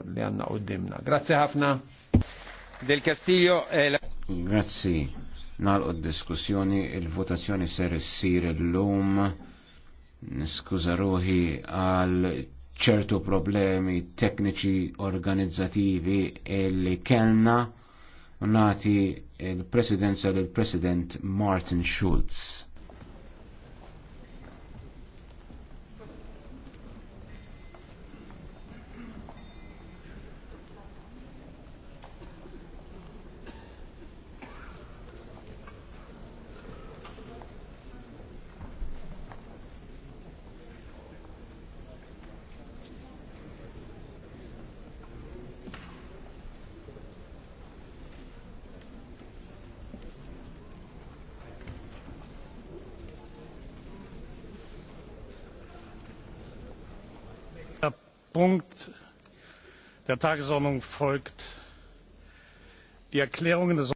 li għanna u dimna. Grazie ħafna. Del Castillo. Eh, Grazzi. Nalqu diskussjoni il-votazzjoni ser sir l-lum. Niskuza ruħi għal ċertu problemi tekniċi organizzativi li kellna nati il-presidenza l-president Martin Schulz. Der Tagesordnung folgt die Erklärung des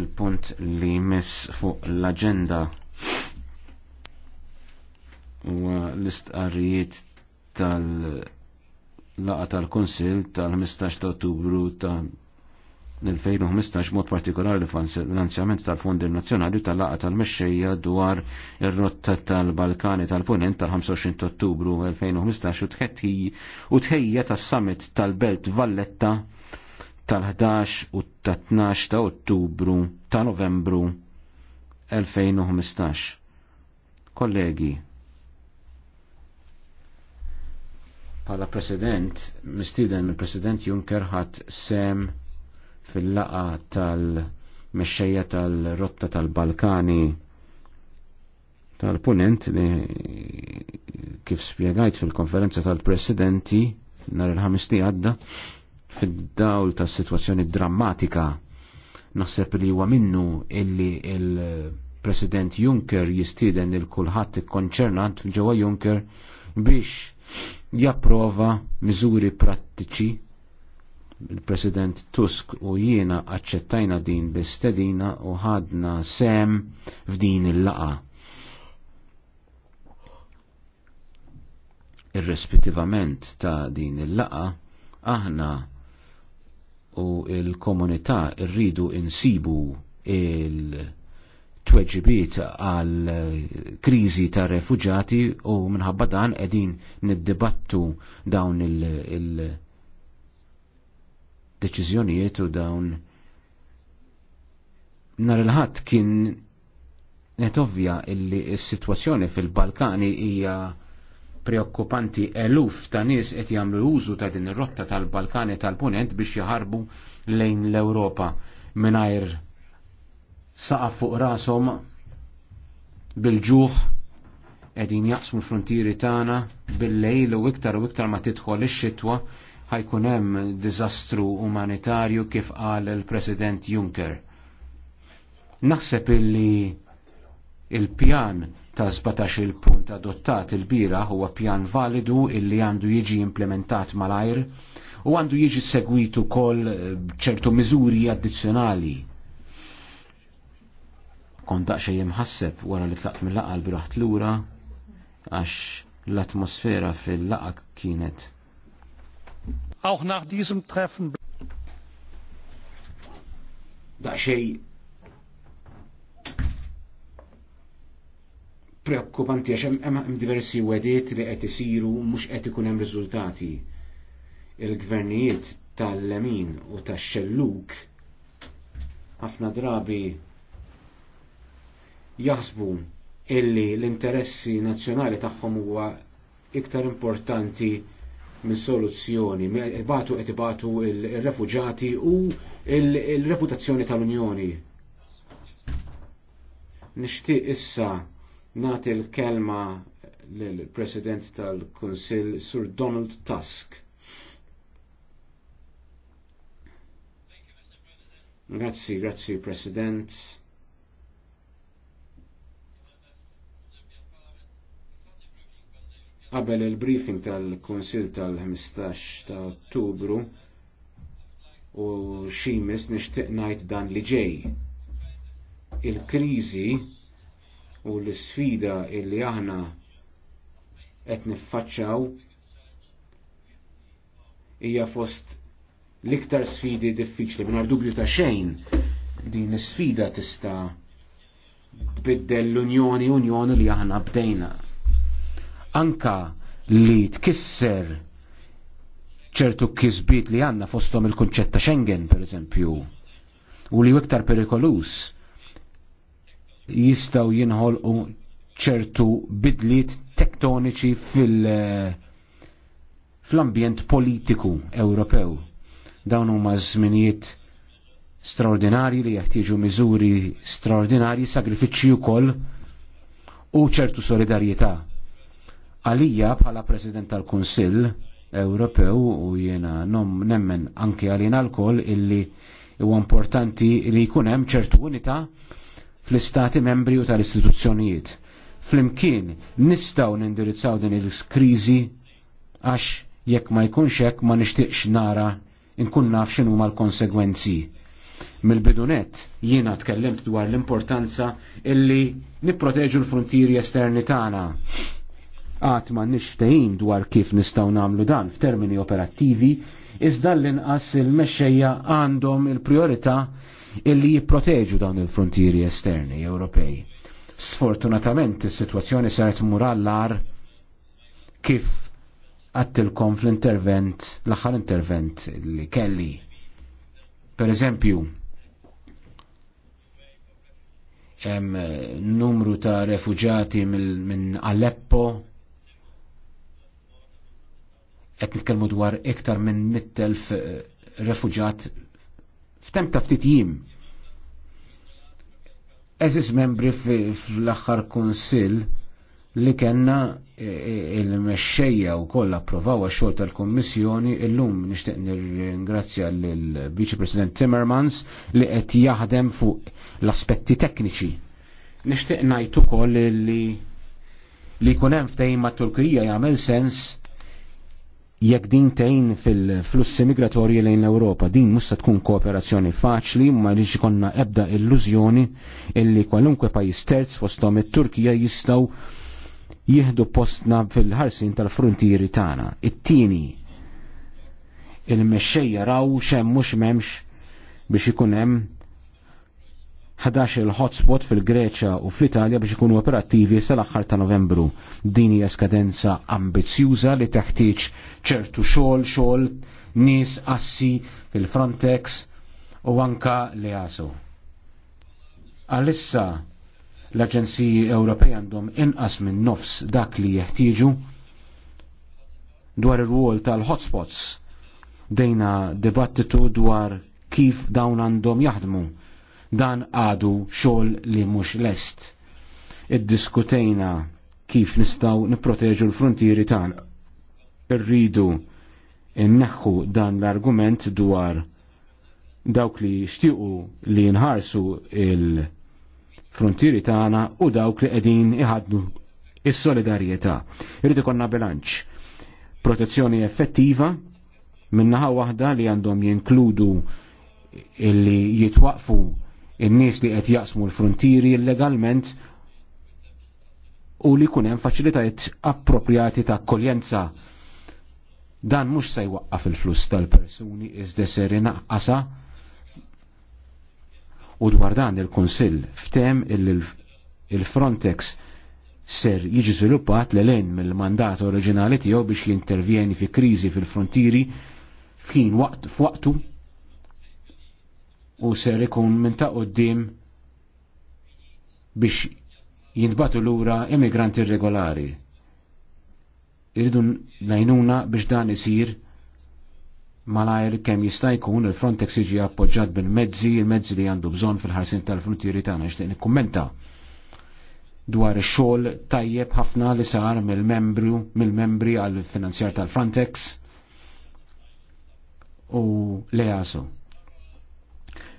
Il-punt li mis fuq l-agenda u l istqarijiet tal-laqa tal-Konsil tal-15 ta' Ottubru ta' l-2015 mod partikolari l-finanzjament tal-Fondi Nazzjonali tal-laqa tal-mexxejja dwar ir-rotta tal-Balkani tal-Punent tal-25 Ottubru 2015 u u tħejja tas-summit tal-Belt Valletta tal-11 u tal 12 ta' Ottubru ta' Novembru 2015. Kollegi, pala President, mistiden il president Juncker ħadd sem fil-laqa tal-mexxejja tal-rotta tal-Balkani tal-punent li kif spiegajt fil-konferenza tal-presidenti nar il ħamisti għadda fid-dawl ta' situazzjoni drammatika naħseb li huwa minnu illi il-President Juncker jistieden il kulħadd ikkonċernat ġewwa Juncker biex japprova miżuri prattiċi il-President Tusk u jiena aċċettajna din l-istedina u ħadna sem f'din il-laqa. Irrespettivament ta' din il-laqa, aħna u il-komunità irridu insibu il-tweġibiet għal kriżi ta' refugjati u minħabba dan edin niddibattu dawn il-, il deċiżjonijiet u dawn nar il-ħadd kien net ovvja illi s-sitwazzjoni fil-Balkani hija preokkupanti eluf ta' nies qed jagħmlu użu ta' din ir-rotta tal-Balkani tal-Punent biex jaħarbu lejn l-Ewropa mingħajr saqaf fuq rashom bil-ġuħ qegħdin jaqsmu l-frontieri tagħna bil-lejl u iktar u iktar ma tidħol ix-xitwa ħajkun hemm diżastru umanitarju kif qal il-President Juncker. Naħseb illi il-pjan ta' 17 il-punt adottat il-bira huwa pjan validu illi għandu jiġi implementat malajr u għandu jiġi segwitu kol ċertu miżuri addizzjonali. Kont daqxej jimħasseb wara li tlaqt mill-laqqa l-biraħt lura għax l-atmosfera fil-laqqa kienet Auch nach diesem Treffen Daċej preokkupanti għax hemm diversi wedit li qed isiru mhux qed ikun hemm riżultati. Il-gvernijiet tal-lemin u tax-xelluk ħafna drabi jaħsbu illi l-interessi nazzjonali tagħhom huwa iktar importanti mis-soluzzjoni, batu qed ibatu il-refuġati u il-reputazzjoni tal-Unjoni. Nixtieq issa nagħti l-kelma l-President tal-Kunsill Sur Donald Tusk. Grazzi, grazzi President. Qabel il-briefing tal-Konsil tal-15 ta' Ottubru u ximis nixtieq ngħid dan li ġej. Il-kriżi u l-sfida illi aħna qed niffaċċaw hija fost l-iktar sfidi diffiċli mingħajr dubju ta' xejn din l-sfida tista' tbiddel l-Unjoni Unjoni li aħna bdejna anka li tkisser ċertu kisbit li għanna fostom il-kunċett ta' Schengen, per eżempju, u li iktar perikolus jistaw jinħolqu ċertu bidliet tektoniċi fil- fl-ambjent politiku Ewropew. Dawn huma żminijiet straordinarji li jeħtieġu miżuri straordinarji, sagrifiċċju wkoll u ċertu solidarjetà Għalija bħala President tal-Kunsill Ewropew u jena nom nemmen anke għalina l illi huwa importanti li jkun hemm ċertu unità fl-istati membri u tal-istituzzjonijiet. Flimkien nistgħu nindirizzaw din il-kriżi għax jekk ma jkunx hekk ma nixtieqx nara inkun naf x'inhu mal-konsegwenzi mill-bidunet jiena tkellimt dwar l-importanza illi nipproteġu l-frontieri esterni tagħna Għat ma nishtajin dwar kif nistaw namlu dan f'termini operattivi, iżda l-inqas il-mexxejja għandhom il-priorità illi jipproteġu dawn il-frontieri esterni Ewropej. Sfortunatament is-sitwazzjoni saret murallar kif għattilkom fl-intervent, l-aħħar intervent li kelli. Per eżempju, hemm numru ta' refuġati minn Aleppo, qed nitkellmu dwar iktar minn mittelf eh, refuġat f'temp ta' ftit jiem. Eżis membri fl-aħħar kunsill li kenna eh, eh, il-mexxejja u koll approvaw għax-xogħol tal-Kummissjoni illum nixtieq nirringrazzja lil Vice President Timmermans li qed jaħdem fuq l-aspetti tekniċi. Nixtieq ngħid ukoll li li jkun hemm ftehim mat-Turkija jagħmel sens jekk din tgħin fil-flussi migratorji lejn l-Ewropa, din mhux se tkun kooperazzjoni faċli, ma rridx konna ebda illużjoni illi kwalunkwe pajjiż terz fosthom it-Turkija jistgħu jieħdu postna fil-ħarsin tal-frontieri tagħna. It-tieni il-mexxejja raw xemm mhux m'hemmx biex ikun hemm 11 hotspot fil-Greċa u fl-Italja biex ikunu operattivi sal-aħħar ta' Novembru. Din hija skadenza ambizjuża li teħtieġ ċertu xogħol xogħol nies assi fil-Frontex u anka li jasu. Għalissa l-Aġenziji Ewropej għandhom inqas minn nofs dak li jeħtieġu dwar ir-rwol tal-hotspots dejna dibattitu dwar kif dawn għandhom jaħdmu dan għadu xogħol li mhux lest. Iddiskutejna kif nistgħu nipproteġu l-frontieri tagħna. Irridu inneħħu dan l-argument dwar dawk li xtiequ li nħarsu il-frontieri tagħna u dawk li qegħdin iħadnu is-solidarjetà. Irrid ikollna bilanċ. Protezzjoni effettiva minnaħa waħda li għandhom jinkludu illi jitwaqfu in-nies li qed jaqsmu l-frontieri illegalment u li jkun hemm faċilitajiet appropjati ta' akkoljenza. Dan mhux se jwaqqaf il-fluss tal-persuni iżda ser inaqqasa u dwar dan il-Kunsill ftem il-Frontex ser jiġi żviluppat l lejn mill-mandat oriġinali tiegħu biex jintervjeni fi kriżi fil-frontieri f'ħin waqt f'waqtu u ser ikun minn ta' qoddim biex jintbatu lura immigranti irregolari. Irridu najnuna biex dan isir malajr kemm jista' jkun il-Frontex jiġi appoġġjat bil-mezzi, il-mezzi li għandu bżonn fil-ħarsin tal-frontieri tagħna xtieq nikkummenta dwar ix-xogħol tajjeb ħafna li sar mill-membru mill-membri għall finanzjar tal-Frontex u l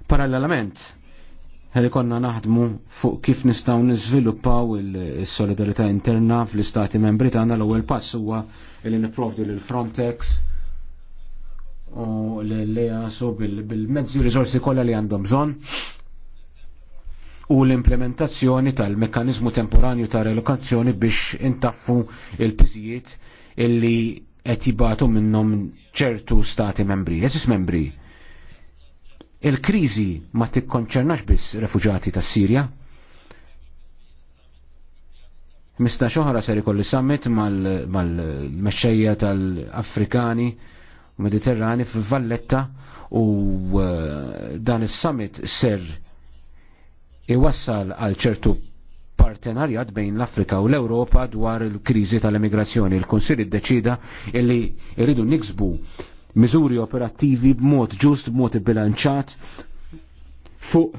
Parallelament, ħalli konna naħdmu fuq kif nistaw niżviluppaw il-solidarità interna fl-istati membri tagħna l-ewwel pass huwa li nipprovdu lil Frontex u li e u bil-mezzi riżorsi kollha li għandhom bżonn u l-implementazzjoni tal-mekkanizmu temporanju ta' relokazzjoni biex intaffu il-piżijiet illi qed jibatu minnhom ċertu stati membri, eżis membri Il-kriżi ma tikkonċernax biss refuġati tas Sirja. Mista xoħra ser ikolli summit mal-mexxejja mal tal-Afrikani u Mediterrani f'Valletta u uh, dan is-summit ser iwassal għal ċertu partenarjat bejn l-Afrika u l-Europa dwar il-kriżi tal-immigrazzjoni. il d iddeċida illi irridu niksbu miżuri operattivi b'mod ġust, b'mod bilanċat fuq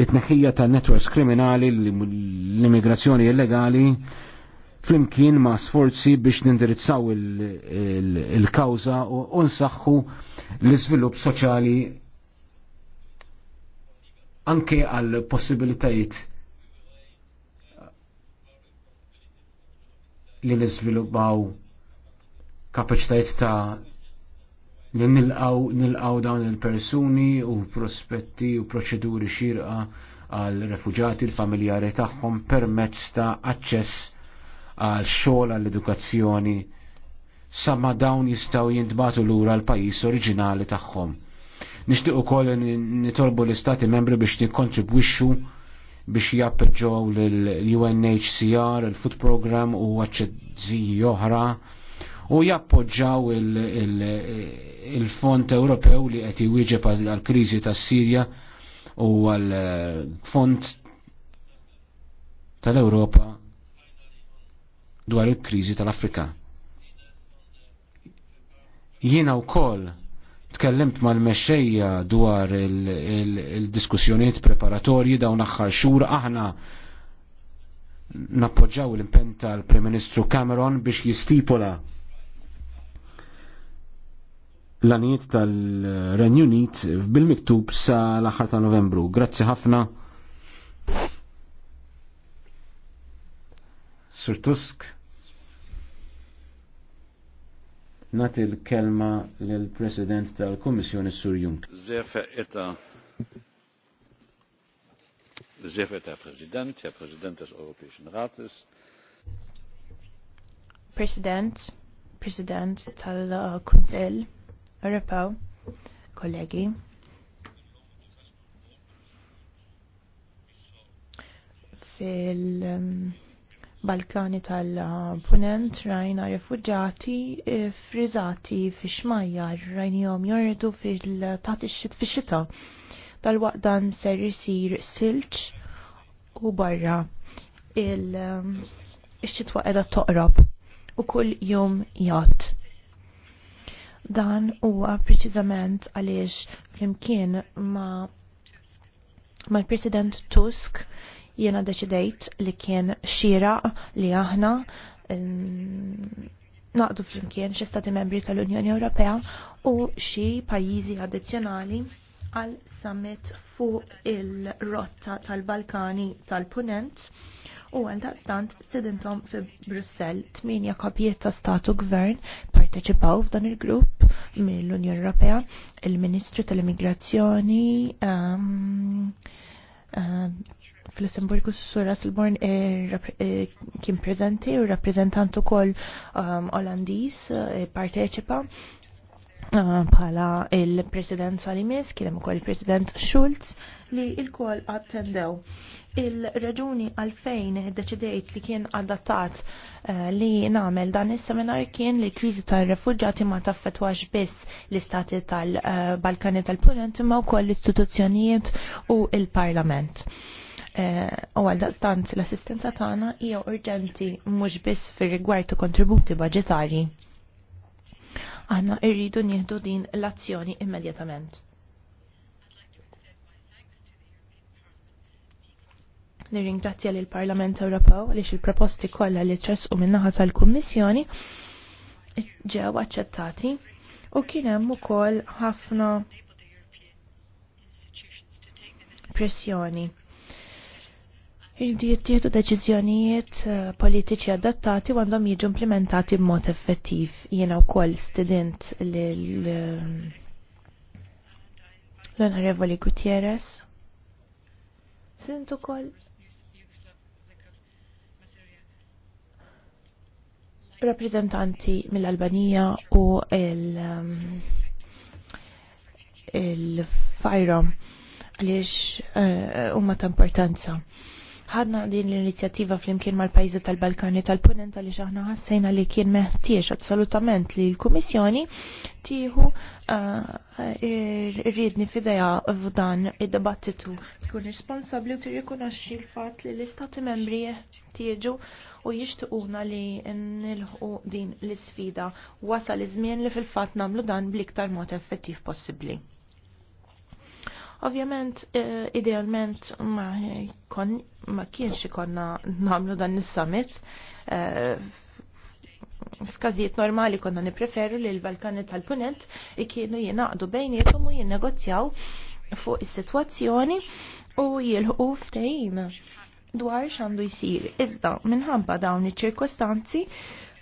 it tneħħija ta' networks kriminali, l-immigrazzjoni illegali, flimkien ma' sforzi biex nindirizzaw il-kawza u nsaxħu l-izvilup soċjali anke għal possibilitajiet li l kapaċitajiet ta' li nilqaw nilqaw dawn il-persuni u prospetti u proċeduri xirqa għal refuġati l-familjari tagħhom permezz ta' aċċess għal xogħol għall edukazzjoni ma dawn jistgħu jintbatu lura l pajjiż oriġinali tagħhom. Nixtieq ukoll nitolbu l-istati membri biex nikkontribwixxu biex jappeġġaw l-UNHCR, il-Food Program u għacċezziji oħra u jappoġġaw il-Fond Ewropew li qed jwieġeb għall-kriżi tas-Sirja u għall-Fond eh, tal-Ewropa dwar il-kriżi tal-Afrika. Jiena wkoll tkellimt mal-mexxejja dwar il-diskussjonijiet preparatorji dawn aħħar xhur aħna nappoġġaw l-impenn tal-Prim Ministru Cameron biex jistipula l-anijiet tal renjunit Unit bil-miktub sa l-aħħar ta' Novembru. Grazzi ħafna. Sur Tusk. Nati l-kelma l-President tal komissjoni Sur Jung. Zefe eta. Zefe eta President, ja President des Europäischen Rates. President, President tal-Kunsel. Uh, Repaw, kollegi. Fil-Balkani tal-Punent rajna rifugġati eh, frizzati fi xmajjar rajnijom jordu fil-tatixxit fi xita tal-waqt dan ser jisir silġ u barra il-xitwa eh, edha toqrob u kull jum jgħat Dan huwa preċiżament għaliex flimkien ma mal-President Tusk jiena deċidejt li kien xieraq li aħna naqdu flimkien xi stati membri tal-Unjoni Ewropea u xi pajjiżi addizzjonali għal summit fuq il-rotta tal-Balkani tal-Punent u għal daqstant sedintom fi Brussel tminja kopijiet ta' statu gvern parteċipaw f'dan il-grupp mill-Unjoni Ewropea, il-Ministru tal-Immigrazzjoni um, ehm, uh, ehm, lussemburgu Silborn eh, eh, kien prezenti u rappresentantu ukoll Olandis ehm, Olandiż eh, parteċipa pala il-President Salimis, kienem u il-President Schulz li il-kol attendew. Il-raġuni għalfejn deċidejt li kien adattat eh, li namel dan is-seminar kien li kriżi tal-refugġati ma taffetwax biss l-istati tal-Balkani tal-Punent u wkoll l-istituzzjonijiet u il-Parlament. Eh, u għal l-assistenza tagħna hija urġenti mhux biss fir-rigward kontributi budġetarji Aħna irridu njihdu din l-azzjoni immedjatament. Nirringrazzja lill parlament Ewropew għaliex il-proposti kollha li ċessu min-naħa tal-Kummissjoni ġew aċċettati u kien hemm ukoll ħafna pressjoni il Irdi jittieħdu deċizjonijiet eh, politiċi adattati għandhom jiġu implementati b'mod effettiv. Jiena u wkoll student eh, l-Onorevoli Gutierrez. Sintu ukoll rappresentanti mill-Albanija u eh, il-Fajra għaliex huma ta' importanza ħadna din l-inizjattiva flimkien mal-pajjiżi tal-Balkani tal-Punent li xaħna ħassejna li kien meħtiex assolutament li l-Kummissjoni tieħu eh, rridni fideja f'dan id-dibattitu tkun responsabbli u tirrikonoxxi l-fatt li l-Istati membri jeħtieġu u jixtiquna li nilħu din l-isfida wasal iż-żmien li fil-fatt nagħmlu dan bl-iktar mod effettiv possibbli. Ovvjament, eh, idealment ma, kon, ma kienx ikonna namlu dan is-summit. Eh, f'każijiet normali konna nipreferu li l-Balkani tal-Punent kienu jinaqdu bejnietum u jinnegozjaw fuq is-sitwazzjoni u jilħu ftehim dwar x'għandu jsir. Iżda minħabba dawn iċ-ċirkostanzi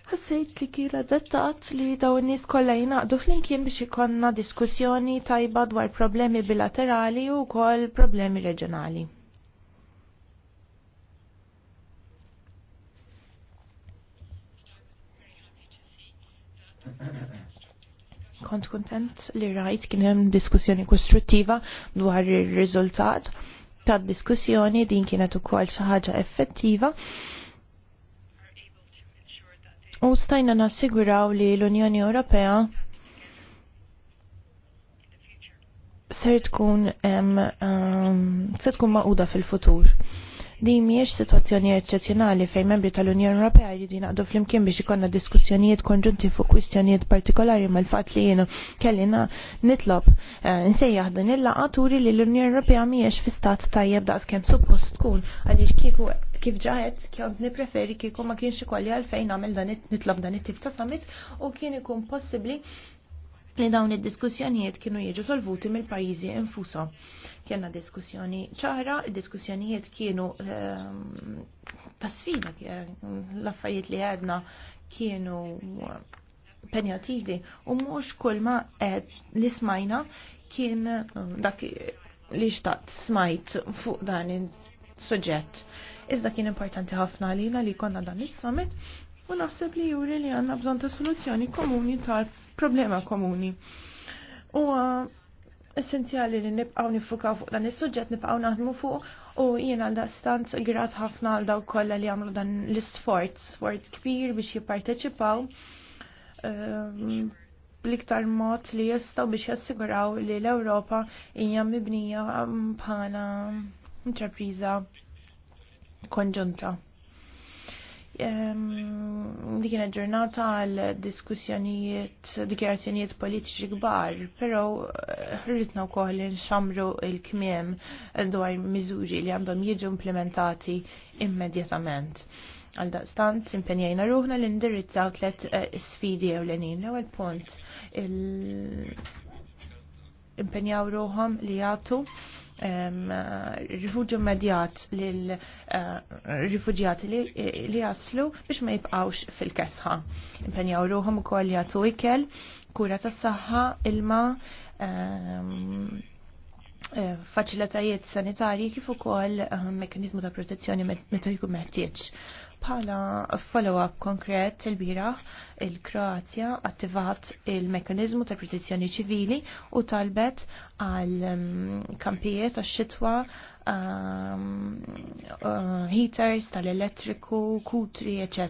ħassejt li kira dettat li daw n-nis kolla jinaqdu flimkien biex ikonna diskussjoni tajba dwar problemi bilaterali u kol problemi reġjonali. Kont kontent li rajt kien hemm diskussjoni kostruttiva dwar ir-riżultat tad-diskussjoni din kienet ukoll xi ħaġa effettiva u stajna nassiguraw li l-Unjoni Ewropea ser tkun um, se tkun maquda fil-futur. Di miex situazzjoni eccezzjonali fej membri tal-Unjoni Ewropea jridu naqdu flimkien biex ikonna diskussjonijiet konġunti fuq kwistjonijiet partikolari mal-fatt li jiena kellina nitlob uh, nsejjaħ din il laqgħa turi li l-Unjoni Ewropea miex fi stat tajjeb daqskemm suppost tkun għaliex kieku kif ġaħet kont nipreferi kieku ma kienx ikolli għalfejn nagħmel dan nitlob dan it-tip ta' summit u kien ikun possibbli li dawn id-diskussjonijiet kienu jiġu solvuti mill-pajjiżi infushom. Kienna diskussjoni ċara, diskussjonijiet kienu ehm, ta' sfida l-affarijiet li għedna kienu penjativi u mhux kull ma li smajna kien ehm, dak li xtaqt smajt fuq dan il-soġġett. Iżda kien importanti ħafna għalina li konna dan is-summit u naħseb li juri li għanna bżon ta' soluzzjoni komuni tal-problema komuni. U uh, essenzjali li nibqaw nifukaw fuq dan is-suġġett nibqaw naħdmu fuq u jien għal stanz grat ħafna għal dawk kollha li għamlu dan l-isforz, sforz kbir biex jipparteċipaw um, bliktar mod li jistgħu biex jassiguraw li l-Ewropa hija mibnija bħala intrapriża konġunta. Dik kienet ġurnata għal diskussjonijiet, dikjarazzjonijiet politiċi kbar, pero eh, rritna wkoll nxamru il-kmiem dwar miżuri li għandhom jiġu implementati immedjatament. Għal daqstant, impenjajna ruħna l-indirizza tlet eh, sfidi u L-ewwel punt, impenjaw ruħom li jagħtu Eh, rifugju medjat lil eh, rifugjati li jaslu biex ma jibqawx fil-kesħa. Impenjaw ruħom u koll jatu ikel, kura tas saħħa ilma, eh, faċilitajiet sanitarji kif ukoll mekanizmu ta' protezzjoni meta jkun meħtieġ. Bħala follow-up konkret il-biraħ, il-Kroatja attivat il-mekanizmu ta' protezzjoni ċivili u talbet għal um, kampijiet għax xitwa um, uh, heaters tal-elettriku, kutri, etc.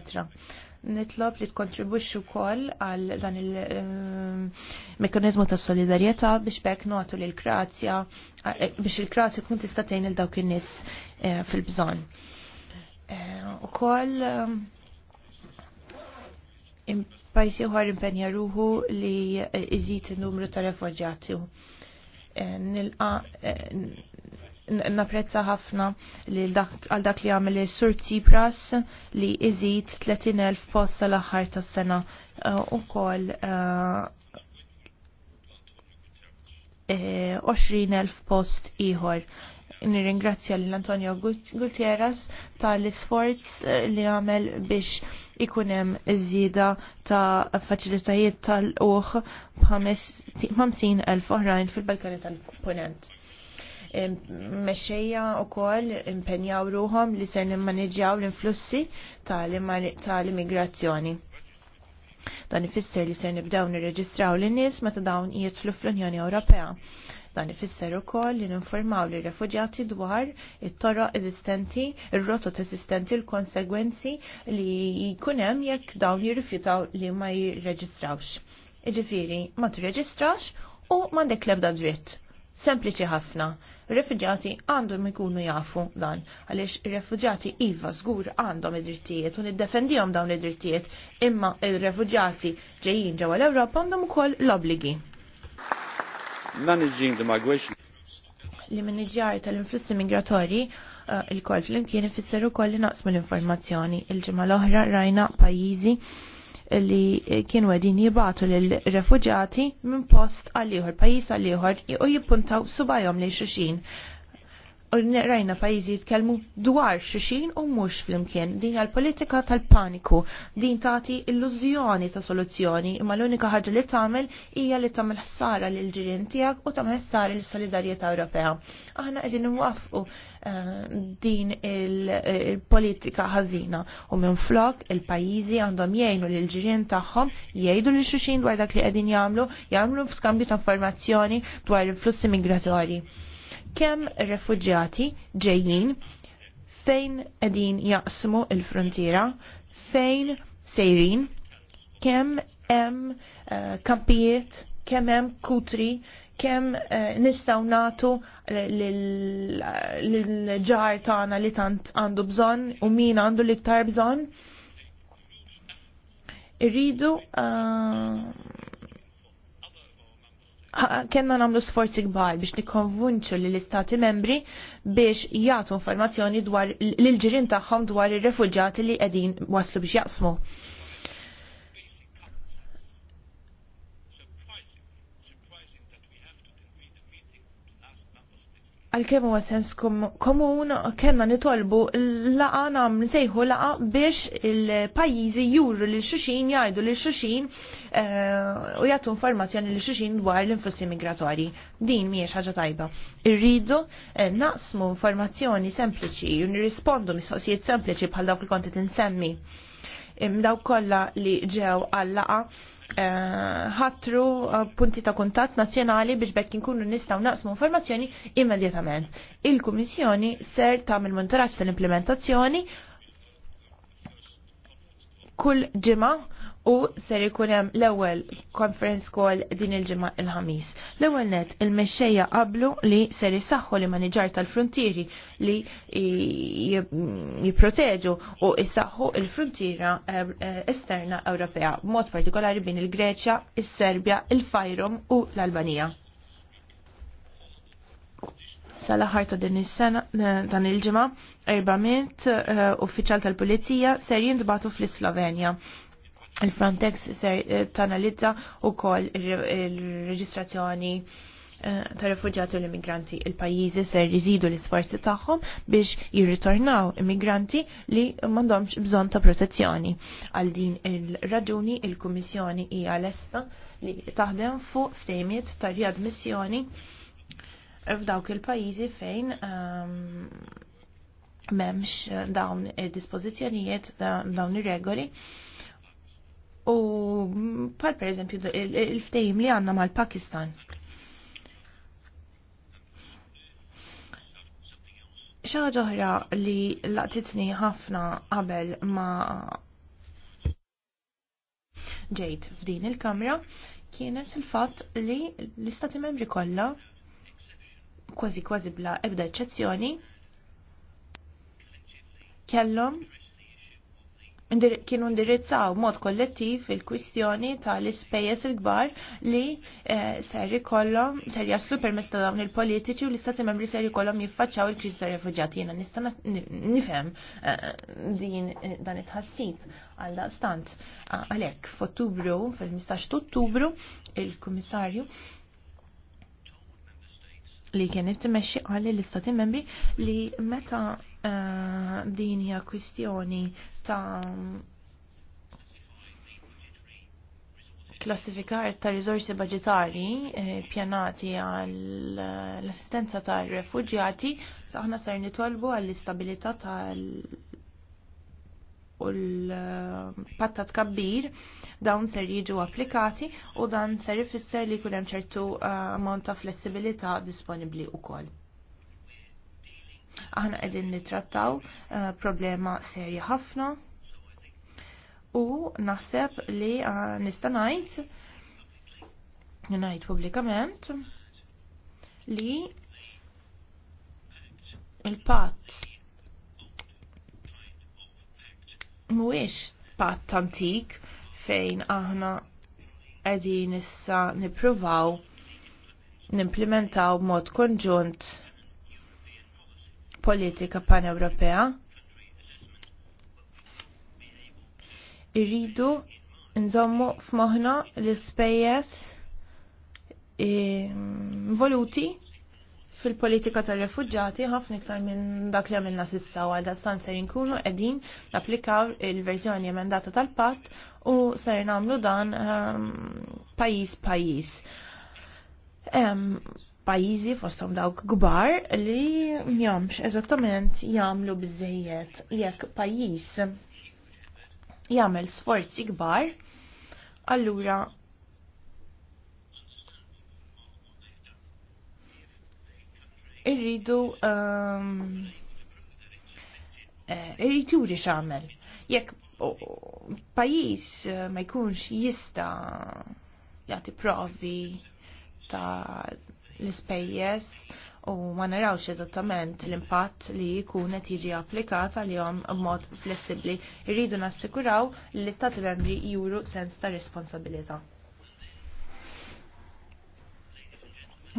nitlob li tkontribwixxu wkoll għal dan il-mekanizmu um, ta' solidarjetà biex bekk nagħtu l Kroazja eh, biex il-Kroazja tkun tista' tgħin il dawk in-nies eh, fil-bżonn. Eh, u koll um, pajsi uħar impenja ruħu li eh, iżid numru ta' refugjati. Eh, Naprezza ħafna għal dak li għamil sur Tsipras li iżit 30.000 post sal aħħar tas sena u koll 20.000 post iħor nirringrazzja l antonio Gutierrez tal-isforz eh, li għamel biex ikunem iż-żieda ta' faċilitajiet tal-uħ elf oħrajn fil-Balkani tal-Ponent. Mexxejja wkoll impenjaw ruhom li ser nimmaneġjaw l-influssi tal-immigrazzjoni. Dan ifisser li ser nibdew nirreġistraw lin nies meta dawn jiet fl-Unjoni Ewropea Dan ifisser ukoll li ninformaw li refuġjati dwar it-toroq eżistenti, ir-rotot eżistenti, l-konsegwenzi li jkun hemm jekk dawn jirrifjutaw li ma jirreġistrawx. Iġifieri, ma tirreġistrax u m'għandek l-ebda dritt sempliċi ħafna. Refugjati għandhom ikunu jafu dan, għaliex refugjati iva żgur għandhom id-drittijiet u niddefendihom dawn id-drittijiet, imma il-refugjati ġejjin ġewwa l-Ewropa għandhom ukoll l-obligi managing the migration li manager tal-influssi migratorji uh, il-koll fl-imkien ifisser ukoll li naqsmu l-informazzjoni. Il-ġimgħa l-oħra rajna pajjiżi li kienu wedin jibatu l-refugjati minn post għal-liħor, pajjiż għal-liħor, u jippuntaw subajom li xuxin. U rajna pajizi jitkelmu dwar xuxin u mux flimkien. Din għal-politika tal-paniku, din tati illużjoni ta' soluzzjoni, imma l-unika ħaġa li tagħmel hija li tagħmel ħsara l ġirien tiegħek u tagħmel ħsara lil solidarjetà Ewropea. Aħna qegħdin nwafqu eh, din il-politika ħażina u minn flok il-pajjiżi għandhom jgħinu l ġirien tagħhom jgħidu li xuxin dwar dak li qegħdin jagħmlu, jagħmlu f'skambju ta' informazzjoni dwar il-flussi migratorji kemm refugjati ġejjin fejn qegħdin jaqsmu il-frontiera, fejn sejrin, kemm hemm uh, kampijiet, kemm hemm kutri, kemm uh, nistgħu nagħtu lill-ġar tagħna li tant għandu bżonn u min għandu l-iktar bżonn. Irridu uh, kena namlu sforzi kbar biex nikonvunċu li l-istati membri biex jgħatu informazzjoni dwar l-ġirin tagħhom dwar ir refugġati li qegħdin waslu biex jaqsmu. għal-kem huwa sens komun kena nitolbu laqa nam nsejħu laqa biex il-pajjiżi juru li xuxin jgħidu li xuxin eh, u jagħtu informazzjoni li xuxin dwar l-influssi migratorji. Din mhijiex ħaġa tajba. Irridu eh, naqsmu informazzjoni sempliċi u nirrispondu mistoqsijiet sempliċi bħal dawk li konti tinsemmi. Dawk kollha li ġew għal laqa Eh, ħatru eh, punti ta' kuntatt nazzjonali biex bekk inkunu nistgħu naqsmu informazzjoni immedjatament. Il-Kummissjoni ser tagħmel monitoraġġ tal-implementazzjoni kull ġimgħa u ser ikun hemm l-ewwel conference call din il-ġimgħa il-ħamis. L-ewwel net il-mexxejja qablu li ser isaħħu li maniġar tal-frontieri li jipproteġu u isaħħu il-frontiera eh, esterna Ewropea, b'mod partikolari bin il-Greċja, is-Serbja, il-Fajrom u l-Albanija sal-aħħar ta' din is-sena eh, dan il-ġimgħa erb'ament eh, uffiċjal tal-Pulizija ser jintbagħtu fl-Slovenja il-Frontex ser eh, tanalizza u koll il-reġistrazzjoni eh, ta' rifugjati u l-immigranti. Il-pajizi ser jizidu l-isforzi tagħhom biex jirritornaw immigranti li m'għandhomx bżonn ta' protezzjoni. Għal din il-raġuni il-Kummissjoni hija lesta li taħdem fuq ftejmiet ta' riadmissjoni f'dawk il-pajizi fejn memx ehm, dawn il-dispozizjonijiet, dawn ir-regoli. il regoli U pal per eżempju il ftejm li għanna mal-Pakistan. ċaħġa oħra li laqtitni ħafna qabel ma ġejt f'din il-kamra kienet il-fatt li l-istati membri kollha kważi kważi bla ebda eċċezzjoni kellhom kienu ndirizzaw mod kollettiv il-kwistjoni tal-ispejjeż il-kbar li eh, ser ikollhom ser jaslu permezz ta' dawn il-politiċi u l-istati membri ser ikollhom jiffaċċaw il-kriżi ta' refuġjati. Jiena nista' nifhem eh, din eh, dan it-ħassib għal stant. Għalhekk f'Ottubru, fil-15 Ottubru, il-Kummissarju li kien timmexxi għal l-istati membri li meta Eh, din hija kwistjoni ta' klassifikar ta' rizorsi budgetari eh, pjanati għall-assistenza eh, ta' refugjati, saħna sar nitolbu għall-istabilità tal u l-patta tkabbir dawn ser jiġu applikati u dan ser ifisser li kull hemm ċertu ammont ta' flessibilità disponibbli wkoll. Aħna qegħdin nittrattaw eh, problema serja ħafna u naħseb li eh, nista' ngħid ngħid pubblikament li il-patt mhuwiex patt antik fejn aħna qegħdin issa nippruvaw nimplementaw b'mod konġunt politika pan-Ewropea. Irridu nżommu f'moħħna l-ispejjeż ehm, voluti fil-politika tal-refugġati ħafna iktar minn dak li għamilna sissa u għalda stan ser inkunu qegħdin napplikaw il-verżjoni emendata tal-patt u ser nagħmlu dan ehm, pajjiż pajjiż. Ehm, pajizi fostom dawk gbar li jomx eżattament jamlu bizzejiet jekk pajiz jamel sforzi gbar allura irridu um, irrid juri xamel. Jekk pajis eh, ma jkunx jista jati provi ta' l-ispejjeż u ma narawx eżattament l-impatt li jkun qed jiġi applikat għalihom b'mod flessibbli. Irridu nassikuraw li l-Istati Membri juru sens ta' responsabilità.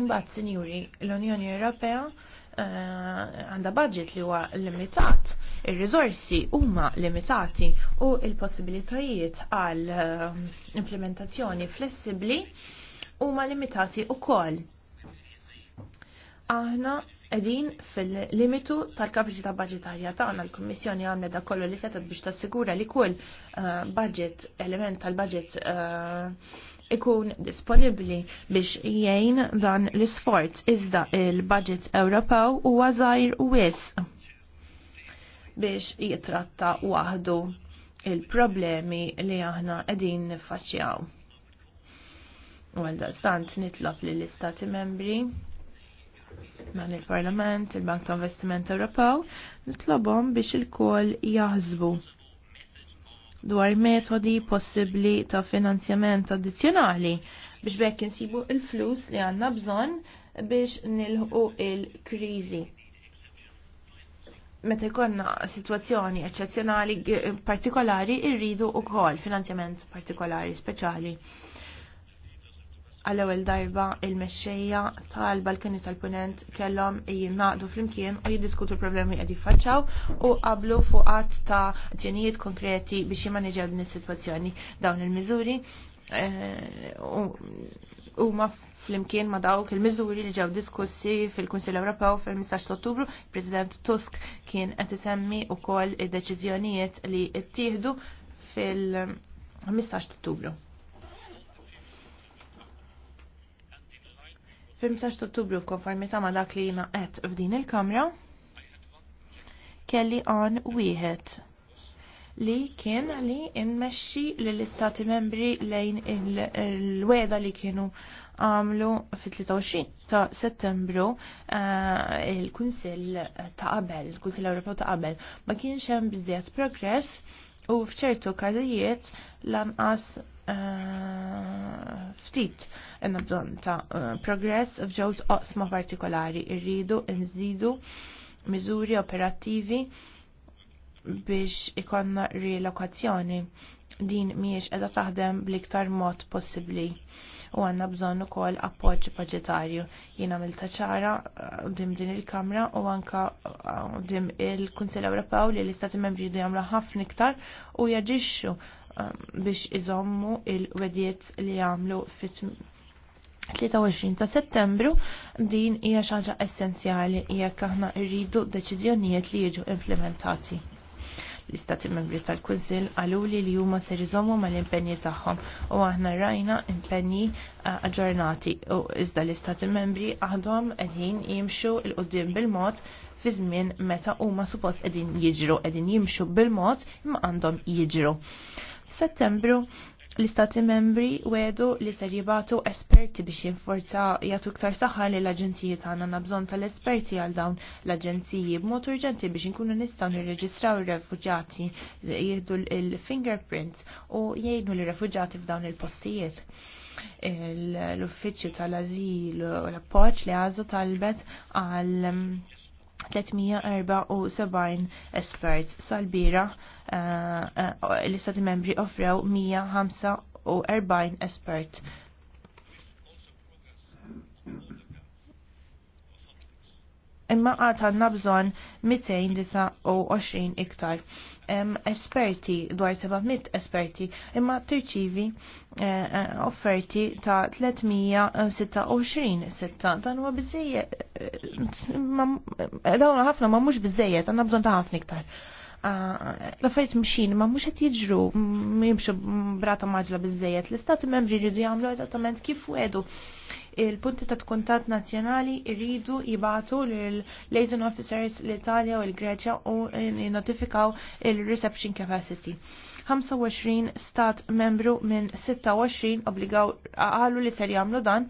Imbagħad, Sinjuri, l-Unjoni Ewropea eh, għandha budget li huwa limitat, ir-riżorsi huma limitati u l-possibilitajiet għal eh, implementazzjoni flessibbli huma limitati wkoll aħna edin fil-limitu tal-kapacità budgetarja tagħna l-Kummissjoni għamle da kollu li setet biex tassigura li kull uh, budget element tal-budget uh, ikun disponibli biex jgħin dan l sfort iżda il-budget Ewropew huwa żgħir wis biex jitratta waħdu il-problemi li aħna qegħdin niffaċċjaw. U well, stant nitlob lill istati membri man il-Parlament, il-Bank ta' Investiment Ewropew, nitlobhom biex il-kol jaħsbu dwar metodi possibbli ta' finanzjament addizzjonali biex bekk insibu il-flus li għandna bżonn biex nilħu il-kriżi meta jkollna sitwazzjoni eċċezzjonali partikolari irridu wkoll finanzjament partikolari speċjali għal ewwel darba il-mexxejja tal-Balkani tal-Punent kellhom jinnaqdu flimkien u jiddiskutu problemi qed jiffaċċaw u qablu fuq ta' ġenijiet konkreti biex jimmaniġew din is-sitwazzjoni dawn il-miżuri eh, huma flimkien ma dawk il-miżuri li ġew diskussi fil-Kunsill Ewropew fil-15 Ottubru, President Tusk kien qed isemmi wkoll id-deċiżjonijiet li ttieħdu fil-15 Ottubru. 15 ottubru f'konformità ma' dak li jiena qed f'din il-kamra kelli għan wieħed li kien li immexxi lill istati membri lejn il-weda li kienu għamlu fit-23 ta' settembru eh, il-Kunsill ta' qabel, il-Kunsill Ewropew ta' qabel, ma kienx hemm biżjed progress u f'ċertu każijiet lanqas Eh, ftit għanna bżon ta' eh, progress fġewt oqsma partikolari irridu nżidu miżuri operattivi biex ikonna rilokazzjoni din miex edha taħdem bliktar mod possibli u għanna bżonnu kol appoġġ budgetarju. Jina milta ċara eh, dim din il-Kamra u anka dim il-Kunsel Ewropew li l-Istati Membri jdu jagħmlu ħafna iktar u jaġixxu Um, biex iżommu il-wedijiet li għamlu fit 23 ta' settembru din hija xaġa essenzjali jekk aħna rridu deċiżjonijiet li jiġu implementati l-istati membri tal-Kunsil għaluli li huma ser iżommu mal-impenji tagħhom u aħna rajna impenji uh, aġġornati u iżda l-istati membri għadhom qegħdin jimxu l qudiem bil-mod fi żmien meta huma suppost qegħdin jiġru qegħdin jimxu bil-mod imma għandhom jiġru. F'Settembru l-istati membri wedu li ser jibatu esperti biex jinforza jagħtu iktar saħħa li l-aġenziji tagħna nabżon tal-esperti għal dawn l-aġenziji b'mod urġenti biex inkunu nistgħu nirreġistraw ir-refuġati jieħdu l-fingerprints u jgħinu l refuġati f'dawn il-postijiet l-uffiċċju tal-azil u l-appoġġ li għazu talbet għal 374 esperts sal-bira eh, eh, l-istati membri offrew 145 esperts imma għad għanna bżon 229 iktar. Esperti, dwar 700 esperti, imma tirċivi eh, eh, offerti ta' 326 sitta. Dan huwa bizzejiet, eh, dawna ħafna ma mhux bizzejiet, għanna bżon ta' ħafna iktar. Ah, l-affarijiet mxin ma mhux qed jiġru jimxu brata maġla bizzejiet. L-istati membri jridu jagħmlu eżattament kif wedu il-punti ta' kuntat nazzjonali irridu jibatu l-liaison officers l-Italja u l-Greċja u notifikaw il-reception capacity. 25 stat membru minn 26 obbligaw għalu li ser jagħmlu dan.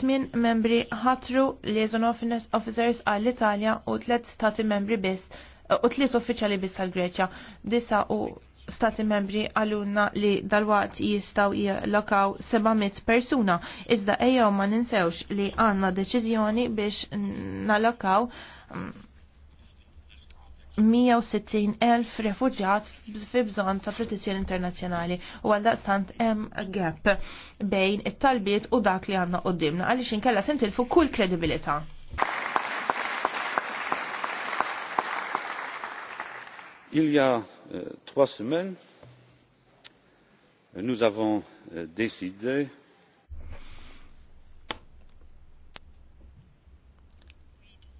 Tmin membri ħatru liaison officers għall-Italja u tliet stati membri biss u tliet uffiċjali biss tal greċja Disa u stati membri għalunna li dal-waqt jistaw jilokaw 700 persuna. Iżda ejjew ma ninsewx li għanna deċizjoni biex nalokaw 160.000 mm, refugjat fi bżon ta' protezzjoni internazzjonali u għal daqstant hemm gap bejn it-talbiet u dak li għandna qoddimna għaliex inkella sentilfu kull kredibilità. Ilja Euh, trois semaines nous avons euh, décidé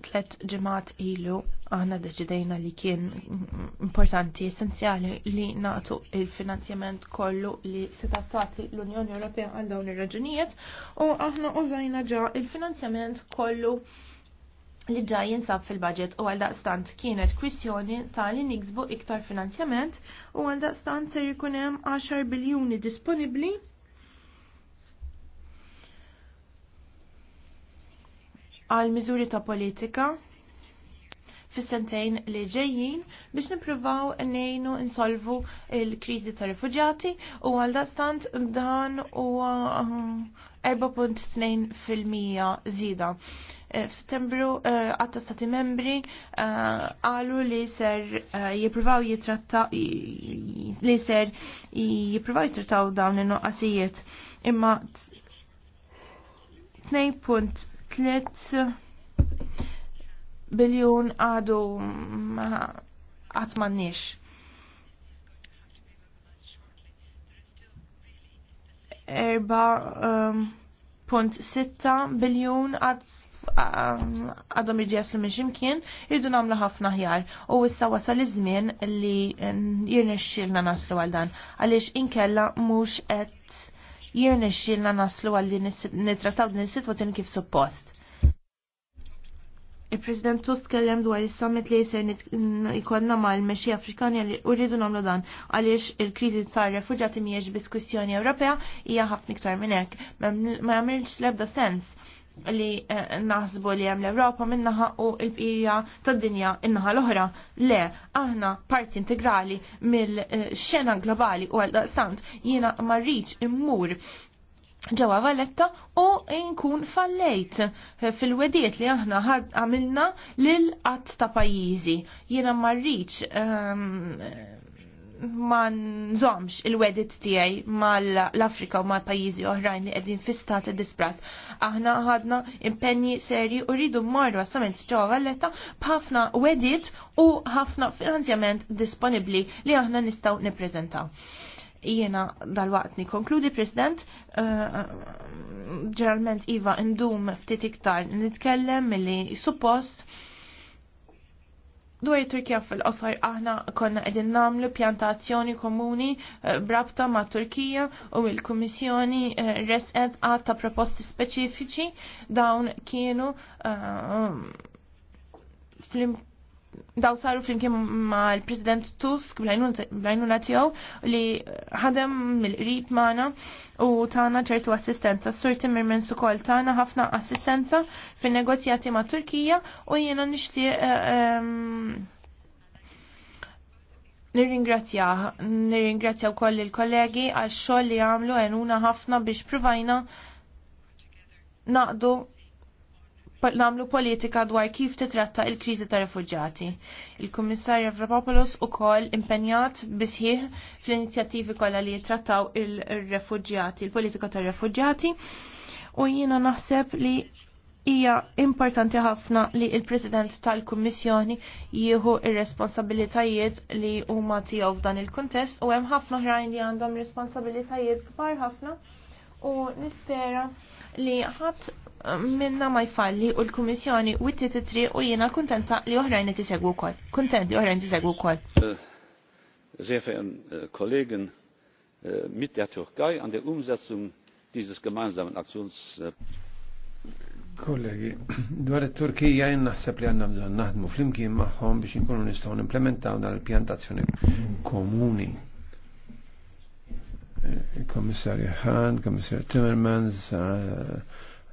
tlet ġemat ilu aħna deċidejna li kien importanti, essenzjali li natu il-finanzjament kollu li setattati tagħti l-Unjoni Ewropea għal dawn ir-raġunijiet u aħna użajna ġa il-finanzjament kollu li ġaj jinsab fil-budget u għal daqstant kienet kwistjoni ta' li niksbu iktar finanzjament u għal daqstant se jkun hemm 10 biljuni disponibbli għal miżuri ta' politika fis-sentejn li ġejjin biex nippruvaw nejnu insolvu l kriżi ta' rifugjati u għal daqstant dan huwa 4.2% zida. Eh, F'Settembru eh, għatta stati membri eh, għalu li ser jipruvaw jitrattaw li ser jipruvaw jitrattaw dawn il-noqqasijiet imma 2.3 biljun għadu għatmannix 4.6 um, biljun għad um, għadhom iġies li minn ximkien, irridu namlu ħafna ħjar. U issa wasal iż-żmien li um, jirnexxilna naslu għal dan, għaliex inkella mhux qed jirnexxilna naslu għal din nitrattaw din is-sitwazzjoni kif suppost. Il-President Tusk kellem dwar is-summit li jser ikollna mal-mexxi Afrikani u rridu nagħmlu dan għaliex il-kriżi tar-refuġjati mhijiex biss Ewropea hija ħafna iktar minn hekk. Ma jagħmilx l-ebda sens li eh, naħsbu li hemm l-Ewropa minnaħa u l-bqija tad-dinja innaħa l-oħra. Le, aħna parti integrali mill-xena eh, globali u għal-daqsant jiena marriċ immur ġewwa Valletta u nkun fallejt fil-wediet li aħna għamilna lil qatt ta' pajjiżi. Jiena marriċ ehm, ma nżomx il-wedit tiegħi mal-Afrika u mal-pajjiżi oħrajn li qegħdin fi stati dispras. Aħna ħadna impenji serji u rridu mmorru għas ġewwa Valletta b'ħafna wedit u ħafna finanzjament disponibbli li aħna nistgħu nippreżentaw. Jiena dal-waqt konkludi President, eh, ġeralment Iva ndum ftit iktar nitkellem milli suppost dwar Turkija fil-qosor aħna konna qegħdin namlu pjantazzjoni komuni eh, brabta ma' Turkija u l-Kummissjoni eh, resqet għad ta' proposti speċifiċi dawn kienu uh, daw saru flimkien ma l-President Tusk bl-għajnuna tiegħu li ħadem mill-qrib magħna u tana ċertu assistenza. Sur Timmermans ukoll tana ħafna assistenza fin-negozjati ma' Turkija u jiena nixtieq eh, ingrazzja ehm, nirringrazzja wkoll il-kollegi għax xogħol li għamlu għenuna ħafna biex provajna naqdu namlu politika dwar kif titratta il-kriżi ta' refugjati. Il-Kummissarju u ukoll impenjat bisħieħ fl-inizjattivi kollha li jitrattaw il-refugjati, il-politika ta' refugjati u jiena naħseb li hija importanti ħafna li il-President tal-Kummissjoni jieħu ir-responsabilitajiet li huma tiegħu f'dan il-kuntest u hemm ħafna oħrajn li għandhom responsabilitajiet kbar ħafna u nispera li ħadd minna ma jfalli u l-Kummissjoni t titri u jiena kuntenta li oħrajn qed segwu kol. Kontent li oħrajn isegwu wkoll. Äh, sehr verehrten äh, Kollegen, äh, mit der Türkei an der Umsetzung dieses gemeinsamen Aktions Kollegi, dwar it-Turkija jien naħseb li għandna bżonn naħdmu flimkien magħhom biex inkunu nistgħu n-implementaw dal pjantazzjoni komuni il-Komissarju Hahn, Komissarju Timmermans, għet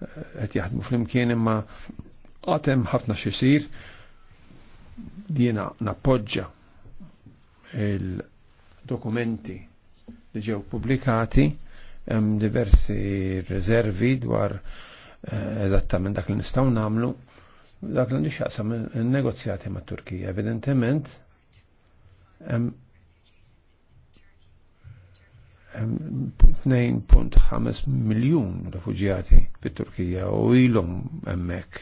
eh, eh, jaħdmu fl-imkien imma għatem ħafna xisir djena nappoġġa il-dokumenti li ġew publikati hemm diversi rezervi dwar eh, eżattament dak li nistgħu nagħmlu dak li nixaqsam negozjati mat-Turkija. Evidentement hemm 2.5 miljun refugjati fit-Turkija u ilhom hemmhekk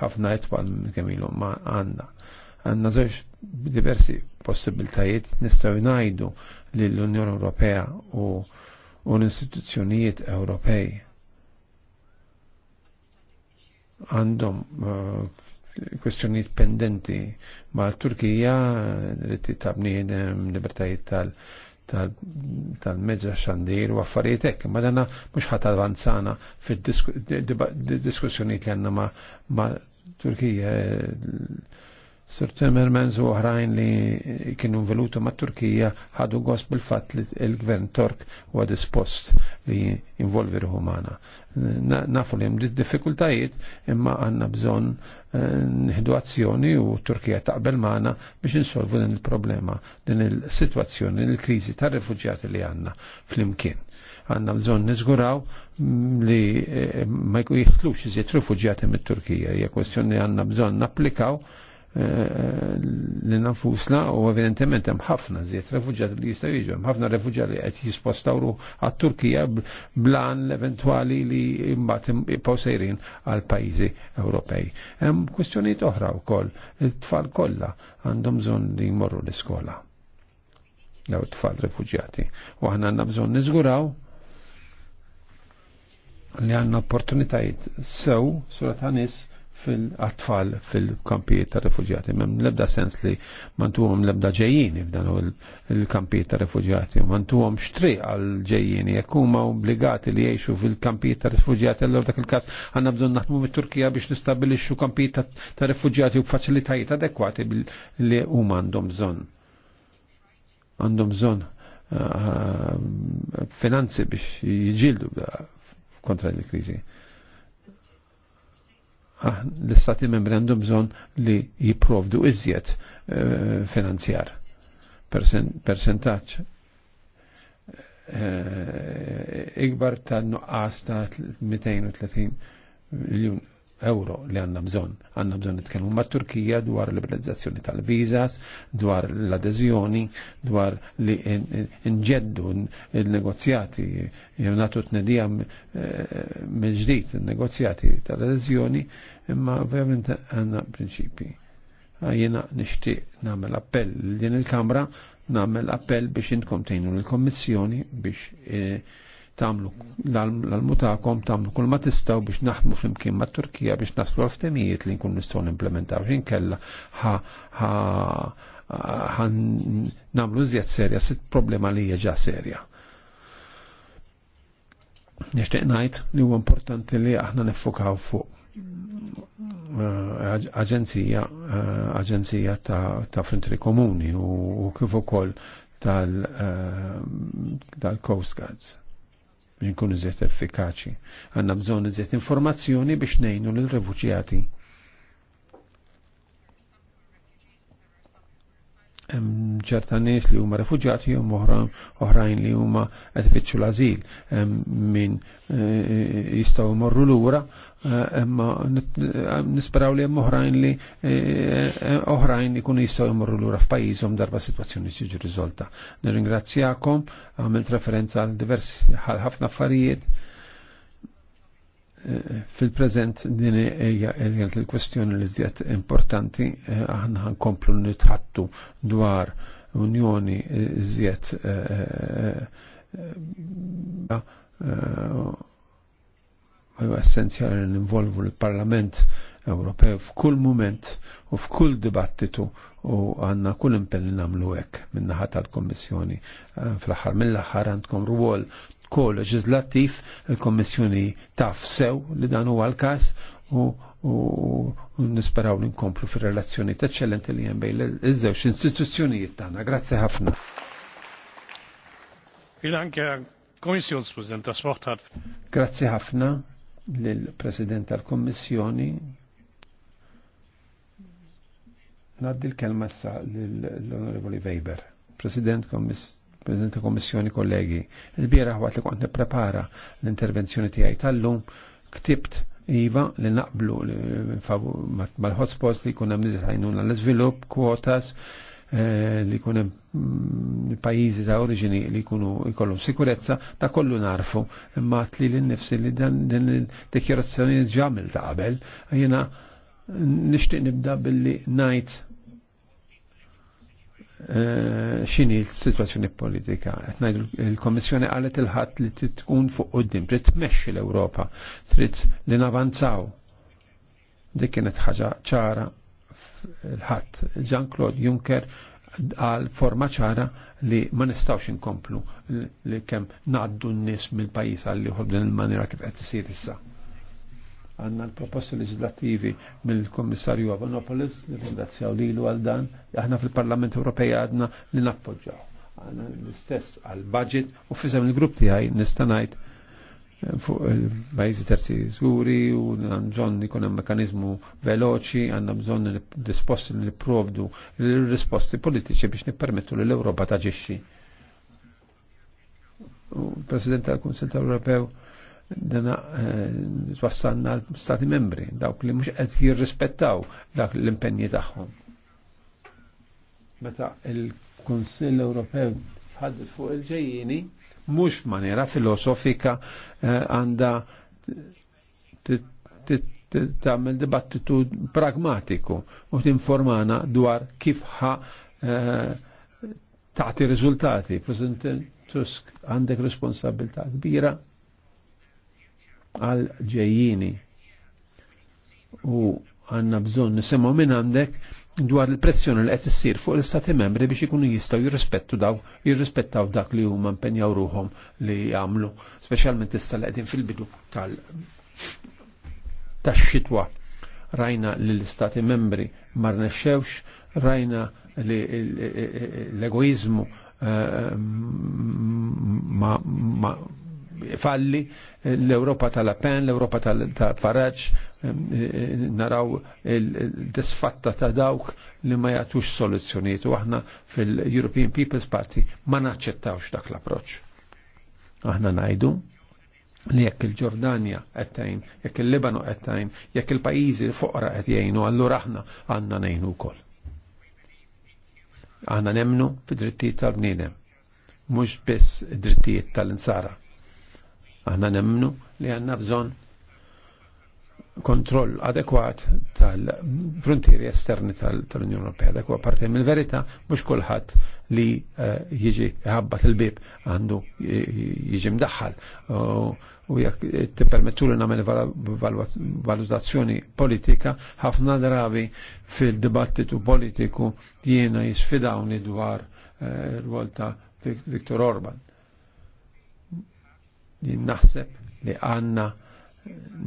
ħafna itwal kemm ilhom ma għandna. Għandna żewġ diversi possibiltajiet nistgħu ngħidu li l-Unjoni Ewropea u l-istituzzjonijiet Ewropej għandhom eh, kwestjonijiet pendenti ma' Turkija, li ta' bniedem, libertajiet tal- tal-mezza xandir u affarijiet hekk, ma danna mhux ħat avanzana fid-diskussjonijiet li għandna ma' Turkija eh, Sir Timmermans u oħrajn li kienu velutu ma' Turkija ħadu gos bil-fat li il-gvern Tork huwa dispost li involvi ruħumana. Nafu li d diffikultajiet imma għanna bżon eh, nħidu azzjoni u Turkija taqbel maħna biex insolvu din il-problema, din il-situazzjoni, il-krizi tar rifugġati li għanna fl-imkien għanna bżon nizguraw li eh, ma jittlux iżiet rifugġati mit-Turkija. Hija kwestjoni għanna bżon napplikaw li nafusna u evidentement hemm ħafna żiet refuġjati li jistgħu jiġu, hemm ħafna refuġjati li qed jispostawru għat-Turkija blan eventwali li mbagħad jibgħu sejrin għal pajjiżi Ewropej. Hemm kwistjonijiet oħra wkoll, it-tfal kollha għandhom bżonn li jmorru l-iskola. Daw it-tfal refuġjati. U aħna għandna bżonn niżguraw li għandna opportunitajiet sew surat ħanis fil atfall fil-kampijiet ta' refugjati. Mem lebda sens li għom lebda ġejjini f'dan il-kampijiet ta' refugjati. għom xtri għal ġejjini jekk huma obbligati li jgħixu fil-kampijiet ta' refugjati allora dak il-każ għandna bżonn naħdmu mit-Turkija biex nistabilixxu kampijiet ta' refugjati u faċilitajiet adekwati li huma għandhom bżonn. Għandhom bżonn eh, finanzi biex jiġildu kontra l-krizi. Ah, l-istati membri għandhom bżonn li jipprovdu iżjed eh, finanzjar percentaċ eh, ikbar ta' nuqqas ta' 230 miljon euro li għanna bżon. Għanna bżon nitkellmu ma' Turkija dwar liberalizzazzjoni tal-vizas, dwar l-adezjoni, dwar li nġeddu il-negozjati, jonatu t-nedija eh, mill il-negozjati tal-adezjoni, imma verament għanna prinċipi. Ah, jena nishti namel appell din il-Kamra, namel appell biex intkom tejnu l-Kommissjoni biex eh, tamlu l-almutakom tamlu kull ma tistaw biex naħdmu flimkien ma' Turkija biex naslu għal-ftemijiet li nkun nistgħu implementaw xin kella ħa ħan namlu zjed serja sit problema li hija ġa serja. Nixtieq ngħid li huwa importanti li aħna nifukaw fuq eh, aġenzija eh, aġenzija ta' frintri komuni u kif ukoll tal-Coast eh, Guards biex nkunu iżjed effikaċi. Għandna bżonn iżjed informazzjoni biex ngħinu lill refuġjati ċerta nies li huma refuġjati u oħrajn li huma qed ifittxu l-ażil min eh, eh, jistgħu jmorru lura eh, imma nisperaw li hemm oħrajn li oħrajn ikunu jistgħu jmorru lura f'pajjiżhom darba sitwazzjoni tiġi riżolta. Nirringrazzjakom, għamilt referenza għal diversi ħafna affarijiet Fil-prezent din hija il-kwestjoni li żjed importanti eh, aħna ħankomplu nitħattu dwar Unjoni żjed eh, u eh, essenzjali li ninvolvu l-Parlament Ewropew f'kull moment u f'kull dibattitu u għanna kull impell li namlu hekk naħa tal-Kommissjoni. Fl-aħħar mill-aħħar għandkom rwol ko-leġislattiv, il-Kommissjoni taf sew li dan huwa l-każ u, nisperaw li nkomplu fir-relazzjoni eċċellenti li hemm bejn iż-żewġ istituzzjonijiet tagħna. Grazzi ħafna. Grazzi ħafna lill-President tal-Kommissjoni Naddi l-kelma sa l-Onorevoli Weber. President Kommissjoni. Presidente Kommissjoni kollegi. Il-bieraħ waqt li kont nipprepara l-intervenzjoni tiegħi tal-lum ktibt Iva li naqblu mal-hotspots li jkun hemm ħajnuna l-iżvilupp, kwotas eh, li jkun hemm mm, pajjiżi ta' oriġini li jkunu jkollhom sikurezza ta' kollu narfu imma tli l nifsi li dan din id ġamil ta' qabel jiena nixtieq nibda billi ngħid Eh, xini l-situazzjoni politika. Etnajdu il-Komissjoni għalet il-ħat li tkun fuq uddim, trid tmexxi l-Ewropa, trid li navanzaw. Dik kienet ħaġa ċara l-ħadd. Jean-Claude Juncker għal forma ċara li ma nistawx inkomplu li kemm naddu n-nies mill-pajjiż għal li din il manira kif qed isir issa għanna l-proposti leġislativi mill-Kommissarju Avanopolis, li l għal dan, aħna fil-Parlament Ewropej għadna li nappoġġaw. Għanna l-istess għal-budget u fizem il-grupp tiegħi nistanajt eh, fuq il bajzi terzi zguri u għan bżon ikun hemm mekanizmu veloċi, għandna bżon disposti nil-provdu l-risposti politiċi biex nippermettu l europa taġixxi. President tal-Kunsil tal-Ewropew dana eh, twassalna l-Stati membri, dawk li mhux qed jirrispettaw dak l-impenji tagħhom. Meta il-Kunsill Ewropew tħaddid fuq il-ġejjini, mhux maniera filosofika eh, għandha tagħmel dibattitu pragmatiku u tinformana dwar kif ħa eh, taħti riżultati. President Tusk għandek responsabilità kbira għal ġejjini. U għanna bżon nisimgħu minn għandek dwar il-pressjoni li qed issir fuq l-istati membri biex ikunu jistgħu jirrispettu daw jirrispettaw dak li huma mpenjaw ruhom li jagħmlu, speċjalment issa li qegħdin fil-bidu tal tax-xitwa. Rajna li l-istati membri mar nexxewx, rajna li l-egoizmu eh, ma falli l-Europa tal-Apen, l-Europa tal-Faraġ, eh, naraw il-disfatta ta' dawk li ma jagħtux soluzzjonijiet u aħna fil-European People's Party ma naċċettawx dak l-approċ. Aħna najdu li jekk il-Ġordania qed jekk il libano għettajn, jekk il-pajjiżi l-foqra qed jgħinu, allura aħna għandna ngħinu wkoll aħna nemnu fi drittijiet tal-bniedem, mhux biss drittijiet tal-insara. Aħna nemmnu li għanna bżon kontroll adekwat tal-frontieri esterni tal-Unjoni Ewropea. Dak huwa parti mill verità mhux kulħadd li eh, jiġi ħabbat il-bib għandu jiġi mdaħħal u jekk tippermettu li nagħmel valutazzjoni politika ħafna drabi fil-dibattitu politiku jiena jisfidawni dwar eh, r-rwol ta' Viktor Orban li naħseb li għanna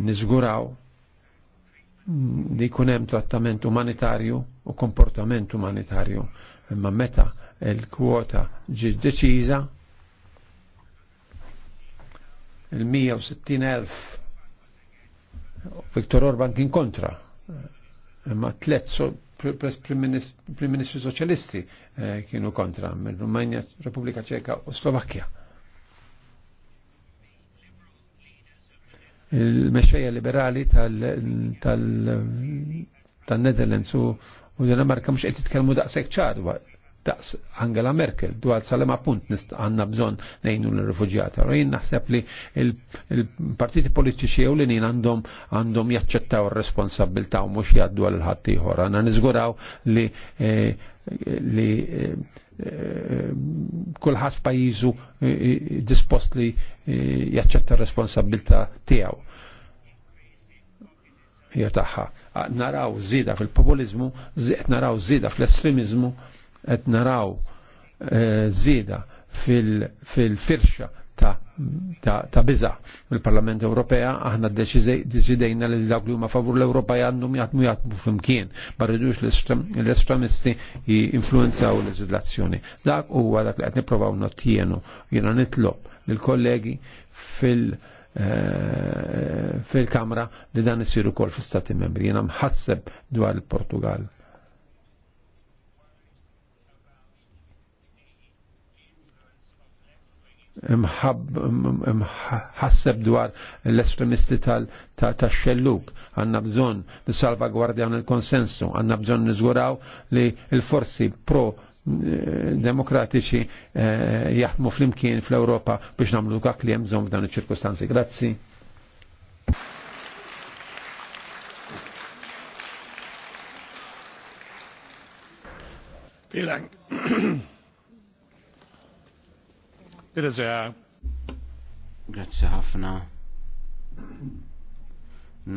nizguraw li kunem trattament umanitarju u komportament umanitarju. Imma meta il-kwota ġi deċiża il-160.000 Viktor Orban kien kontra imma tlet so, prim-ministri soċjalisti eh, kienu kontra mill-Rumanija, Repubblika Ċeka u Slovakkja. il-mexxejja liberali tal-Netherlands u Danimarka mhux qed titkellmu daqshekk ċar daqs Angela Merkel dwar salem appunt għanna bżon nejnu l-refugjati. Rejn naħseb li il-partiti politiċi jew li għandhom għandhom jaċċettaw r-responsabilta u mux jaddu għal ħattijħor Għanna nizguraw li eh, li eh, Eh, kulħadd pajizu eh, eh, dispost li jaċċetta r tijaw. tiegħu. Ah, naraw żieda fil-populizmu, qed naraw żieda fl-estremizmu, qed naraw żieda fil-firxa ta', ta, ta biza. Il-Parlament Ewropea aħna deċidejna li dawk li huma favur l-Ewropa għandhom jatmu jaħdmu flimkien, ma rridux l-estremisti jinfluenzaw l-leġizlazzjoni. Dak huwa dak li qed nippruvaw nottienu jiena nitlob lill-kollegi fil- eh, fil-Kamra li dan isiru kol fil-Stati Membri. Jena mħasseb dwar il-Portugal mħasseb dwar l-estremisti tal-xelluk. Għanna bżon nisalvagwardja għan il-konsensu, għanna bżon n nizguraw li il forsi pro demokratiċi eh, jaħdmu fl-imkien fl-Europa biex namlu dak li jemżon f'dan il-ċirkustanzi. Grazzi. Vielen Dank. Grazzi ħafna.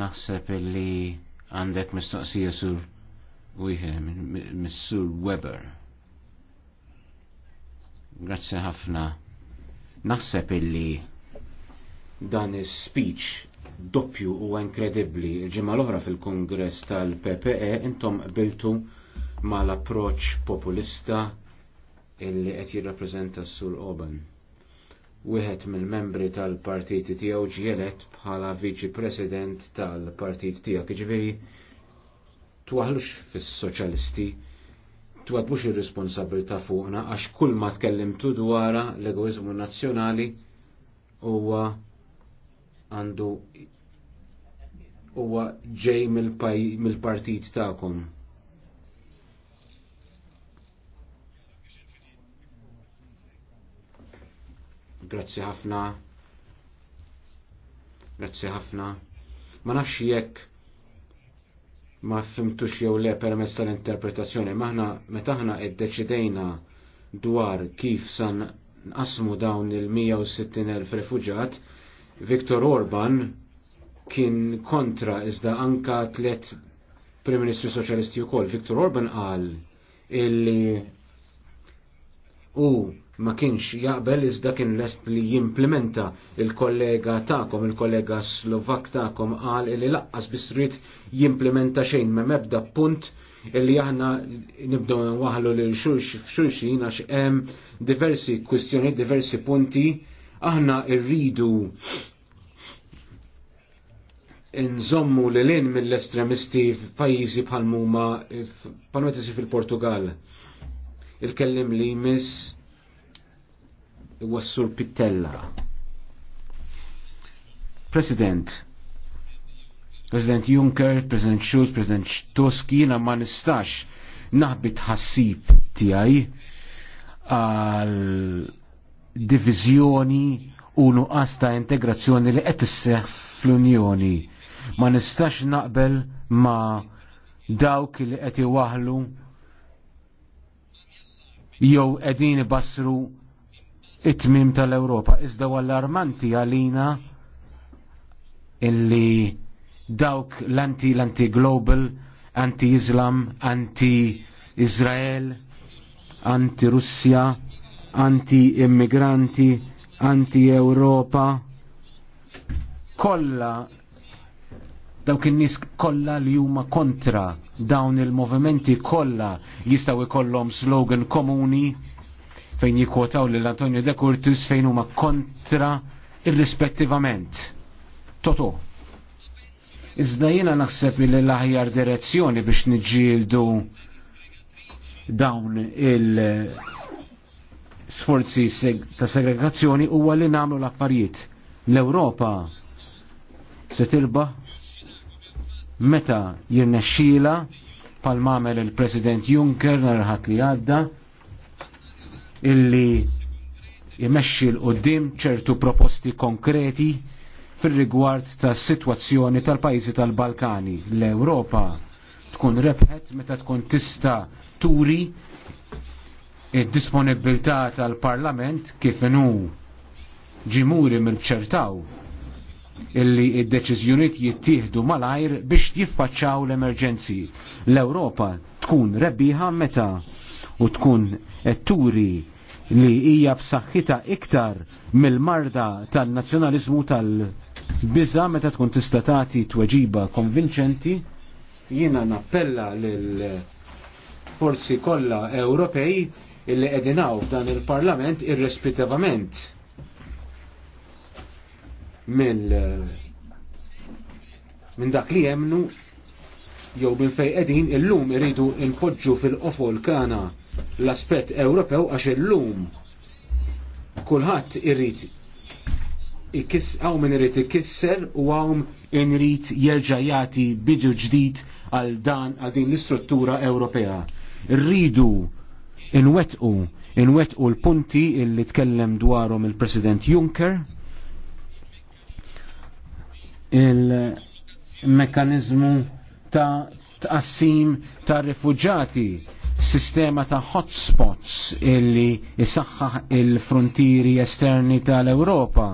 Naħseb li għandek mistoqsija sur wieħed mis-sur Weber. Grazzi ħafna. Naħseb li dan is-speech doppju u inkredibbli. l ġimgħa l-oħra fil-Kongress tal-PPE intom qbiltu mal-approċċ populista illi qed jirrappreżenta s-sur Oban wieħed mill-membri tal-partiti tiegħu ġielet bħala viċi president tal-partit tiegħek, jiġifieri twaħlux fis-soċjalisti, twadbux ir-responsabilità fuqna għax kull ma tkellimtu dwara l-egoizmu nazzjonali huwa għandu huwa ġej mill-partit mil tagħkom. Grazzi ħafna. Grazzi ħafna. Ma nafx jekk ma fimtux jew le permezz tal-interpretazzjoni, maħna meta aħna iddeċidejna dwar kif san nqasmu dawn il-160.000 refuġat, Viktor Orban kien kontra iżda anka tliet Prim Ministru Soċjalisti wkoll. Viktor Orban qal illi u ma kienx jaqbel iżda kien lest li jimplementa il-kollega ta'kom, il-kollega Slovak ta'kom għal li laqqas bistrit jimplementa xejn ma mebda punt illi aħna nibdu waħlu li xurxin jina hemm diversi kwistjoni, diversi punti aħna irridu nżommu li l-in mill-estremisti f'pajjiżi bħal muma bħal fil-Portugal. Il-kellim li jmiss Wassur Pittella. President, President Juncker, President Schulz, President Tusk, jina ma nistax naħbit ħassib tiegħi għal divizjoni u nuqqas ta' integrazzjoni li qed isseħħ fl-Unjoni. Ma nistax naqbel ma' dawk li qed iwaħlu jew qegħdin ibassru it-tmim tal-Ewropa. Iżda allarmanti għalina illi dawk l-anti l-anti global, anti Islam, anti Izrael, anti Russja, anti immigranti, anti Europa, kolla dawk in-nies kollha li huma kontra dawn il-movimenti kollha jistgħu jkollhom slogan komuni fejn jikwotaw lil Antonio De Curtis fejn huma kontra irrispettivament. Toto. Iżda jiena naħseb li l-aħjar direzzjoni biex niġġieldu dawn il sforzi ta' segregazzjoni huwa li nagħmlu l-affarijiet. L-Ewropa se tirba meta jirnexxila pal mamel il-President Juncker narħat li għadda illi jmexxi l qoddim ċertu proposti konkreti fil-rigward tas situazzjoni tal-pajjiżi tal-Balkani. L-Ewropa tkun rebħet meta tkun tista turi id-disponibilità tal-Parlament kif inhu ġimuri mill-ċertaw illi id-deċiżjoniet jittieħdu malajr biex jiffaċċaw l-emerġenzi. L-Ewropa tkun rebbieħa meta u tkun turi li hija b'saħħitha iktar mill-marda tan-nazzjonaliżmu tal-biża meta tkun tista' tagħti tweġiba konvinċenti jiena nappella lil forzi kollha Ewropej illi qegħdinaw dan il-Parlament irrespettivament mill minn dak li jemnu jew minn fejn qegħdin illum iridu npoġġu fil-qofol kana l-aspett Ewropew għax illum kulħadd irrid ikis għaw min irrit ikisser u għaw irrit jerġa' jagħti bidu ġdid għal dan għal din l-istruttura Ewropea. Rridu inwetqu inwetqu l-punti illi tkellem dwarhom il-President Juncker il mekanizmu ta' tqassim ta' rifuġati sistema ta' hotspots illi jisaxħaħ il-frontieri esterni tal-Europa,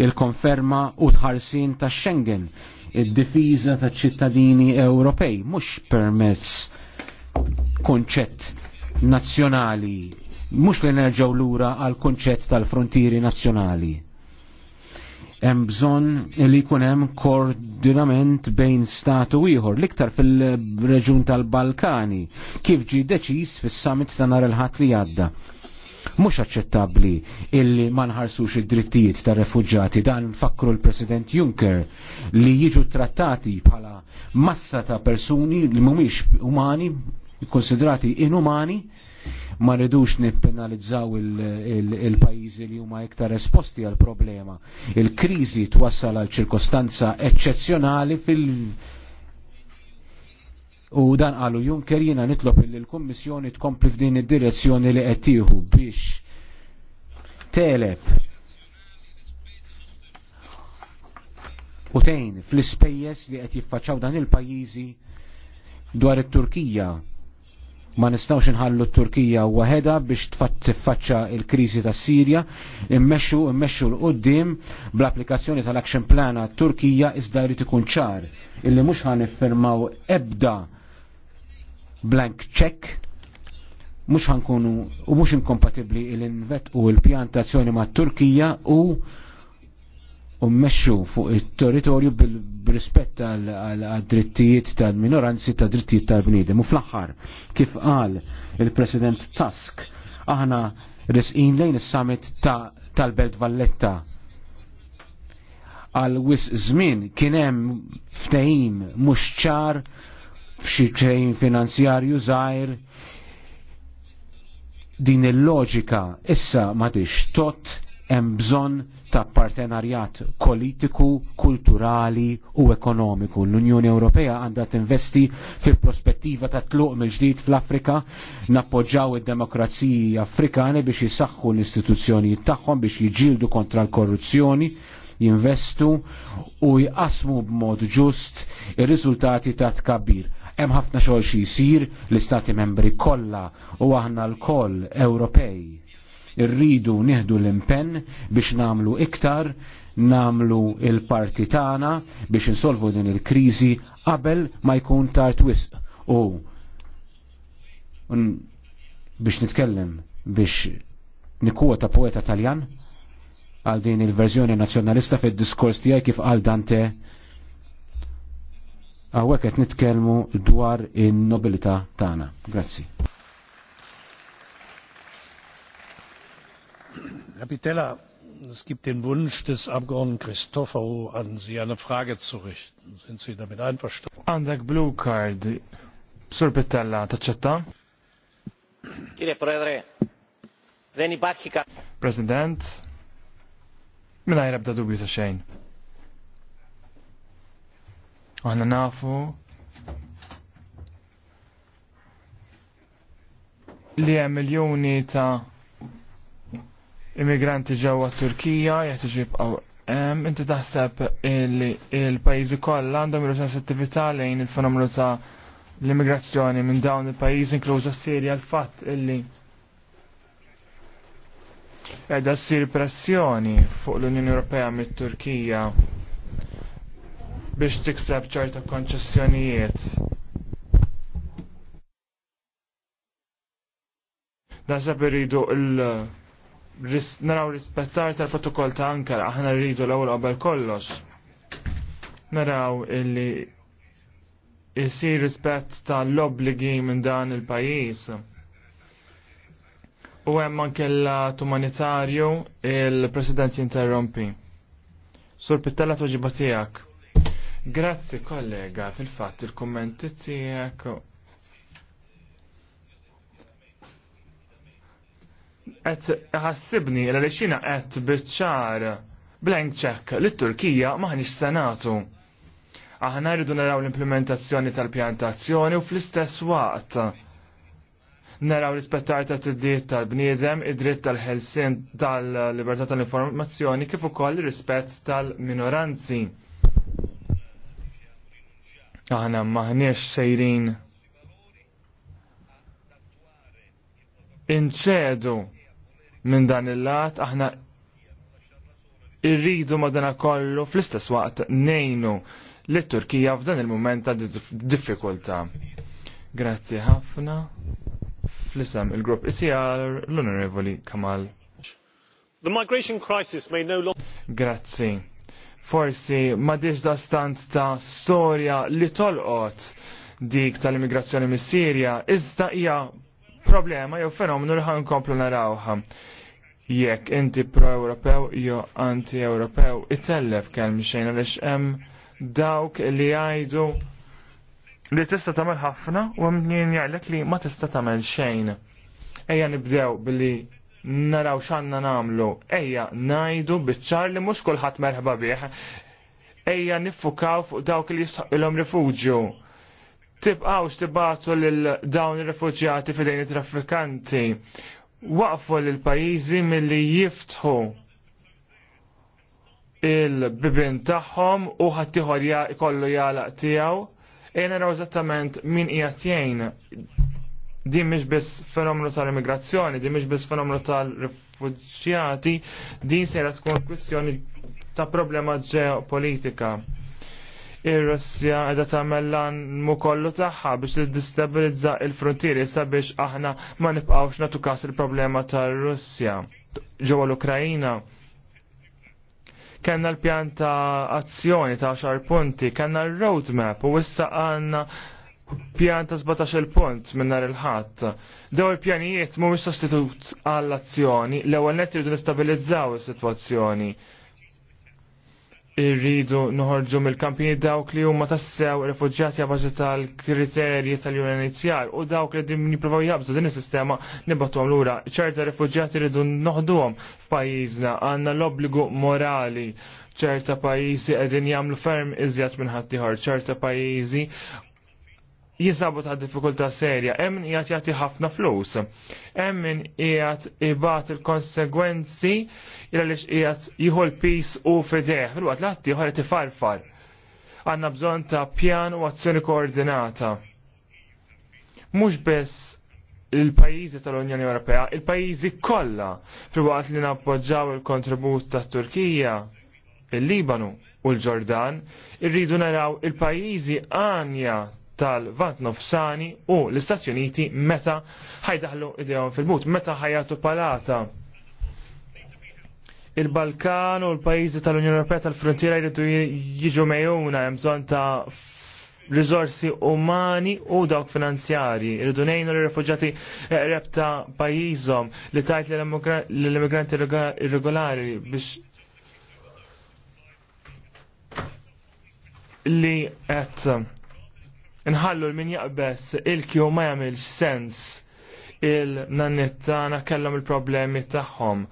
il-konferma u tħarsin ta' Schengen, il-difiża ta' ċittadini Ewropej, mux permezz konċett nazzjonali, mux li nerġaw lura għal konċett tal-frontieri nazzjonali hemm bżonn li jkun hemm koordinament bejn statu ieħor l-iktar fil-reġun tal-Balkani kif ġi deċiż fis-summit ta' nhar il-ħadd li għadda. Mhux aċċettabbli illi ma nħarsux id-drittijiet tar refuġġati dan fakru l-President Juncker li jiġu trattati bħala massa ta' persuni li mhumiex umani, konsidrati inumani, ma rridux nippenalizzaw il-pajjiżi li huma iktar esposti għal problema. Il-kriżi twassal għal ċirkostanza eċċezzjonali fil- U dan qalu Junker jina nitlob li l-Kummissjoni tkompli f'din id-direzzjoni li qed tieħu biex teleb u tejn fl-ispejjeż li qed jiffaċċaw dan il-pajjiżi dwar it-Turkija ma nistawx nħallu t-Turkija waħeda biex tfaċċa il-krizi ta' Sirja, immexxu immexxu l-qoddim bl-applikazzjoni tal-action plana Turkija iżda jrid ikun ċar illi mhux ħan iffirmaw ebda blank check mhux ħankunu u mhux inkompatibbli il-invet u l-pjantazzjoni ma' Turkija u u mmexxu fuq it-territorju bil-rispett għal-drittijiet tal-minoranzi ta' drittijiet tal-bniedem. U fl-aħħar, kif qal il-President Tusk, aħna risqin lejn is-summit tal-Belt Valletta għal wis żmien kien hemm ftehim mhux ċar f'xi finanzjarju żgħir din il-loġika issa ma tot hemm bżonn ta' partenarjat politiku, kulturali u ekonomiku. L-Unjoni Ewropea għandha tinvesti fil prospettiva ta' tluq mill-ġdid fl-Afrika, nappoġġaw id-demokraziji Afrikani biex jisaxħu l-istituzzjonijiet tagħhom biex jiġildu kontra l-korruzzjoni, jinvestu u jqasmu b'mod ġust ir-riżultati ta' tkabbir hemm ħafna xogħol xi jsir l-istati membri kollha u aħna l-koll Ewropej irridu nieħdu l-impenn biex namlu iktar, namlu il-parti tagħna biex insolvu din il-kriżi qabel ma jkun tard wisq. U biex nitkellem biex nikwota poeta Taljan għal din il-verżjoni nazzjonalista fid-diskors tiegħi kif qal Dante għawek qed nitkellmu dwar in-nobilità tagħna. Grazzi. Herr Pitella, es gibt den Wunsch des Abgeordneten Christophorou an Sie eine Frage zu richten. Sind Sie damit einverstanden? Għandek blue card. Sir Pitella, taċċetta? Kire Proedre, deni Bakika. President, minna jrebda dubju ta' xejn. Għanna nafu li hemm miljoni ta' immigranti ġewwa Turkija jeħtieġu jibqgħu hemm, inti taħseb li l-pajjiżi kollha għandhom ilu sensittività lejn il-fenomenu ta' l-immigrazzjoni minn dawn il-pajjiżi inkluża Sirja l-fatt illi qiegħda ssir pressjoni fuq l-Unjoni Ewropea mit-Turkija biex tikseb ċerta konċessjonijiet. Nasab irridu l- naraw rispettar tal-protokoll ta' Ankara, aħna rridu l-ewwel qabel kollox. Naraw illi jisir rispett tal obbligi minn dan il pajjiż U hemm anke l-umanitarju il-President jinterrompi. Sur Pittella toġibatijak. tiegħek. Grazzi kollega, fil-fatt il-kummenti tiegħek qed ħassibni l xina qed biċċar blank check li turkija maħniex senatu. Aħna rridu naraw l-implementazzjoni tal-pjantazzjoni u fl-istess waqt naraw rispettar ta' t-diet tal-bniedem, id-dritt tal-ħelsin tal-libertà tal-informazzjoni kif ukoll rispett tal-minoranzi. Aħna maħniex sejrin inċedu Minn dan il-lat aħna irridu madana kollu fl-istess waqt nejnu li Turkija f'dan il-moment ta' diffikultà. Grazzi ħafna. Fl-isem il-grupp ICR l-Onorevoli Kamal. The migration crisis may no longer... Grazzi. Forsi ma diġ da stant ta' storja li tolqot dik tal-immigrazzjoni mis-Sirja, iżda hija problema jew fenomenu li ħankomplu narawha. Jekk inti pro-Ewropew jew anti-Ewropew itellef kelm xejn għaliex hemm dawk li jgħidu li tista' tagħmel ħafna u hemm min jgħidlek li ma tista' tagħmel xejn. Ejja nibdew billi naraw x'għandna nagħmlu, ejja ngħidu biċ-ċar li mhux kulħadd merħba bih. Ejja niffukaw fuq dawk li jistħaq ilhom rifuġju tibqawx tibatu lil dawn ir-refuġjati fidejn it-traffikanti. Waqfu lil pajjiżi milli jiftħu il-bibin tagħhom u ħaddieħor ikollu jalaq tiegħu. Ejna naraw eżattament min qiegħed jgħin. Din mhix biss fenomenu tal-immigrazzjoni, din mhix biss fenomenu tal-rifuġjati, din sejra tkun kwistjoni ta' problema ġeopolitika ir-Russja qiegħda tagħmel l mu kollu tagħha biex tiddistabilizza l-frontieri sabiex aħna ma nibqgħux natu kas il-problema tar-Russja ġewwa l-Ukrajina. Kenna l-pjan ta' azzjoni ta' xar punti, kenna l-roadmap u issa għanna pjan ta' 17 punt minn nhar il-ħadd. Dew il-pjanijiet mhumiex sostitut għall-azzjoni, l-ewwel nett jridu nistabilizzaw is-sitwazzjoni irridu noħorġu mill-kampijiet dawk li huma tassew refuġġjati għabaġi tal-kriterji tal-UNHCR u dawk li dimni provaw jabżu din is-sistema nibbattu lura. ċerta refuġġjati rridu noħduhom f'pajjiżna għandna l-obbligu morali ċerta pajjiżi qegħdin jagħmlu ferm iżjed minn ħaddieħor, ċerta pajjiżi jizabu ta' diffikultà serja, hemm min qiegħed jagħti ħafna flus, hemm min qiegħed ibagħat il-konsegwenzi għaliex qiegħed jieħu l-pis u fideħ, filwaqt l-għatti ħaret tifarfar. Għandna bżonn ta' pjan u azzjoni koordinata. Mhux biss il-pajizi tal-Unjoni Ewropea, il-pajizi kollha waqt li nappoġġaw il-kontribut tat-Turkija, il-Libanu u l-Ġordan, irridu naraw il-pajizi għanja tal-Vant Nofsani u l-Istati meta ħajdaħlu idejhom fil-mut, meta ħajatu palata. Il-Balkan u l-pajjiżi tal-Unjoni Europea tal-Frontiera jridu jiġu mejjuna hemm bżonn ta' risorsi umani u dawk finanzjari. Irridu ngħinu l-refuġati eh, rebta pajjiżhom li tajt l-immigranti irregolari biex li qed nħallu l-min jaqbess il u ma jamil sens il-nannittana kellhom il-problemi tagħhom.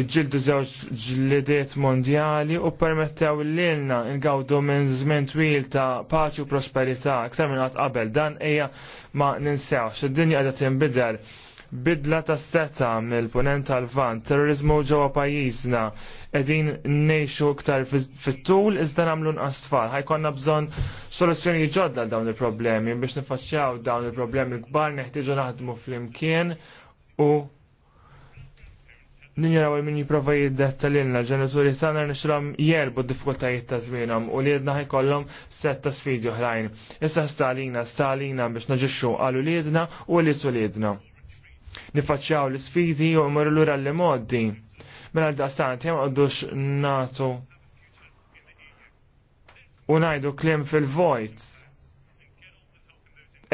Iġġildu żewġ ġlidiet mondjali u permettew lilna ngawdu minn żmien twil ta' paċi u prosperità aktar minn qatt qabel dan hija ma ninsewx id-dinja qiegħda tinbidel bidla ta' seta mill-punent tal-vant, terrorizmu ġewwa pajjiżna, qegħdin ngħixu iktar fit-tul iżda nagħmlu nqas tfal. Ħajkonna bżonn soluzzjoni ġodda għal dawn il-problemi biex nifaċċjaw dawn il-problemi kbar neħtieġu naħdmu flimkien u Ninjaraw min jiprofa jiddettalilna ġenituri sanar nixram jerbu d-diffikultajiet ta' zminom u li jedna ħajkollhom set ta' sfidi oħrajn. Issa stalina, stalina biex naġixxu għal uliedna u li uliedna nifacċaw l-sfidi u mmorru lura l-modi. Mela l-daqstant jem għaddux natu u najdu klim fil-vojt.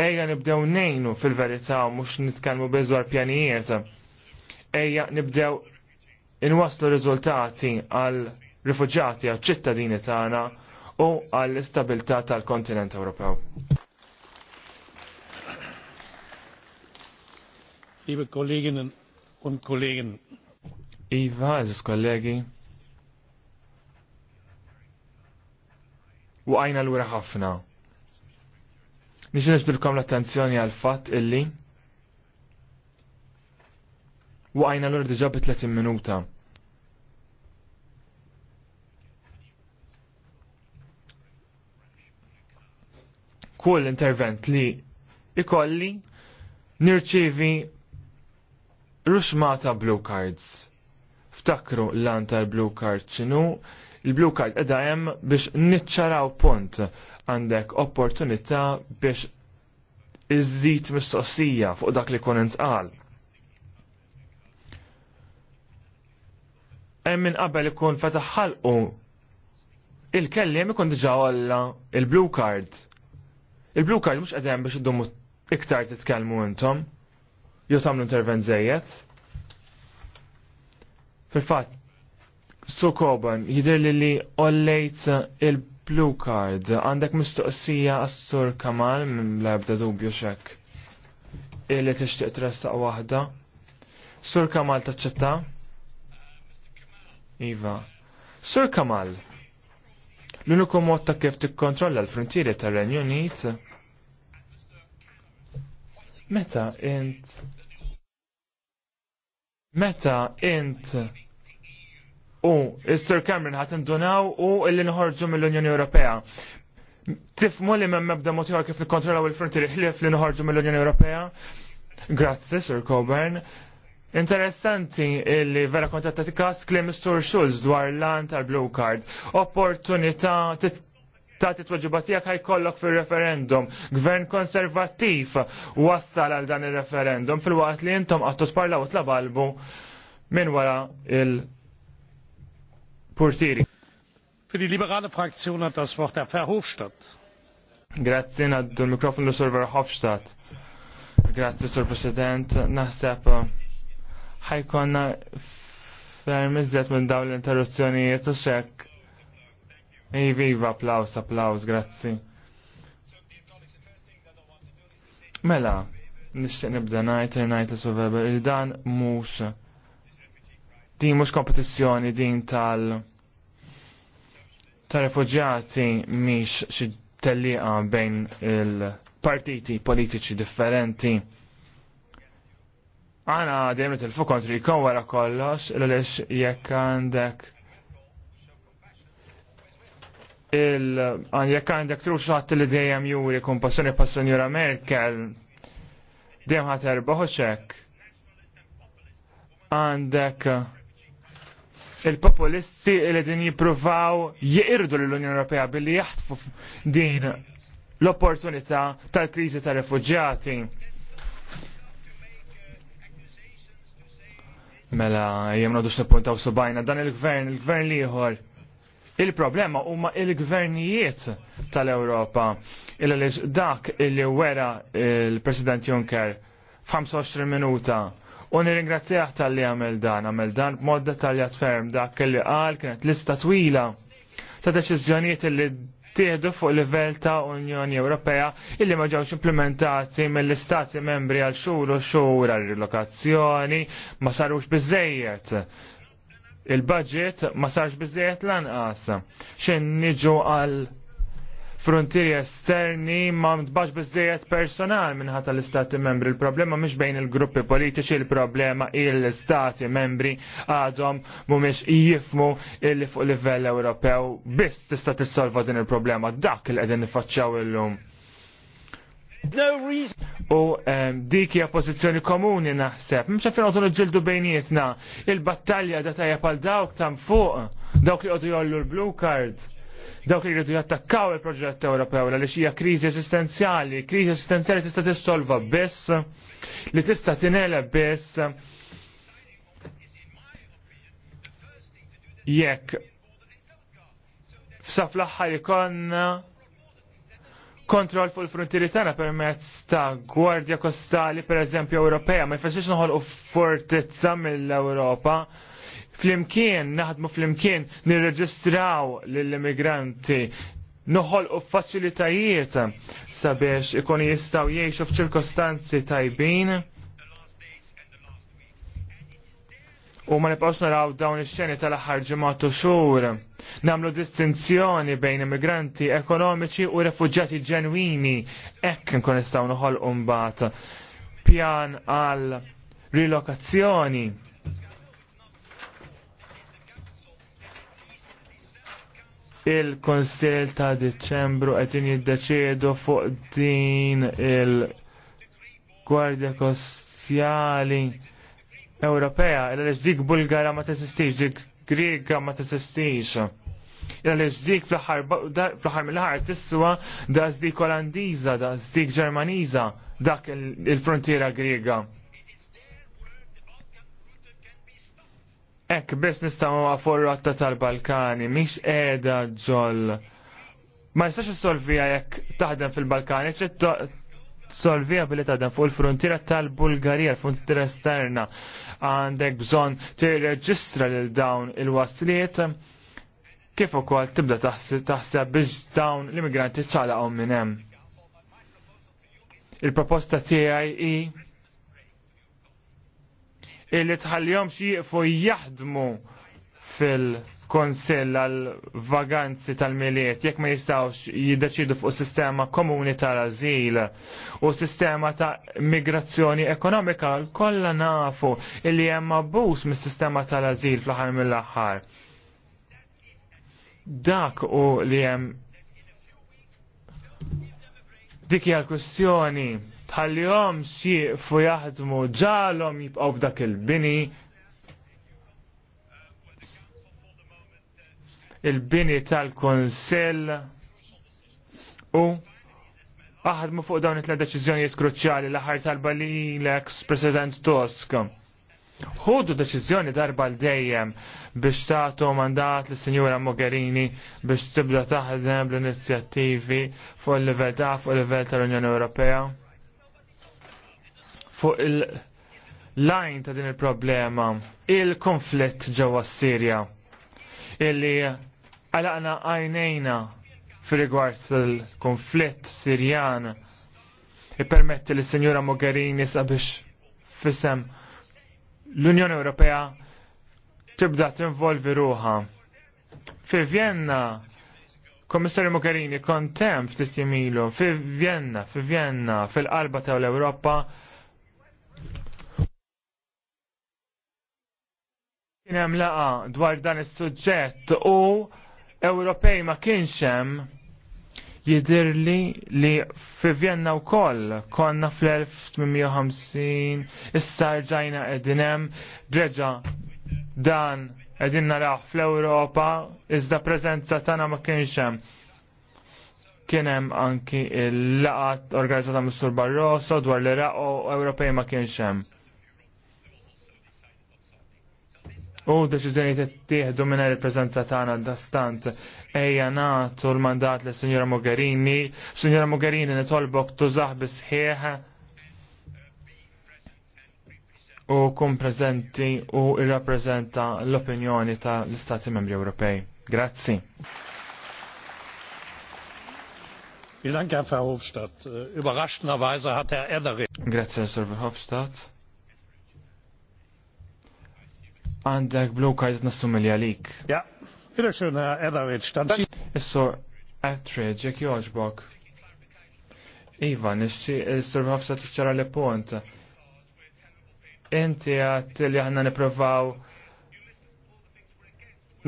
Ejja nibdew nejnu fil-verità u mux nitkalmu bizwar pjanijiet. Ejja nibdew inwaslu riżultati għal rifugġati għal ċittadini tagħna u għall istabilta tal-kontinent Ewropew. liebe Kolleginnen und Kollegen. Iva, ist kollegi. U għajna l-wira ħafna. Nix nixbilkom l-attenzjoni għal-fat illi u għajna l-wira diġa bi 30 minuta. Kull intervent li ikolli nirċivi Rux mata blue cards. Ftakru l-lan tal-blue card xinu, il-blue card edha jem biex nitċaraw punt għandek opportunità biex iżżid mistoqsija fuq dak li kun intqal. Hemm minn qabel ikun fetaħ ħalqu il-kelliem ikun diġà għalla il-blue card. Il-blue card mhux qed biex iddumu iktar titkellmu intom jew tagħmlu intervent żejjed. Fil-fatt, Su Koban, jidir li ollejt il-blue card, għandek mistoqsija għas-sur Kamal minn l-ebda dubju xek. Illi tixtieq tressaq waħda. Sur Kamal taċċetta? Iva. Sur Kamal, l-uniku mod ta' kif tikkontrolla l-frontieri tar-Renju Unit Meta int Meta int u Sir Cameron ħat indunaw u illi nħorġu mill-Unjoni Ewropea. Tifmu li memm mebda motiħor kif nikkontrollaw il-frontier ħlief li nħorġu mill-Unjoni Ewropea? Grazzi, Sir Coburn. Interessanti illi vera kontattati kas klim Mr. Schulz dwar l-an tal-Blue Card. Opportunità tagħti tweġiba tiegħek ħajkollok fir-referendum. Gvern konservattiv wassal għal dan ir-referendum fil-waqt li intom qatt tisparlaw tlabalbu minn wara il-pursiri. Für die liberale Fraktion hat das Wort Herr Verhofstadt. Grazie għaddu l-mikrofon l-Sur Verhofstadt. Grazie, Sur President. Naħseb ħajkonna ferm minn dawn l-interruzzjonijiet u xekk Viva, applaus, applaus, grazzi. Mela, nixtieq nibda ngħid ngħid li Survivor li dan mhux din mhux kompetizzjoni din tal tal refugjati mhix xi tellieqa bejn il-partiti politiċi differenti. Għana dejjem nitilfu kontri kon wara kollox l-għaliex jekk għandek il-għanjek għandek tru xaħt li dejjem juri kompassjoni pa' Senjura Merkel, dejjem ħat erbaħoċek. Għandek uh, il-populisti li din jipruvaw jiqirdu l-Unjoni Ewropea billi jaħtfu din l-opportunità tal-krizi tal-refugġjati. Mela, jemnodux nipuntaw subajna dan il-gvern, il-gvern liħor. Il-problema huma il-gvernijiet tal-Ewropa il-għalix dak illi wera il-President Juncker f'25 minuta u nirringrazzjah tal-li għamel dan, għamel dan b'mod detaljat ferm dak illi qal għal kienet lista twila ta' deċiżjonijiet illi li tieħdu fuq livell ta' Unjoni Ewropea illi ma ġewx implementati mill-istati membri għal xhur u xhur għal rilokazzjoni ma sarux biżejjed il-budget ma sarx bizziet lanqas. Xen niġu għal frontieri esterni ma mtbax bizziet personal minnħata l-istati membri. Il-problema mhix bejn il-gruppi politiċi, il-problema il-istati membri għadhom mhumiex jifmu illi fuq livell Ewropew biss tista' tissolva din il-problema dak il qegħdin nifaċċaw illum. U ehm, dik hija pożizzjoni komuni naħseb. Mhux fejn qogħdu niġġieldu bejnietna. Il-battalja da tajja pal dawk tam fuq, dawk li qogħdu jollu l-blue card. Dawk li jridu jattakkaw il-proġett Ewropew għaliex hija kriżi esistenzjali, kriżi esistenzjali tista' tissolva biss, li tista' tinela biss. Jekk f'saf l-aħħar ikonna Kontrol fuq il-frontieri tagħna permezz ta' gwardja kostali pereżempju Ewropea, ma jfexxiex noħolqu fortezza mill-Ewropa. Flimkien, naħdmu flimkien, nirreġistraw lill-immigranti, noħolqu faċilitajiet sabiex ikun jistgħu jgħixu f'ċirkostanzi tajbin u ma nibqax naraw dawn ix-xeni tal-aħħar ġimgħat xhur. Nagħmlu distinzjoni bejn immigranti ekonomiċi u refuġġjati ġenwini hekk nkun nistgħu noħolqu mbagħad pjan għal rilokazzjoni. Il-Konsil ta' Deċembru qed jiddeċiedu fuq din il-Gwardja Kostjali Ewropea, il-għalix dik Bulgara ma tesistix, dik Griega ma tesistix. Il-għalix dik fl-ħar mill-ħar tiswa da dik Olandiza, da dik Ġermaniza, dak il-frontiera Griega. Ek, bis nistaw għatta tal-Balkani, miex edha ġol. Ma jistax solvija jekk taħdem fil-Balkani, trid solvija billi taħdem fuq il-frontiera tal-Bulgarija, l-frontiera esterna għandek bżon tirreġistra lil dawn il-wasliet kif ukoll tibda taħseb biex dawn l-immigranti ċala minn hemm. Il-proposta tiegħi hi illi tħallihom xi jieqfu jaħdmu fil- konsell għal vaganzi tal-miliet jekk ma jistawx jiddeċidu fuq sistema komuni tal-azil u sistema ta' migrazzjoni ekonomika kollha nafu illi hemm abbuż mis-sistema tal-azil fl-aħħar mill-aħħar. Dak u li hemm dik hija l-kwestjoni tħallihom xieqfu jaħdmu ġalhom jibqgħu f'dak il-bini il-bini tal-Konsell u aħdmu fuq dawn it-tlet deċiżjonijiet kruċjali l-aħħar talba l-eks President Tusk. Ħudu deċiżjoni darba l-dejjem biex tagħtu mandat lis sinjura Mogherini biex tibda taħdem l-inizjattivi fuq il-livell ta' fuq il-livell tal-Unjoni Ewropea. Fuq il-lajn ta' din il-problema, il-konflitt ġewwa Sirja illi għalaqna għajnejna fil-rigward tal-konflitt Sirjan ippermetti li Sinjura Mogherini sabiex fisem l-Unjoni Ewropea tibda t-involvi ruħa. Fi Vienna, Komissarju Mogherini kontem ftit jemilu, fi Vienna, fi Vienna, fil-qalba ta' l-Ewropa, kien hemm laqa dwar dan is-suġġett u Ewropej ma kienx hemm jidirli li fi Vienna u koll konna fl-1850 issa edinem dreġa dan edin naraħ fl-Europa iżda prezenza tana ma kienxem kienem anki il-laqat organizzata Mr. Barroso dwar l-Iraq u Ewropej ma kienxem. u deċiżjoni tittieħdu minn il-preżenza tagħna dastant ejja nagħtu l-mandat li Sinjora Mogherini. Sinjora Mogherini nitolbok tużaħ bisħieħ u kum preżenti u irrappreżenta l-opinjoni tal istati Membri Ewropej. Grazzi. Vielen Dank, Herr Verhofstadt. Äh, überraschenderweise hat Herr Grazie, Herr Verhofstadt. Għandek blue kajt nassum li għalik. Ja, il-xun Etheridge, tanċi. Issor, Etheridge, jek joġbok. Iva, nisċi, il għafsa t-ċara li punt. Inti għat li għanna niprofaw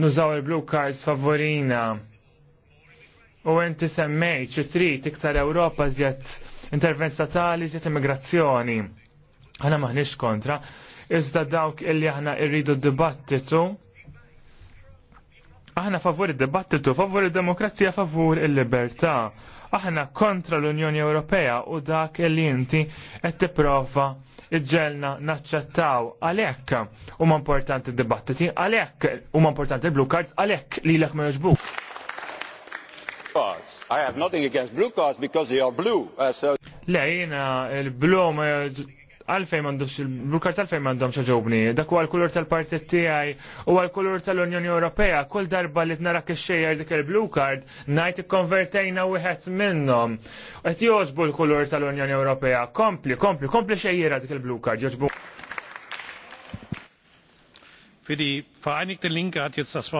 nużaw il-blue cards favorina. U inti semmejt, trid iktar Ewropa zjat intervent statali, zjat immigrazzjoni. Għana maħnix kontra, iżda dawk illi aħna irridu dibattitu. Aħna favur id-dibattitu, favur id-demokrazija, favur il-libertà. Aħna kontra l-Unjoni Ewropea u dak illi inti qed tipprova iġġelna naċċettaw għalhekk huma importanti d-dibattiti, għalhekk huma importanti blue cards, għalhekk lilek ma jogħġbuk. I have nothing against blue cards because they are blue. Uh, so... Le, jina, il-blu ma għalfejn mandux il-blukar tal-fejn mandom dak u għal-kulur tal-partit tijaj u għal-kulur tal-Unjoni Ewropea, kull darba li t-nara xejjer dik il-blue card, najt konvertejna u għet minnom. Għet joġbu l-kulur tal-Unjoni Ewropea, kompli, kompli, kompli xejjera dik il-blue card, joġbu. Fidi, die Vereinigte Linke hat jetzt das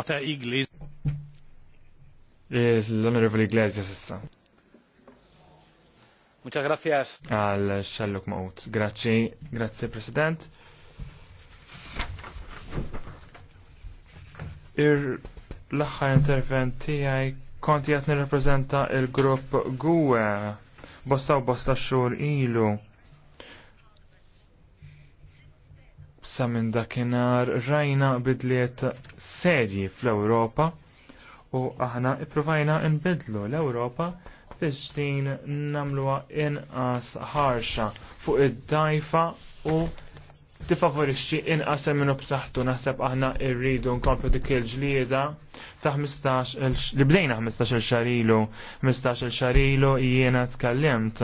l onorevoli Iglesias issa. Muchas gracias. Al Sherlock Mout. Grazie, grazie President. Ir l-axħar intervent tijaj konti jatni reprezenta il-grupp GUE bosta u bosta xur ilu. Sa minn dakinar rajna bidliet serji fl-Europa u aħna in-bidlu l-Europa biex din namluwa inqas ħarxa fuq id-dajfa u tifavorixxi inqas minnu b'saħħtu naħseb aħna rridu nkompli dik il-ġlieda ta' 15 li bdejna 15 xarilu, 15 xarilu jiena tkellimt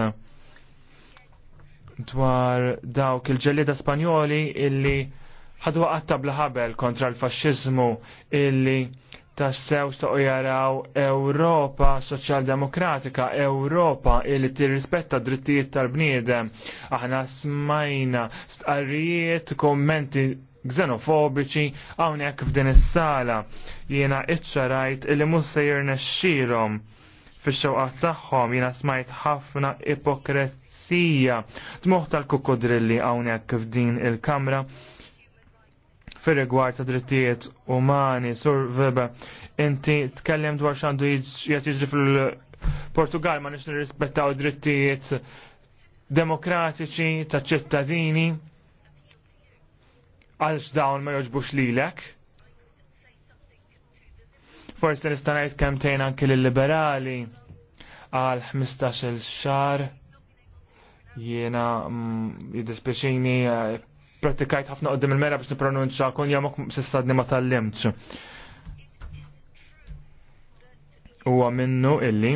dwar dawk il-ġellieda Spanjoli illi ħadwa għattabla ħabel kontra l-faxxiżmu illi tassew staqo jaraw Ewropa Soċjaldemokratika, Ewropa illi tirrispetta drittijiet tal-bniedem. Aħna smajna stqarrijiet, kommenti xenofobiċi hawnhekk f'din is-sala. Jiena iċċarajt illi mhux se nexxierhom fix-xewqat tagħhom jiena smajt ħafna ipokrezija. sija. tal-kukodrilli hawnhekk f'din il-kamra fir rigward ta' drittijiet umani, sur vebe, inti tkellem dwar xandu jgħat jiġri fil-Portugal ma nix nirrispettaw drittijiet demokratiċi ta' ċittadini għalx dawn ma joġbux lilek. Forse nistanajt kemtejn anki l-liberali għal 15 xar jiena jiddispieċini eh, pratikajt ħafna qoddim il-mera biex nipronunċa kun jamok s-sadni ma tal-limċ. Huwa minnu illi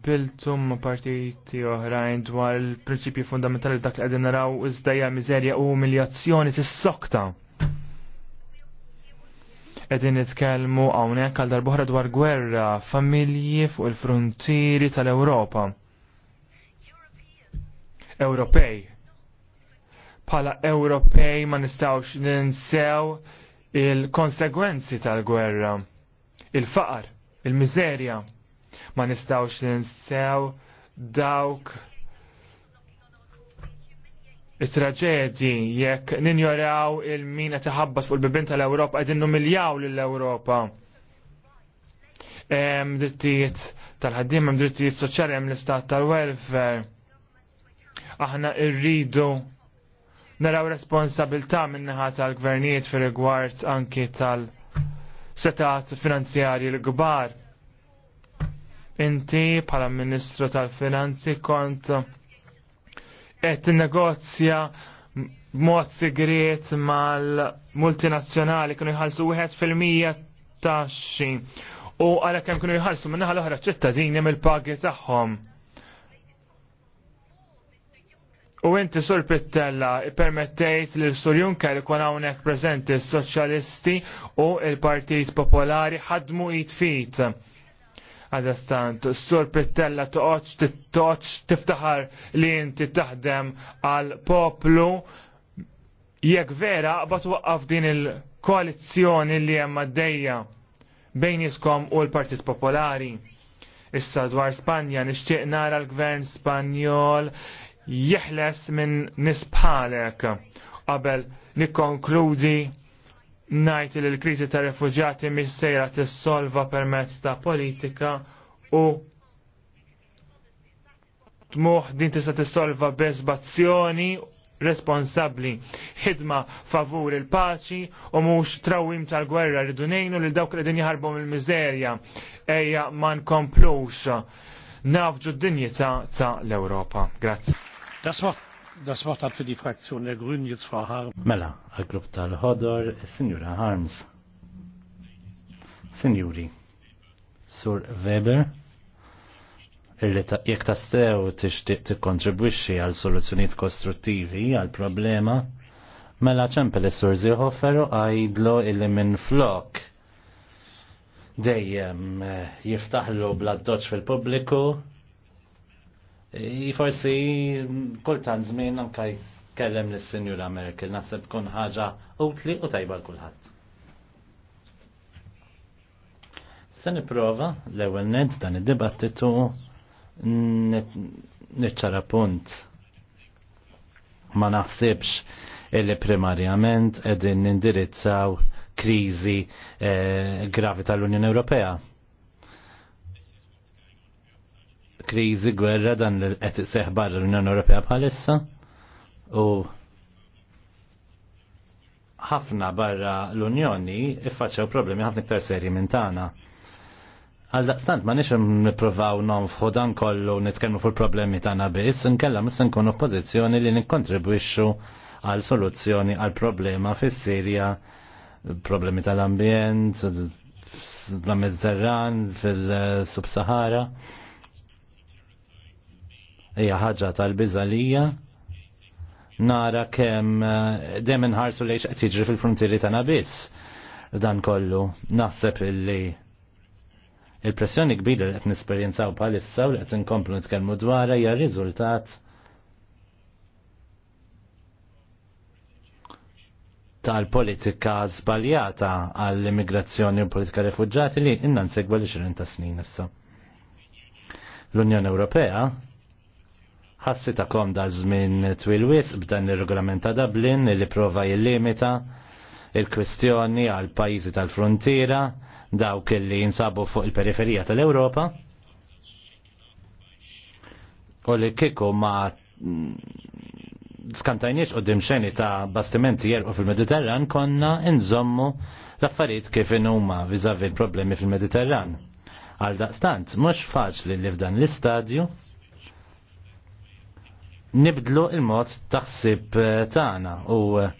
biltum partiti oħrajn dwar il-prinċipji fundamentali dak li qegħdin naraw iżdejja miżerja u umiljazzjoni tis-sokta. Qegħdin nitkellmu hawnhekk għal darbohra dwar gwerra, familji fuq il-frontieri tal-Ewropa. Ewropej. Pala Ewropej ma nistawx ninsew il-konsegwenzi tal-gwerra, il-faqar, il-mizerja. Ma nistawx ninsew dawk it-traġedji jekk ninjoraw il-mina taħabbat fuq il-bibin tal-Ewropa għedin numiljaw l-Ewropa. Drittijiet tal-ħaddim, drittijiet soċjali, l-istat tal-welfare aħna irridu naraw responsabilità minnaħa tal-gvernijiet fi rigward anki tal-setat finanzjarji l-gbar. Inti bħala Ministru tal-Finanzi kont qed negozja b'mod segret mal-multinazzjonali kienu jħallsu wieħed fil-mija u għalhekk kienu jħallsu minnaħa l-oħra ċittadini mill-pagi tagħhom. U inti sur Pittella permettejt li sur Juncker ikun hawnhekk preżenti s-Soċjalisti u l-Partit Popolari ħadmu fit. Għadastant, sur Pittella toqgħodx toċ, tiftaħar li inti taħdem għal poplu jekk vera qbad waqqaf din il-koalizzjoni li hemm għaddejja bejn jiskom u l-Partit Popolari. Issa dwar Spanja nixtieq nara l-Gvern Spanjol jeħles minn nisbħalek. Qabel nikkonkludi najt li l-kriżi ta' refuġjati mhix sejra tissolva permezz ta' politika u tmuħ din tista' tissolva b'eżbazzjoni responsabli ħidma favur il-paċi u mhux trawim tal-gwerra ridunejnu li dawk li din jaħarbu mill-miżerja ejja ma nkomplux nafġu d-dinjità ta' l-Ewropa. Grazie. Das Wort, das Wort hat für die Fraktion der Grünen jetzt Frau Harms. Mela, a grupp tal-ħodor, Signora Harms. Signori, Sur Weber, illi jek tastew tixtieq tikkontribwixxi għal soluzzjonijiet kostruttivi għal problema, mela ċempel is-sur Zieħoferu għajdlo illi minn flok dejjem eh, jiftaħlu bla doċ fil-pubbliku Forsi kultan żmien anke kellem lis-Sinjura Merkel naħseb tkun ħaġa utli u tajba l-kulħadd. Se nipprova l-ewwel ned dan id-dibattitu niċċara punt ma naħsibx illi primarjament qegħdin nindirizzaw kriżi eh, gravi tal-Unjoni Ewropea kriżi gwerra dan li qed iseħħ barra l-Unjoni Ewropea bħalissa u ħafna barra l-Unjoni iffaċċew problemi ħafna iktar serji minn tagħna. Għal daqstant ma nix niprovaw nonfħu dan kollu nitkellmu fuq problemi tagħna biss, nkella mis nkunu f'pożizzjoni li nikkontribwixxu għal soluzzjoni għal problema fis-Sirja, problemi tal-ambjent, fl-Mediterran, fil-Sub-Sahara. fil subsahara fil sub sahara hija ħaġa tal-biżalija nara kemm eh, dejjem inħarsu lejn qed jiġri fil-frontieri tagħna biss. Dan kollu naħseb illi il-pressjoni kbira li qed nesperjenzaw bħalissa u li qed inkomplu nitkellmu dwarha hija riżultat tal-politika żbaljata għall-immigrazzjoni u politika refugġati li inna nsegwa li xirin ta' snin issa. L-Unjoni Ewropea ħassitakom dal żmien twil wisq b'dan ir-regolament ta' Dublin li prova jillimita il-kwistjoni għal pajjiżi tal-frontiera dawk li jinsabu fuq il-periferija tal-Ewropa u li kiku ma skantajniex u dimxeni ta' bastimenti jerqu fil-Mediterran konna inżommu l-affarijiet kif inuma vizavi il problemi fil-Mediterran. Għal daqstant, mhux faċli li f'dan l-istadju nibdlu il-mod taħsib eh, tagħna u eh,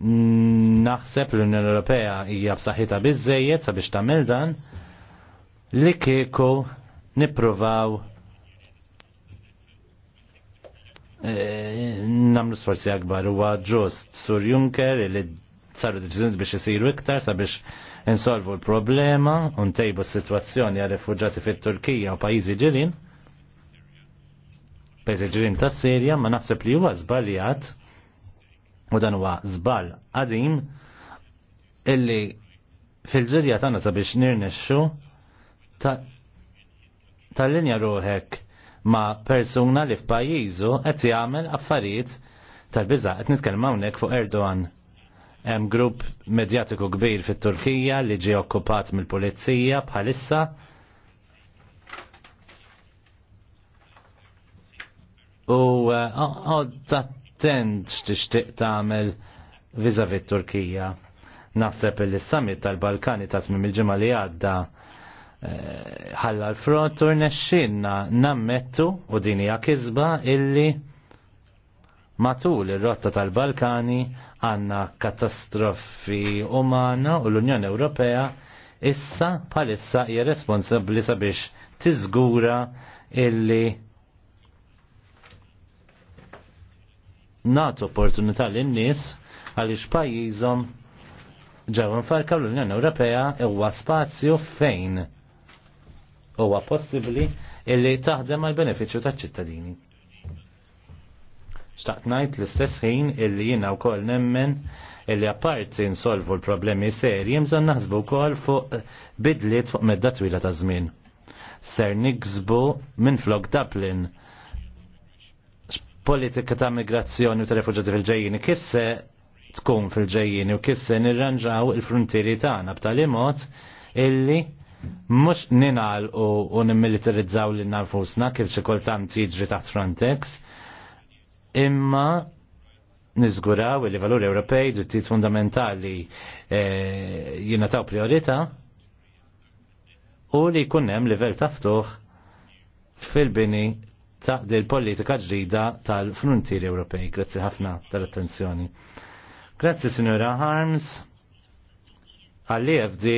naħseb l-Unjoni Ewropea hija b'saħħitha biżejjed sabiex tagħmel dan li kieku nippruvaw eh, namlu sforzi akbar huwa ġust sur Juncker li saru deċiżjoni biex isiru iktar sabiex insolvu l-problema u ntejbu s-sitwazzjoni għal rifuġġati fit-Turkija u pajjiżi ġilin preżeġrin ta' Sirja ma naħseb li huwa żbaljat u dan huwa zbal qadim illi fil-ġirja tagħna sabiex nirnexxu tal-linja ta ruħek ma' persuna li f'pajjiżu qed jagħmel affarijiet tal-biża' qed nitkellem hawnhekk fuq Erdogan. Hemm grupp medjatiku kbir fit-Turkija li ġie okkupat mill-pulizija bħalissa u għod uh, attent x'tixtieq tagħmel vizavi Turkija. Naħseb il-summit tal-Balkani ta' tmim il-ġimgħa li għadda eh, ħalla l-front u nammettu u din hija kisba illi matul ir-rotta tal-Balkani għandna katastrofi umana u l-Unjoni Ewropea issa palissa hija responsabbli sabiex tiżgura illi nagħtu opportunità lin-nies għaliex pajjiżhom ġew infarka l-Unjoni Ewropea huwa spazju fejn huwa possibbli illi taħdem għal benefiċċju taċ-ċittadini. Xtaqt ngħid l-istess ħin illi jiena wkoll nemmen illi apparti nsolvu l-problemi serji mżon naħsbu wkoll fuq bidliet fuq medda twila ta' żmien. Ser niksbu minn flok Dublin politika ta' migrazzjoni u ta' refuġati fil-ġejjini kif se tkun fil-ġejjini u kif se nirranġaw il-frontieri tagħna b'tali mod illi mhux ninalqu u nimmilitarizzaw lil nafusna kif xi kultant tiġri taħt Frontex, imma niżguraw li valuri Ewropej drittijiet fundamentali eh, jingħataw priorità u li jkun hemm livell ta' ftuħ fil-bini ta' del politika ġdida tal-frontieri Ewropej. Grazzi ħafna tal-attenzjoni. Grazzi, Signora Harms. Għal-EFD,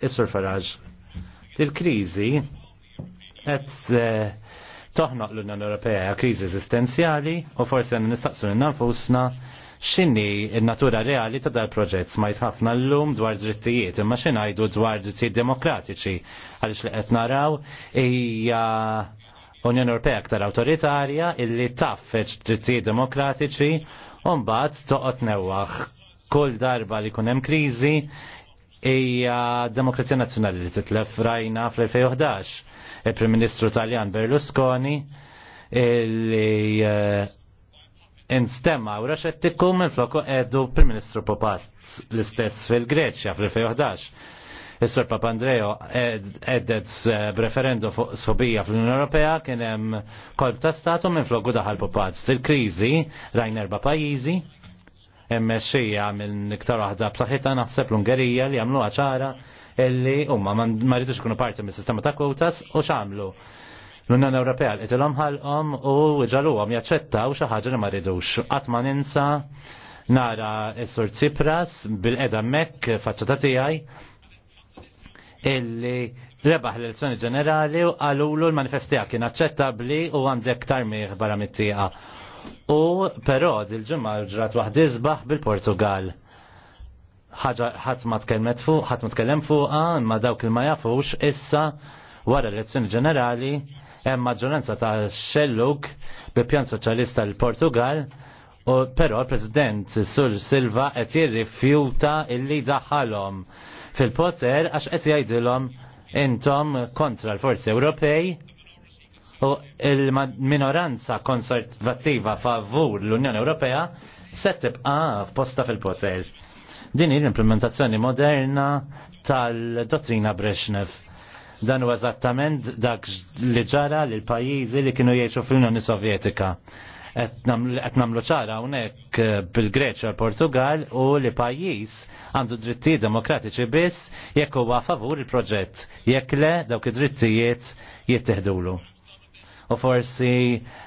Isur Faraġ, il-krizi qed eh, toħnaq l-Unjoni Ewropea kriżi eżistenzjali u forsi għan nistaqsu nafusna x'inhi n-natura reali ta' dal proġett smajt ħafna llum dwar drittijiet imma xi ngħidu dwar drittijiet demokratiċi għaliex li qed naraw hija e Unjoni Ewropea aktar autoritarja illi taffeċ drittijiet demokratiċi u mbagħad toqgħod newwaħ kull darba li kunem hemm kriżi hija demokrazija nazzjonali li titlef rajna fl-2011. Il-Prim Ministru Taljan Berlusconi illi eh, instemma u raxettikum minn flokku eddu Prim Ministru Popat l-istess fil-Greċja fl-2011 Is-Sor Andreo eddet referendum fuq sobija fl-Unjoni Ewropea kien hemm kolb ta' statu minn flokku daħal popazz. Il-kriżi rajn erba' pajjiżi emmexxija minn iktar waħda b'saħħitha naħseb l-Ungerija li għamluha ċara illi huma ma rridux ikunu parti mis-sistema ta' kwotas u x'għamlu. L-Unjoni Ewropea qed ilhom ħalqhom u ġaluhom jaċċettaw xi ħaġa li ma rridux. Qatt ma ninsa nara s-sur Tsipras bil-qeda mekk faċċata tiegħi illi rebaħ l-elezzjoni ġenerali u għalulu l-manifestija kien aċċettabli u għandek tarmiħ barra mittija. U però dil-ġimma ġrat waħd isbaħ bil-Portugal ħadd ma tkellmet fuq, ħadd ma tkellem fuqha, imma dawk il ma jafux issa wara l-elezzjoni ġenerali hemm maġġoranza ta' xelluk bi pjan soċjalista l portugal u però l-President Sur Silva qed jirrifjuta illi daħħalhom fil-poter għax qed jgħidilhom intom kontra l-forzi Ewropej u il-minoranza konservattiva favur l-Unjoni Ewropea se tibqa' f'posta fil-poter. Din hi l-implementazzjoni moderna tal-dottrina Brezhnev dan u eżattament dak li ġara li l-pajizi li kienu jgħixu fl-Unjoni Sovjetika. Et ċara unek bil-Greċa l-Portugal u li pajjiż għandu drittijiet demokratiċi biss jekk huwa favur il-proġett, jekk le dawk id-drittijiet jittieħdulu. U forsi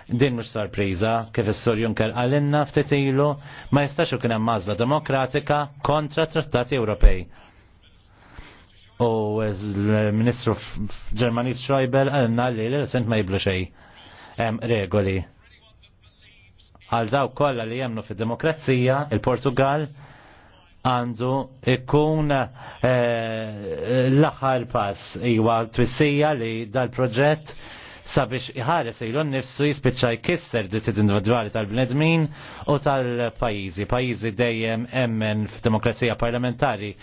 din mhux sorpriża kif is-Sur Juncker għalinna ftit ilu ma jistax u kien hemm mażla demokratika kontra trattati Ewropej. U l-Ministru Ġermaniż Schäuble għalinna li l-sent ma jiblu xejn. Hemm regoli għal dawk kollha li jemnu fid demokrazija il-Portugal għandu ikun eh, l-aħħar pass iwa twissija li dal-proġett sabiex iħares ilu nifsu jispiċċa jkisser dit individwali tal-bnedmin u tal-pajizi. Pajizi dejjem emmen f'demokrazija parlamentari.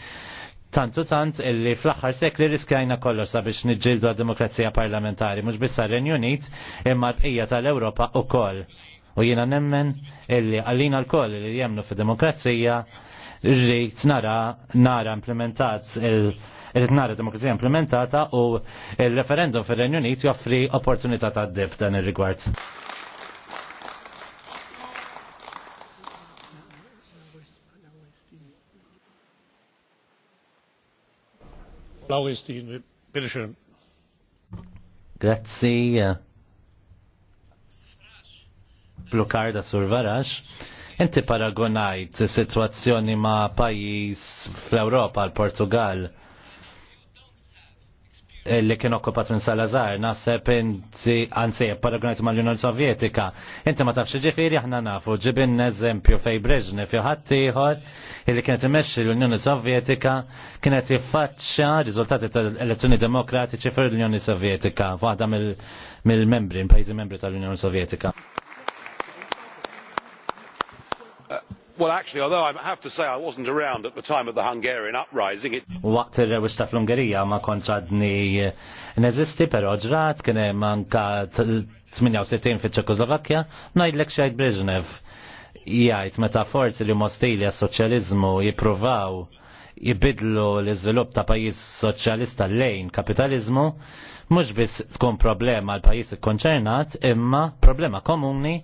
Tantu tant illi fl-axar sekli riskajna kollox sabiex nġildu għad-demokrazija parlamentari, mux bissa Renju Unit imma l-bqija tal-Europa u koll. U jina nemmen illi għallina l-koll li jemnu f'demokrazija demokrazija rrit nara nara implementat il- Irrit nara demokrazija implementata u il-referendum fil renju Unit joffri opportunità ta' dib dan il rigward Grazie. Blokarda sur Varax. Inti paragonajt situazzjoni ma' pajis fl-Europa, l-Portugal, li kien okkupat minn Salazar, naħseb inti, anzi, paragonajt ma' l-Unjoni Sovjetika, inti ma tafx ġifiri aħna nafu, ġibin eżempju fej Breġnev, fej ħaddieħor li kienet imexxi l-Unjoni Sovjetika kienet jiffaċċja riżultati tal-elezzjoni demokratiċi fir l-Unjoni Sovjetika, waħda mill-membri, minn pajjiżi membri tal-Unjoni Sovjetika. Well, actually, although I have to say I wasn't around at the time of the Hungarian uprising. Waqt il rewista fl-Ungerija ma konċadni nezisti, pero ġrat kene manka anka 68 fiċ-Ċekoslovakkja, ngħidlek xejn Brezhnev Jajt, meta forzi li mostili għas-soċjaliżmu jipruvaw jibidlu l izvilup ta' pajis soċjalista lejn kapitalizmu, mux biss tkun problema l-pajis konċernat imma problema komuni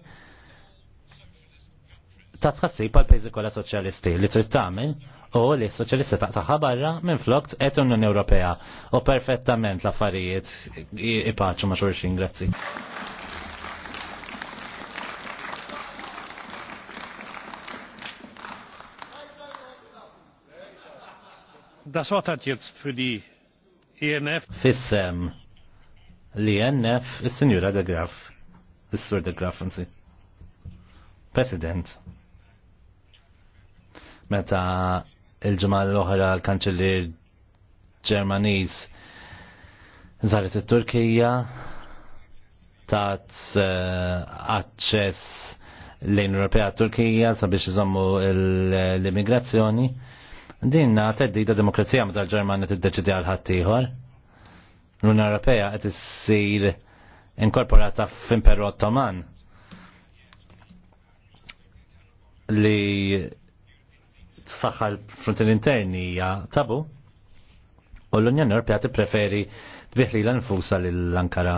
ta' tħassib għal pejzi kolla soċjalisti li trid tagħmel u li soċjalisti taqtaħħa barra minn flokt qed l-Unjoni Ewropea u perfettament l-affarijiet ipaċu ma' xulxin, grazzi. Da Wort jetzt für die ENF. Fissem. L-ENF, il signora de Graf. Il-Sur de Graf, nsi. President meta il ġemal l-oħra l kanċellir Ġermaniż żaret it-Turkija tat eh, aċċess lejn Europea Turkija sabiex iżommu l-immigrazzjoni. Dinna teddida demokrazija meta l ġermani t tiddeċidi għal ħattijħor L-Unjoni Europea qed issir inkorporata f'Imperu Ottoman li saħħa l interni hija tabu u l-Unjoni Ewropea tippreferi tbiħli l-anfusa lill-Ankara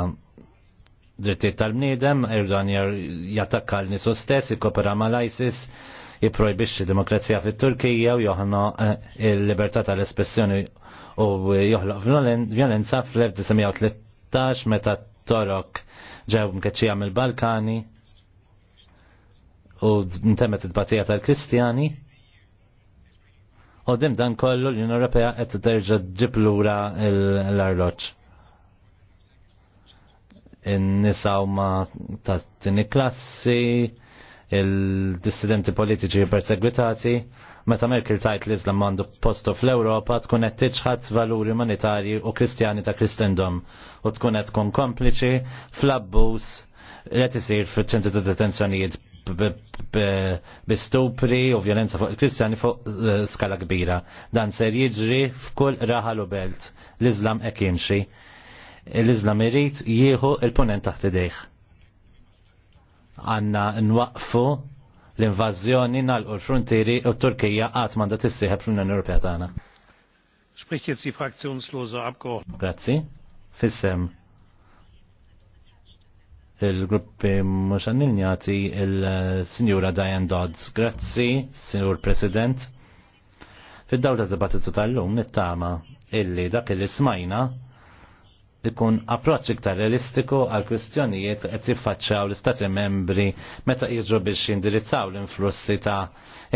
drittijiet tal-bniedem, Erdogan jattakka l-nisu stess, ma l isis jiprojbixxi demokrazija fit-Turkija u joħna eh, il-libertà tal-espressjoni u joħloq violenza fl-1913 meta torok ġew mkeċija mill-Balkani u ntemmet it-batija tal-Kristjani U dim dan kollu l-Unjoni Ewropea qed terġa' ġib lura l-arloġġ. In-nisa huma ta' tini klassi, il-dissidenti politiċi perseguitati, meta Merkel tajt li Islam għandu posto fl-Ewropa tkun qed tiġħad valuri umanitarji u kristjani ta' kristendom u tkun qed tkun kompliċi fl-abbuż li qed isir fiċ-ċentri ta' detenzjonijiet bistupri u violenza fuq il-Kristjani fuq eh, skala kbira. Dan ser jiġri f'kull raħal u belt. L-Islam e jimxi. L-Islam irrit jieħu il-ponent taħt id-dejħ. Għanna nwaqfu l-invażjoni nagħlqu l-frontieri u Turkija qatt m'għandha sieħab fl-Unjoni Ewropea tagħna. Spricht jetzt die fraktionslose Abgeordnete. Grazie. Fissem il-gruppi mux għanniljati il-Sinjura Diane Dodds. Grazzi, Sinjur President. Fid-dawla dibattitu tal-lum nittama illi dak li smajna ikun approċċ iktar realistiku għal kwistjonijiet qed jiffaċċaw l-Istati membri meta jiġu biex jindirizzaw l-influssi ta'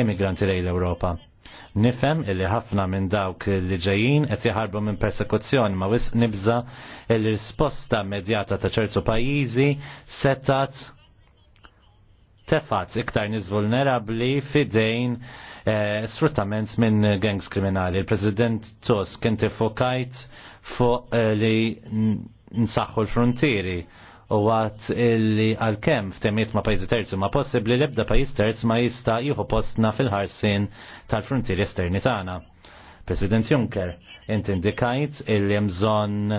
immigranti lejn l-Ewropa. Nifem illi ħafna minn dawk li ġejjin qed jaħarbu minn persekuzzjoni ma wisq nibża il-risposta immedjata ta' ċertu pajjiżi setat tefat iktar nies vulnerabbli fidejn eh, sfruttament minn gangs kriminali. Il-President Tusk kien tifokajt fuq eh, li nsaħħu l-frontieri u għat illi għal-kem f'temiet ma' pajzi terzi ma' possibli lebda pajzi terz ma' jista' jieħu postna fil-ħarsin tal-frontieri esterni tagħna. President Juncker, inti indikajt illi mżon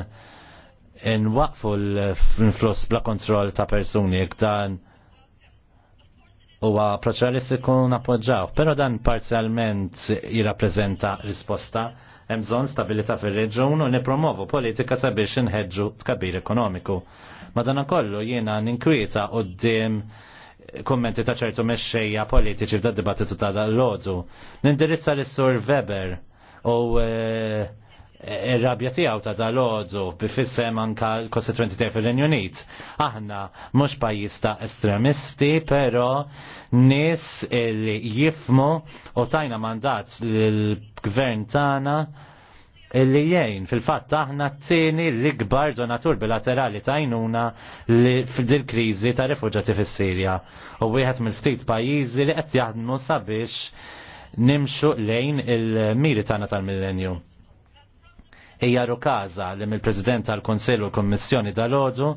nwaqfu l-influss bla kontroll ta' persuni dan u proċess ikun appoġġaw, pero dan parzjalment jirrappreżenta risposta hemm bżonn stabilità fir-reġun u nipromovu politika sabiex inħeġġu tkabbir ekonomiku kollu jiena ninkwieta qudiem kummenti ta' ċertu mexxejja politiċi f'da dibattitu ta' dal-lodu. Nindirizza l sur Weber u eh, il rabja tiegħu ta' dal-lodu bifissem anka l-Kostituenti tijaw fil-Renju Unit. Aħna mhux pajjiż ta' estremisti, però nies il jifmu u tajna mandat lill-gvern tagħna illi jgħin fil-fatt aħna t-tieni l-ikbar donatur bilaterali ta' jnuna fil-dil kriżi ta' rifugġati fis-Sirja. U wieħed mill-ftit pajjiżi li qed jaħdmu sabiex nimxu lejn il-miri tagħna tal-millenju. Ija rukaza li mill-President tal-Konsell u kommissjoni dal-ħodu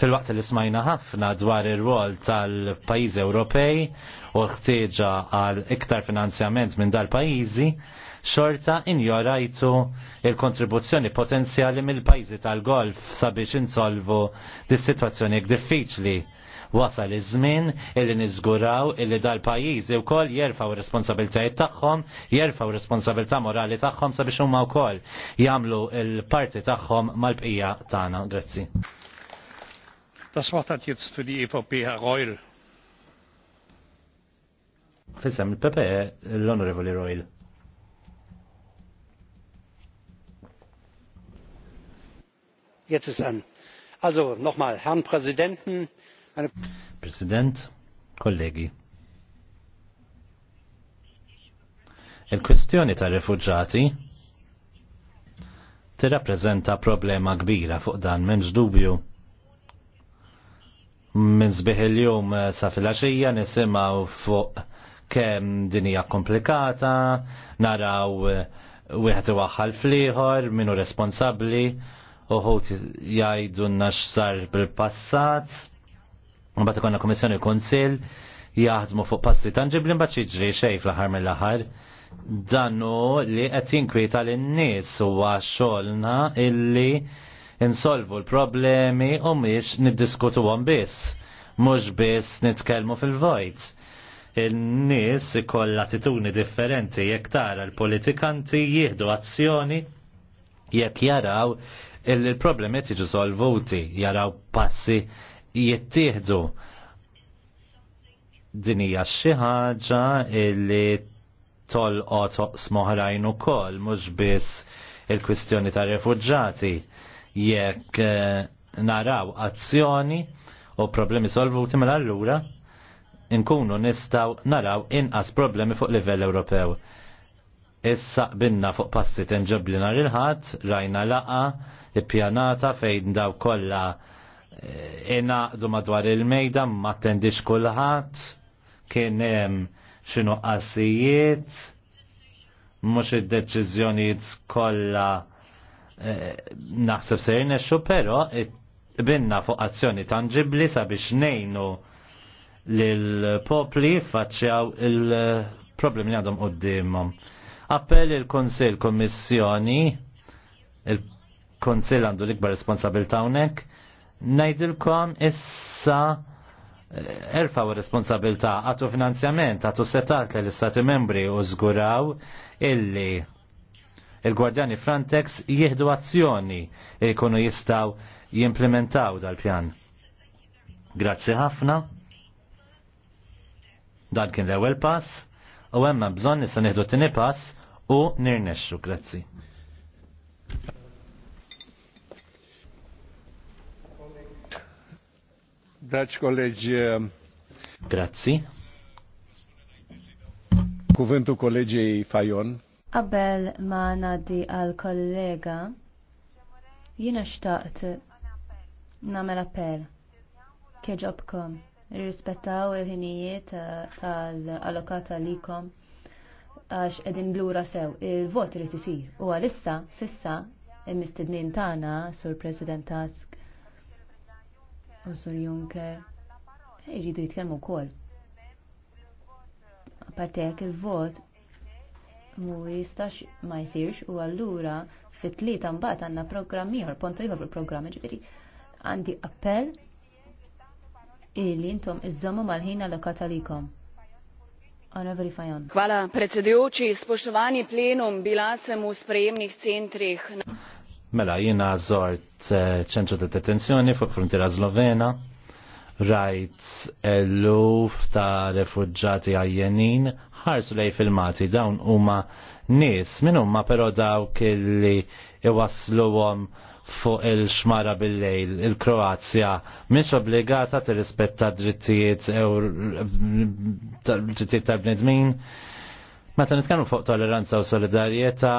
fil-waqt li smajna ħafna dwar ir-rol tal-pajizi Ewropej u ħtieġa għal iktar finanzjament minn dal-pajizi xorta injorajtu il-kontribuzzjoni potenzjali mill-pajzi tal-golf sabiex insolvu dis situazzjoni diffiċli wasal iż-żmien illi niżguraw illi dal-pajjiżi wkoll jerfgħu responsabiltajiet tagħhom, jerfgħu responsabilità morali tagħhom sabiex huma wkoll jagħmlu l-parti tagħhom mal-bqija tagħna. Grazzi. Das Wort hat jetzt für die EVP Herr Reul. Fissem il-PPE l-Onorevoli Reul. jetzt Präsident, kollegi. Il-kwestjoni tar rifugġati tirrappreżenta problema kbira fuq dan m'hemmx dubju. Minn sbieħ il-jum sa filgħaxija nisimgħu fuq kemm din hija komplikata, naraw eh, wieħed iwaħħal fl-ieħor, minnu responsabbli, uħut jajdu nax sar bil-passat, mbagħad konna Komissjoni Kunsill jaħdmu fuq passi tangibli mbaċi ġri xej fl-aħħar mill-aħħar. Dannu li qed jinkwieta lin-nies huwa xogħolna illi insolvu l-problemi u mhix niddiskutuhom biss, mhux biss nitkellmu fil-vojt il nies ikoll attituni differenti jekk tara l-politikanti jieħdu azzjoni jekk jaraw il-problemi tiġu solvuti, jaraw passi jittieħdu. Dinija xi ħaġa li tolqot smoħrajn ukoll mhux biss il-kwistjoni ta' refugġati jekk eh, naraw azzjoni u problemi solvuti mill mela allura inkunu nistaw naraw inqas problemi fuq livell Ewropew. Issa binna fuq passi tenġabli nar il-ħat, rajna laqa, ippjanata fejn daw kolla eh, du madwar il-mejda, ma tendix kullħat, kien hemm xinu qasijiet, mux id-deċizjoniet kolla eh, naħseb se jirnexxu, pero binna fuq azzjoni tangibli sabiex nejnu lil popli faċċjaw il-problemi li għadhom għoddimom. Appell il-Konsil Kommissjoni, il-Konsil għandu l-ikbar responsabilta unek, najdilkom issa eh, erfaw responsabilta għatu finanzjament, għatu setat l istati membri u zguraw illi il-Gwardjani Frontex jihdu azzjoni li jkunu jistaw jimplementaw dal-pjan. Grazzi ħafna. Dan kien l-ewwel pass u hemm bżonn issa nieħdu t-tieni pass u nirnexxu. Grazzi. Dragi colegi, e, Grazzi. Kuventu kollegi Fajon. Qabel ma nadi għal kollega, jina xtaqt namel appell. keġobkom rispettaw il-ħinijiet e, tal-allokata likom għax edin blura sew il-vot irid isir u għalissa sissa mistednin tagħna sur President Tusk u sur Juncker jridu jitkellmu wkoll. Partijak jekk il-vot mu jistax ma jsirx u allura fit-tlieta mbagħad għandna programm ieħor, pontu ieħor fil-programm, ġifieri għandi appell illi intom iżommu mal-ħin allokat għalikom. Hvala, predsedujoči. Spoštovani plenum, bila sem v sprejemnih centrih. Mela, jina zort ċentru eh, ta' detenzjoni fuq frontiera Slovena, rajt eluf eh, ta' refugġati għajjenin, ħarsu lej filmati dawn huma nies, minn huma però dawk illi iwasluhom fuq il-xmara bil-lejl, il-Kroazja, mhix obbligata tirrispetta drittijiet drittijiet tal-bnedmin. Meta nitkellmu fuq tolleranza u solidarjetà,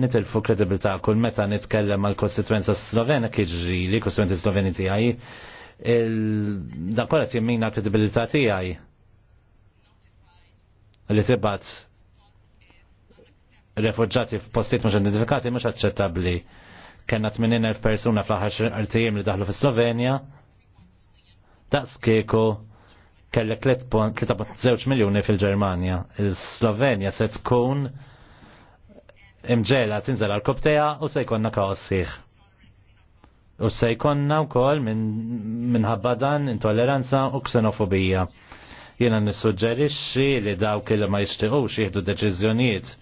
nitilfu kredibilità kull meta nitkellem mal kostituenza slovena kiġri li kostituenza sloveni tiegħi, dan kollha jemmina kredibilità tiegħi li tibgħat refugġati f'postijiet mhux identifikati mhux aċċettabbli kena 80.000 persuna fl-aħħar artijem li daħlu fi Slovenja, daqs kieku kellek 3.0 miljoni fil-Germania. Il-Slovenja se tkun imġela tinżel għal-kopteja u se jkonna kaossiħ. U se jkonna u kol minħabba dan intolleranza u ksenofobija. Jena nissuġġerixxi li dawk li ma jixtiqux jieħdu deċiżjonijiet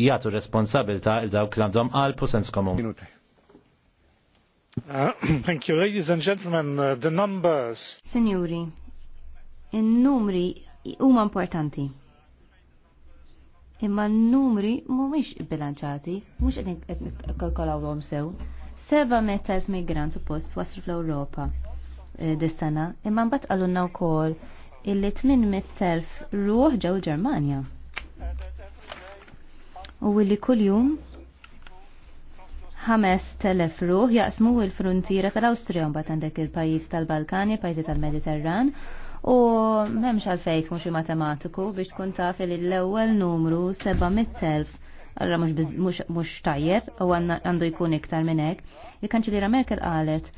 jgħatu responsabilta il dawk li għandhom qalb sens komun. Uh, thank you, ladies and gentlemen, uh, the numbers. Signori, il-numri huma importanti. Imma n-numri mhumiex bilanċati, mhux qed għom sew. Seba meta migrant suppost wasru fl-Ewropa uh, dis-sena, imma mbagħad qalulna wkoll illi 800,000 ruħ ġew Ġermanja u li kuljum ħames telef ruħ jaqsmu il-frontiera tal-Awstrija mbagħad għandek il-pajjiż tal-Balkani, pajjiżi tal-Mediterran u m'hemmx għalfejn tkun xi matematiku biex tkun taf li l-ewwel numru 700,000 Allora mhux tajjeb u għandu jkun iktar minn hekk. Il-Kanċellira Merkel qalet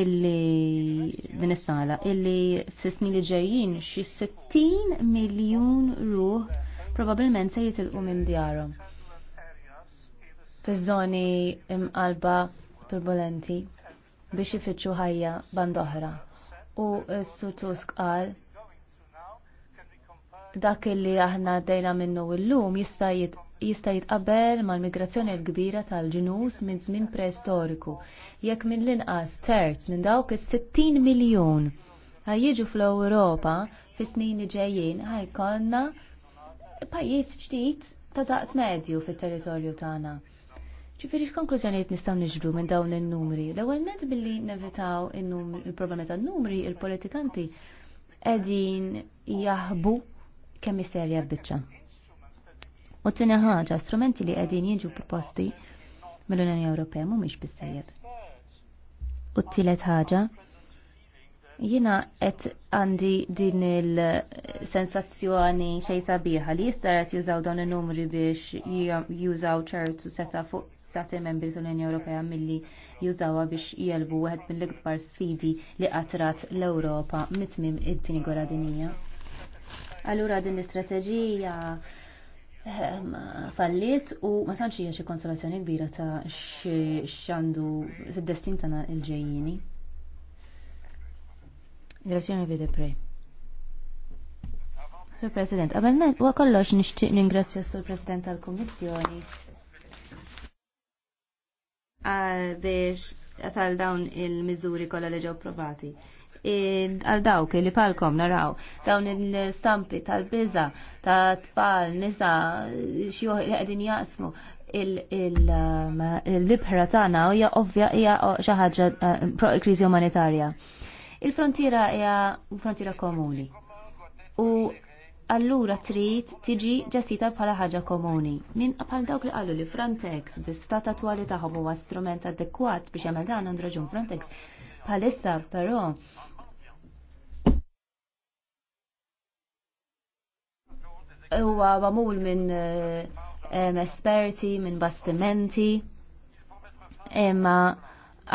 illi din is-sala illi fis-snin li ġejjin xi 60 miljun ruħ probabilment se jitilqu minn djarhom. Fiż-żoni imqalba turbulenti biex ifittxu ħajja band oħra. U s-sutus qal dak li aħna dejna minnu illum jista' jista' jitqabel mal-migrazzjoni l-kbira tal-ġinus minn żmien preistoriku. Jekk minn l-inqas terz minn dawk is-60 miljun ħajjiġu fl-Ewropa fis-snin li ġejjin ħajkonna pajjiż ġdid ta' daqs medju fit-territorju tagħna. Ġifiri x'konklużjonijiet nistgħu niġbru minn dawn in-numri? L-ewwel net billi nevitaw il-problema tan-numri, il-politikanti qegħdin jaħbu kemm iserja biċċa. U t ħaġa, strumenti li qegħdin jiġu proposti mill-Unjoni Ewropea mhumiex bissejjed. U t-tielet ħaġa, Jina qed għandi din il-sensazzjoni xej sabiħa li jistarat jużaw dawn il-numri biex jużaw ċertu seta fuq stati membri tal-Unjoni Ewropea milli jużawha biex jelbu wieħed mill-ikbar sfidi li għatrat l-Ewropa mitmim id-tieni għora dinija. Allura din l-istrateġija ehm, fallit u ma tantx hija xi konsolazzjoni kbira ta' x'għandu fid-destin tagħna il-ġejjini. Grazzjoni vide prej. Sur President, għabel u kollox nishtiq ningrazzja Sur President tal-Kommissjoni biex għal dawn il-mizuri kolla li ġew provati. Għal dawk li palkom naraw dawn il-stampi tal-biza ta' tfal nisa xjuħ li għedin jaqsmu um, il-libħra tagħna hija ovvja hija xi ħaġa eh, kriżi umanitarja. Il-frontiera hija frontiera komuni. U allura trid tiġi ġestita bħala ħaġa komuni. Min bħal dawk li qalu li Frontex biex stat attwali tagħhom huwa strument adekwat biex jagħmel dan għandu raġun Frontex. Bħalissa però huwa mamul minn eh, esperti, minn bastimenti, imma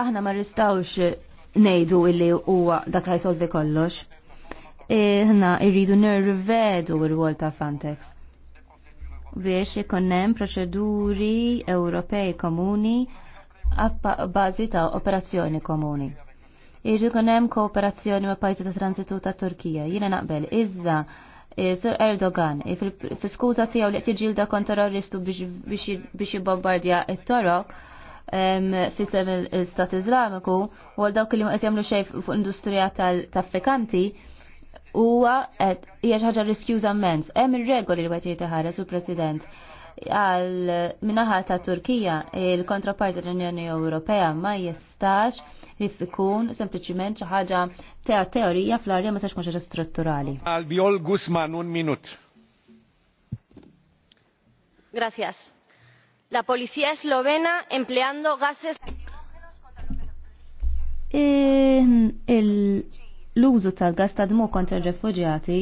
aħna ma ristawx nejdu illi huwa dak li jsolvi kollox. E, ħna irridu nirvedu r-rwol ta' Fantex biex ikonnem proċeduri Ewropej komuni bażi ta' operazzjoni komuni. Irridu konnem kooperazzjoni ma' pajzi ta' transitu ta' Turkija. Jina naqbel, iżda e, Sir Erdogan, e, fil-skuza tijaw li t-ġilda kon terroristu biex jibombardja it-torok, fisem il-Stat Islamiku u għal dawk li ma qed jagħmlu fuq industrija tal-traffikanti huwa qed hija xi ħaġa riskjuża Hemm ir-regoli li qed jitħares u President għal minnaħa ta' Turkija il-kontraparti l-Unjoni Ewropea ma jistax li fikun sempliciment xi ħaġa ta' teorija fl-arja ma sax mhux strutturali. Albiol Gusman un minut. Gracias la policía eslovena empleando gases e, l-użu tal-gas ta' dmu kontra r-refugjati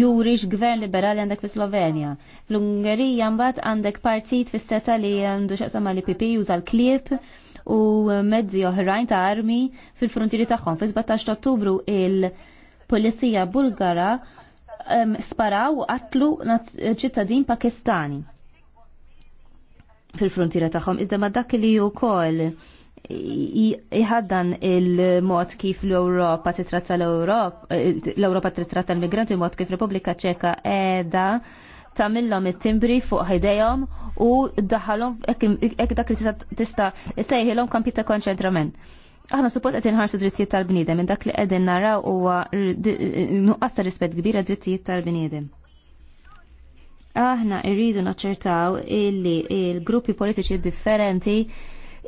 juri gvern liberali għandek fi Slovenja. Fl-Ungerija mbagħad għandek partit fis seta li għandu xaqsam li IPP juża l-klieb u mezzi oħrajn ta' armi fil-frontieri tagħhom. Fi 17 Ottubru il-Polizija Bulgara sparaw u qatlu ċittadin Pakistani fil frontira tagħhom iżda ma dak li wkoll jħaddan il-mod kif l-Europa titratta l-Europa, l-Europa titratta l-migranti, mod kif Repubblika Ċeka edha tamillom it-timbri fuq ħidejhom u daħalhom ek dak li tista' tsejħilhom kampi ta' konċentrament. Aħna suppost qed inħarsu drittijiet tal-bniedem minn dak li qegħdin naraw huwa nuqqas ta' rispett kbira drittijiet tal-bniedem aħna irridu naċċertaw illi il-gruppi politiċi differenti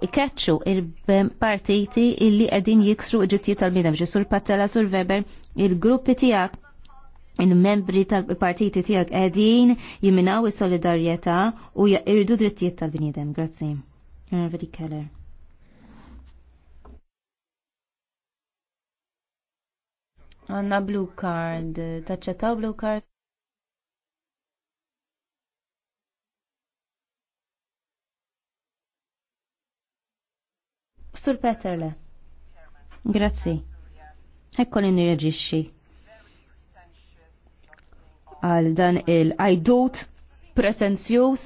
ikkeċċu il-partiti illi qegħdin jiksru ġittijiet tal-bnedem sur Patella, sur Weber il-gruppi tiegħek il-membri tal-partiti tiegħek qegħdin jiminaw is-solidarjetà u jirridu drittijiet tal bidem Grazzi. Nerveri Keller. Għanna blue card. Taċċettaw blue card? Sur Peterle. Grazzi. Ekkoli nirreġixxi għal dan il-ajdut pretenzjuż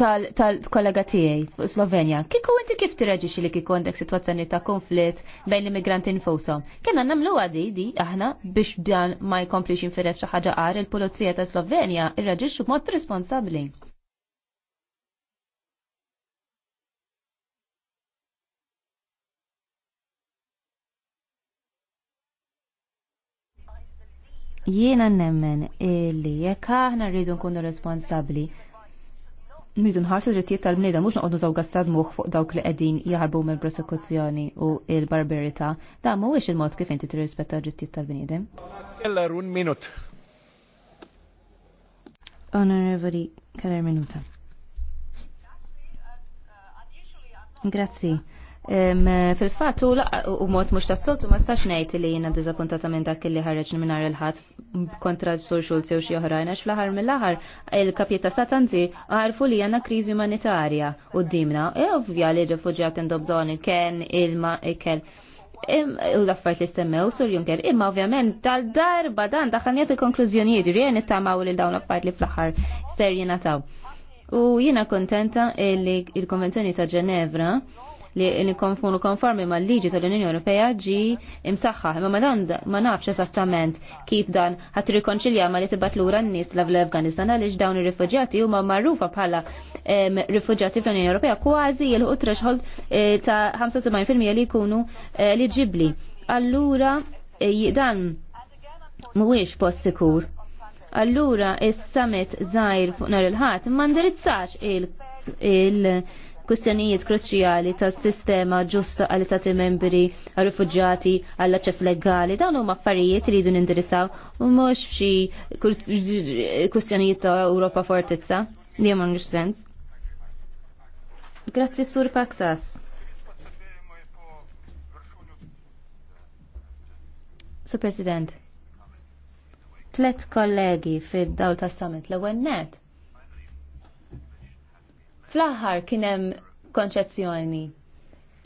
tal-kollega tal tiegħi Slovenja. Kiku inti kif tireġixxi li kieku għandek sitwazzjoni ta' konflitt bejn l-immigranti nfushom. Kienna nagħmluha di di aħna biex dan ma jkomplix jinfirex xi ħaġa qar il-Pulizija ta' Slovenja irreġixxu b'mod responsabbli. Jiena nemmen li jekk aħna rridu nkunu responsabbli nridu nħarsu ġittijiet tal-bnida, mux naqoddu zaw gassad muħ fuq dawk li qegħdin jaħarbu mill prosekuzzjoni u il-barberita. Da mhuwiex il-mod kif inti tirrispetta drittijiet tal bniedem Kella run minut. Onorevoli Keller minuta. Grazzi. Fil-fat u mod mux ta' sotu, ma stax ngħid li jiena dizapuntata minn dak li ħarreċ minn il-ħadd kontra Sur Schulz jew xi oħrajn għax fl-aħħar mill-aħħar il kapieta ta' Satanzi għarfu li għandna kriżi umanitarja d-dimna, E ovvja li r-rifuġjat indob bżonn kien ilma ikel u l-affart li semmew sur Junker, imma ovvjament tal-darba dan daħanjet il-konklużjonijiet, ġrien it-tamaw li dawn l-affart li fl-axar ser taw. U jina kontenta li il-Konvenzjoni ta' Ġenevra li nkonfunu konformi ma liġi tal-Unjoni Ewropea ġi imsaħħa. Imma ma nafx esattament kif dan ħat rikonċilja ma li sibat lura n-nies l-Afganistan għaliex dawn ir u huma magħrufa bħala rifugġati fl-Unjoni Ewropea kważi jilħu treċħol e, ta' 75% li jkunu ġibli. E, Allura e, dan mhuwiex post sikur. Allura il summit żgħir fuq nhar il-ħadd il-, ndirizzax il- kustjonijiet kruċjali tas-sistema ġusta għal istati membri, għal rifuġjati, għall aċċess legali, dawn huma affarijiet li jridu nindirizzaw u mhux xi kustjonijiet ta' Ewropa Fortizza li hemm m'għandux sens. Grazzi Sur Paksas. Sur President, tlet kollegi fid-dawl tas-summit l-ewwel net Fl-aħħar kien hemm konċezzjoni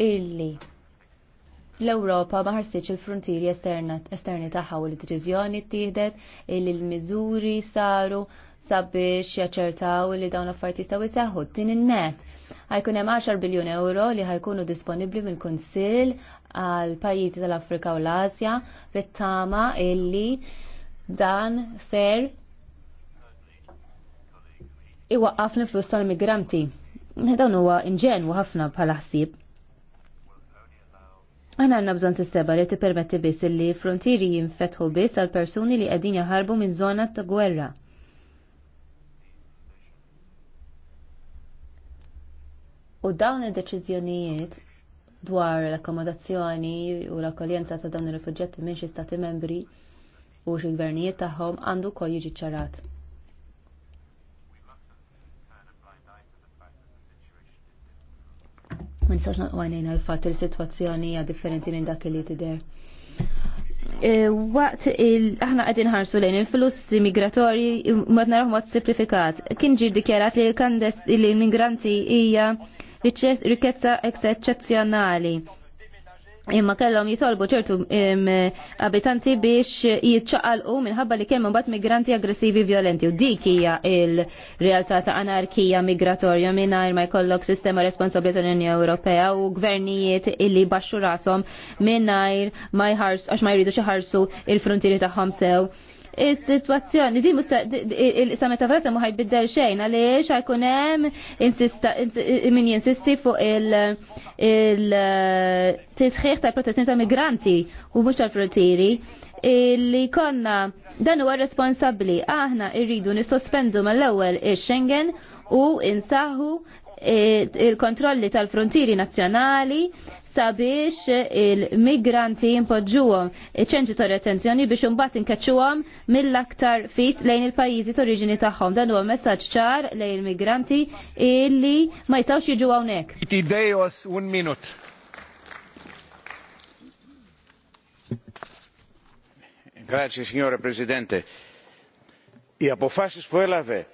illi l-Ewropa ma ħarsitx il-frontieri esterni tagħha u l-deċiżjoni ttieħdet, illi l-miżuri saru sabiex jaċċertaw li dawn l-affarijiet jistgħu jseħħu. Tin in-net ħajkun hemm 10 biljun euro li ħajkunu disponibbli mill-Kunsill għal pajjiżi tal-Afrika u l-Asja fit-tama illi dan ser iwaqqaf l-flus tal-migranti. Dawn huwa inġenwu ħafna bħala ħsieb. Aħna għanna bżon tisteba li t-permetti biss li frontieri jinfetħu biss għal persuni li għedin jaħarbu minn zona ta' gwerra. U dawn id-deċizjonijiet dwar l-akkomodazzjoni u l-akkoljenza ta' dawn il rifuġġetti minn xi stati membri u xi gvernijiet tagħhom għandu kol jiġi ċarat. Minn sax naqwajnejna l-fat il-situazzjoni hija differenti minn dak li tidher. E, waqt aħna qegħdin ħarsu lejn il-flussi migratorji mod naraw mod simplifikat. Kien ġi ddikjarat li l kandest li l-migranti hija rikkezza eccezzjonali imma kellhom jitolbu ċertu abitanti biex jitċaqalqu minħabba li kemm imbagħad migranti aggressivi violenti u dik hija il-realtà ta' anarkija migratorja mingħajr ma jkollok sistema responsabbli tal-Unjoni Ewropea u gvernijiet illi baxxu rashom mingħajr ma jħarsu għax ma jridux iħarsu il-frontieri tagħhom sew Is-sitwazzjoni di sa meta Franza ma ħajbiddel xejn għaliex ħajkun hemm min jinsisti fuq il-tisħiħ tal-protezzjoni ta' migranti u mhux tal-frontieri li konna dan huwa responsabbli aħna rridu nistospendu mal-ewwel ix-Schengen u insaħu eh, il-kontrolli tal-frontieri nazzjonali sabiex il-migranti jimpoġġuhom iċ torri attenzjoni biex imbagħad inkeċċuhom mill-aktar fit lejn il-pajjiżi ta' oriġini tagħhom. Dan huwa messaġġ ċar lejn il-migranti illi ma jistgħux jiġu hawnhekk. Idejos un minut. Grazie signora Presidente. Οι αποφάσεις που έλαβε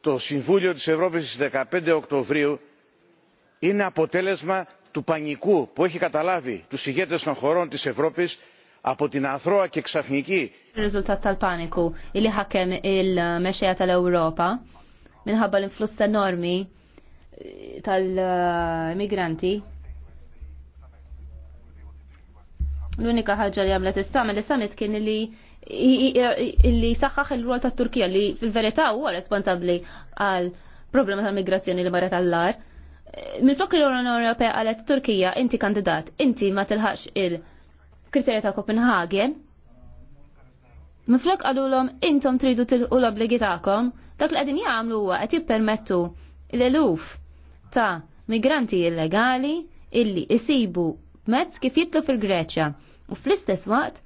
το Συμβούλιο της Ευρώπης στις 15 Οκτωβρίου είναι αποτέλεσμα του πανικού που έχει καταλάβει τους ηγέτες των χωρών της Ευρώπης από την αθρώα και ξαφνική. Il-riżultat tal-paniku illi ħakkem il-mexxejja tal-Ewropa minħabba l-influss enormi eh, tal-migranti l-unika ħagġa li għamlet is-summit, is-summit kien li li saħħaħ il-rol tat Turkija li fil-verità huwa responsabbli għal problema tal-migrazzjoni li marret għall-lar mil li l-Unjoni Ewropea għalet Turkija, inti kandidat, inti ma tilħax il-kriterja ta' Kopenhagen, Miflok għalulom intom tridu tilħu l-obligi ta'kom, dak li għedin jgħamlu huwa qed jippermettu l-eluf ta' migranti illegali illi isibu mezz kif jitlu fil-Greċja u fl-istess waqt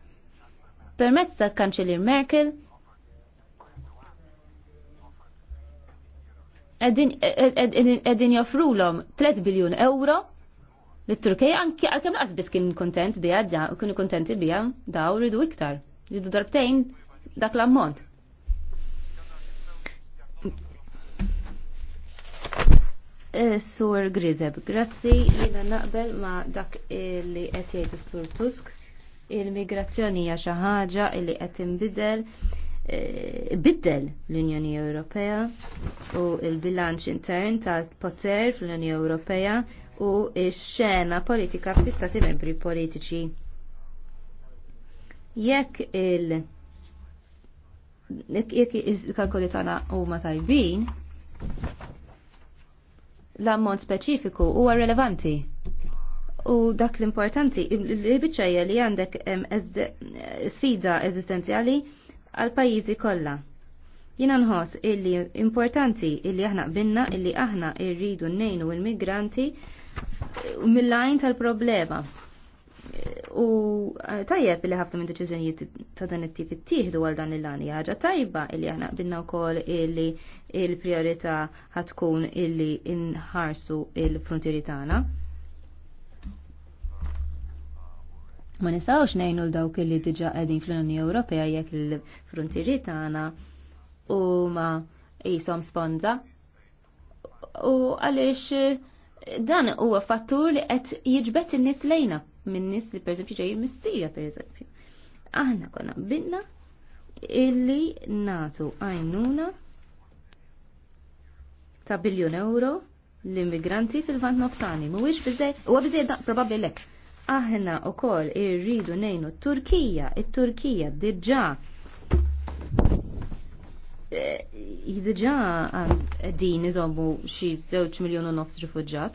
permezz ta' kanċelir Merkel edin joffrulhom 3 biljun euro l-Turkija anki għalkemm laqas biss kien kontent biha kien kontenti biha daw ridu iktar. Ridu darbtejn dak l-ammont. Eh, Sur Grizeb, grazzi jina naqbel ma dak li qed s Sur Tusk. Il-migrazzjoni hija xi ħaġa li qed inbidel Eh, biddel l-Unjoni Ewropea u il-bilanċ intern tal-poter fl-Unjoni Ewropea u x-xena politika fl-istati membri politiċi. Jekk il- jekk il-kalkoli tagħna huma tajbin, l-ammont speċifiku huwa relevanti. U dak l-importanti, li biċċajja li għandek sfida eżistenzjali għal pajjiżi kollha. Jina nħoss illi importanti illi aħna binna illi aħna irridu nnejnu il-migranti eh, mill-lajn tal-problema. Eh, u eh, tajjeb li ħafna minn deċiżjonijiet ta' dan it-tip ittieħdu għal dan il-lani ħaġa tajba illi aħna qbilna wkoll illi il-priorità ħatkun illi inħarsu il-frontieri tagħna. Ma nistawx nejnu l-dawk li diġa għedin fl-Unjoni Ewropea jekk il-frontieri tagħna u ma jisom sponza. U għaliex dan huwa fattur li qed jiġbet in-nies lejna minn nies li pereżempju ġejjin mis-Sirja pereżempju. Aħna konna binna illi natu għajnuna ta' biljon euro l-immigranti fil-vant nofsani. Mhuwiex biżej, huwa da' probabbli lek aħna u kol irridu nejnu Turkija, il-Turkija diġa jidġa eh, din iżommu xi żewġ miljonu nofs rifugġat.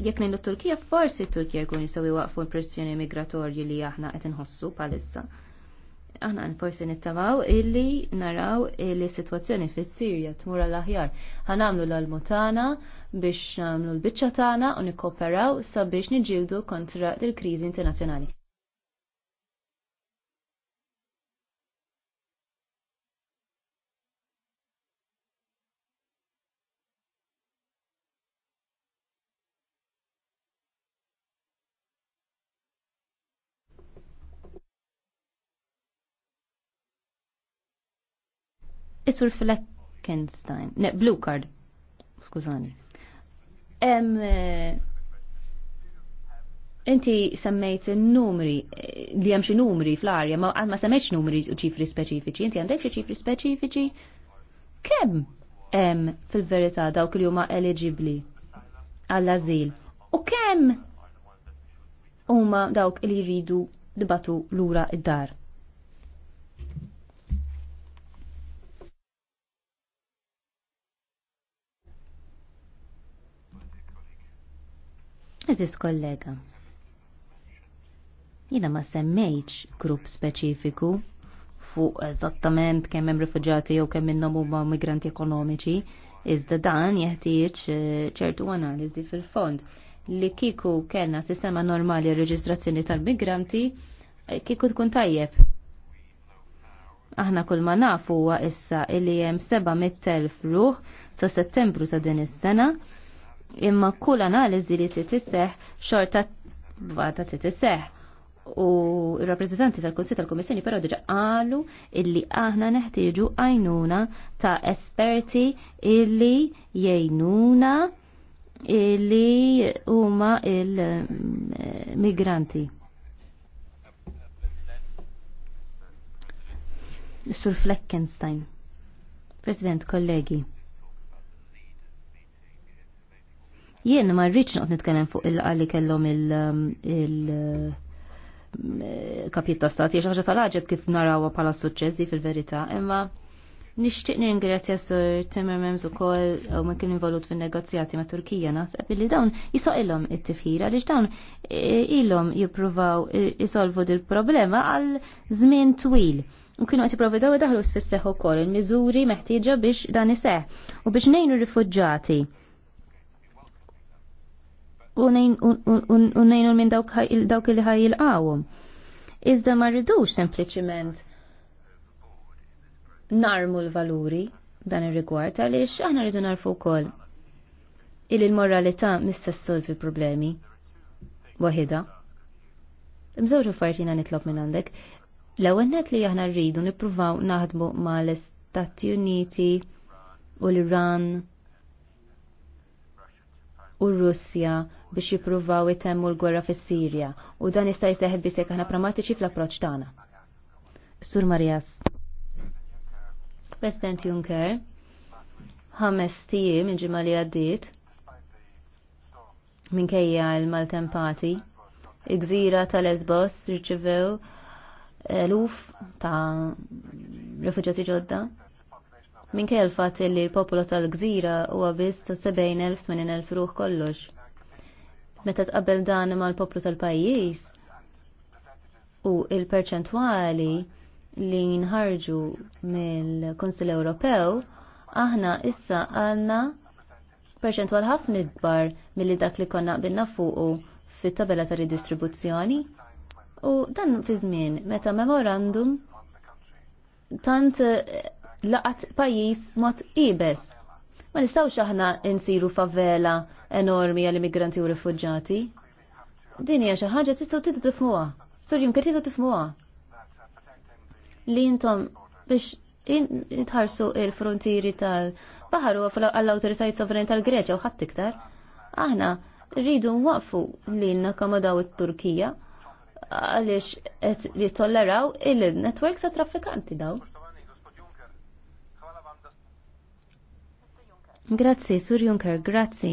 Jekk nejnu Turkija, forsi Turkija jkun jistgħu waqfu l-pressjoni migratorji li aħna qed inħossu bħalissa aħna forsi nittamaw illi naraw li situazzjoni fis sirja tmur l aħjar ħanamlu l-almutana biex namlu l-bicċa tagħna u nikkoperaw sabiex niġildu kontra il-kriżi internazzjonali. Isur Fleckenstein, ne, blue card, skużani. Em, eh, inti semmejt numri, eh, li hemm xi numri fl-arja, ma, ma semmejtx numri u ċifri speċifiċi, inti għandek xi ċifri speċifiċi? Kemm hemm fil-verità dawk li huma eligibbli għall-azil u kemm huma dawk li jridu dibatu lura id-dar? Eżis kollega, jina ma semmejċ grupp speċifiku fuq eżattament kemm hemm rifuġati jew kemm minnhom huma migranti ekonomiċi, iżda dan jeħtieġ eh, ċertu analiżi fil-fond li kiku kellna sistema normali reġistrazzjoni tal-migranti eh, kiku tkun tajjeb. Aħna kull ma nafu huwa issa li hemm 700,000 ruħ sa' Settembru ta' din is-sena imma kull analiżi li titisseħ xorta bata titisseħ. U il-rappresentanti tal-Konsil tal-Komissjoni però diġa qalu illi aħna neħtieġu għajnuna ta' esperti illi jgħinuna illi huma il-migranti. Sur Fleckenstein, President kollegi. Jien ma rridx noqgħod nitkellem fuq il qalli li kellhom il- um, uh, kapjiet ta' stati, xaħġa tal-ħagġeb kif narawa pala suċċessi fil-verita, imma nishtiq ringrazzja Sir Timmermans u kol u ma kien involut fin negozjati ma' Turkija naħseb li dawn jisoqilhom it-tifħira għaliex dawn eh, ilhom jippruvaw eh, isolvu dil problema għal żmien twil. U kienu qed jipprovdaw daħlu s fisseħu kol, il-miżuri meħtieġa biex dan iseħ u biex ngħinu rifugġati u nejnu minn dawk il ħaj jilqawhom. Iżda ma rridux sempliċiment narmu l-valuri dan ir-rigward għaliex aħna rridu narfu wkoll il il-moralità mista solvi problemi. Waħida. Mżewġ affarijiet jiena nitlob minn għandek. L-ewwel net li aħna rridu nippruvaw naħdmu mal-Istati Uniti u l-Iran u r-Russja biex jippruvaw itemmu l-gwerra fis-Sirja u dan jista' jseħħ biss jekk aħna pragmatiċi fl-approċċ tagħna. Sur Marias. President Juncker, ħames tiem il-ġimgħa li għaddiet minkejja l-maltempati, il-gżira tal esbos rċivew eh, eluf ta' rifuġati ġodda Minkej l-fat li l-popolo tal-gżira huwa biss ta' 70,000-80,000 ruħ kollox meta tqabel dan mal-poplu tal-pajjiż u il-perċentwali li nħarġu mill konsil Ewropew, aħna issa għandna perċentwal ħafna ikbar milli dak li konna qbilna fuqu fit-tabella ta' ridistribuzzjoni. U dan fi żmien meta memorandum tant eh, laqat pajjiż mod ibes. Ma nistgħux aħna insiru favela enormi għall-immigranti u rifugġati. Din hija xi ħaġa tistgħu tista' tifhmuha. Sur Juncker tista' tifhmuha. Li intom biex jitħarsu il-frontieri tal-baħar u għall-awtoritajiet sovran tal-Greċja u ħadd iktar. Aħna rridu nwaqfu li nakkomodaw it-Turkija għaliex qed li tolleraw il-networks ta' traffikanti daw. Grazzi, Sur Juncker, grazzi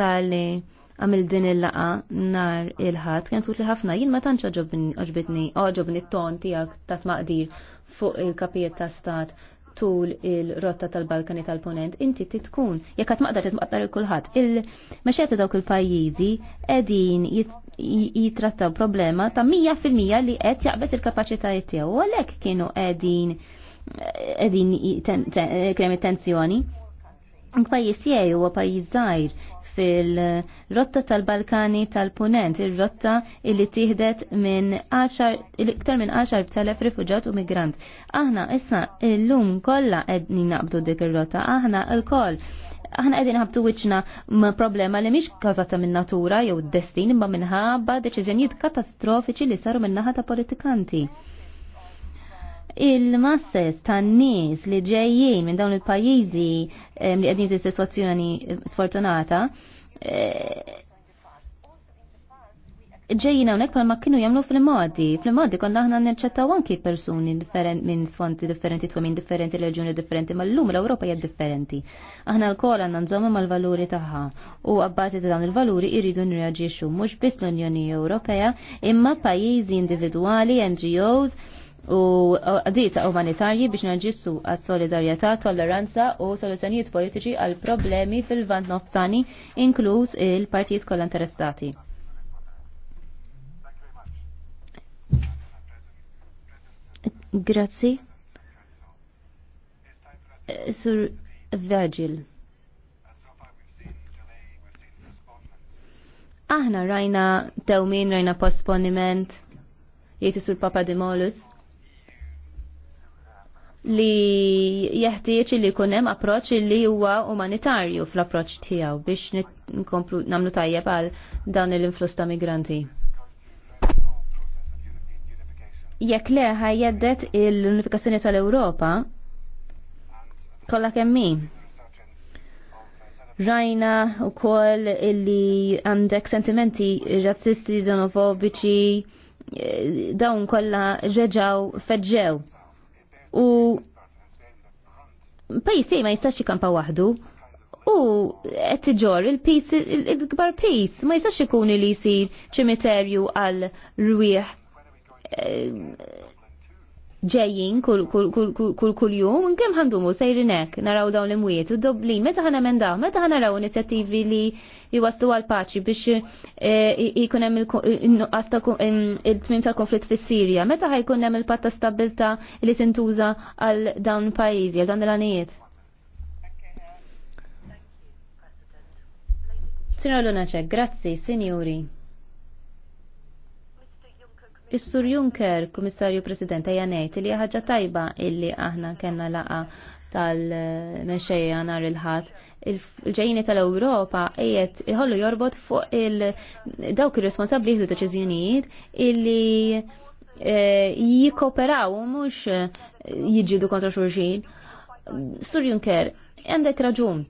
tal-li għamil din il-laqa nar il-ħat, kien tut li ħafna, jien ma tanċa ġobni, oġobni t-ton tijak ta' tmaqdir fuq il-kapijiet ta' stat tul il-rotta tal-Balkani tal-Ponent, inti titkun, jekk għat maqdar titmaqdar il-kulħat. il meċet dawk il-pajjiżi edin jitrattaw problema ta' 100% li qed jaqbess il-kapacitajiet tiegħu, għalek kienu qegħdin qegħdin kremi tensjoni. Pajjiż jieju huwa pajjiż zaħir fil-rotta tal-Balkani tal-Punent, il-rotta illi tiħdet minn iktar minn 10,000 rifugġat u migrant. Aħna issa l-lum kolla edni naqbdu dik il-rotta, aħna l-koll aħna qegħdin ħabtu wiċċna problema li mhix kazata minn natura jew d-destin imma minħabba deċiżjonijiet katastrofiċi li saru minnaħa ta' politikanti il-masses tan-nies li ġejjin minn dawn il-pajjiżi eh, li qegħdin fi sitwazzjoni eh, sfortunata eh, ġejjin hawnhekk bħalma kienu jagħmlu fil-modi. Fil-modi konna aħna nirċettaw anki persuni differenti minn sfonti differenti twem differenti reġjuni differenti, ma llum l-Ewropa hija differenti. Aħna l-kol għandna nżommu mal-valuri tagħha u abbażi ta' dawn il-valuri jridu nreaġixxu mhux biss l-Unjoni Ewropea imma pajjiżi individwali, NGOs, u ta' umanitarji biex naġissu għas solidarjetà tolleranza u soluzzjonijiet politiċi għal problemi fil-vant nofsani, inkluż il-partijiet kollha interessati. Grazzi. Sur Virgil. Aħna rajna tewmin, rajna postponiment, jgħid sur Papa Demolus li jeħtieġ li jkun hemm approċċ li huwa umanitarju fl-approċċ tiegħu biex nkomplu nagħmlu tajjeb għal dan l-influss ta' migranti. Jekk le ħajjeddet l-unifikazzjoni tal-Ewropa kollha kemm min. Rajna u koll li għandek sentimenti razzisti, xenofobiċi, eh, dawn kollha ġeġaw feġġew u pajis ma jistax jikampa wahdu u qed iġor il-pis il-kbar pis ma jistax ikun li jsir ċimiterju għal rwieħ eh, ġejjin kull kull jum, kemm ħandumu sejrinek naraw dawn l-imwiet u doblin, meta ħana mendaw, meta ħana naraw inizjattivi li jwaslu għal paċi biex eh, ikun hemm il-tmim tal-konflitt fis-Sirja, meta jkun hemm il-patta stabilta li tintuża għal dawn il-pajjiżi, għal dawn l-għanijiet. Sinjor Lunaċek, grazzi, sinjuri. Is-Sur Juncker, Kummissarju President, ngħid li ħaġa tajba illi aħna kena laqa tal mexejja nar il-ħat. Il-ġejjini tal-Ewropa qiegħed iħollu jorbot fuq il-dawk ir-responsabbli jieħdu deċiżjonijiet illi eh, jikoperaw mhux jiġġidu kontra xulxin. Sur Juncker, għandek raġun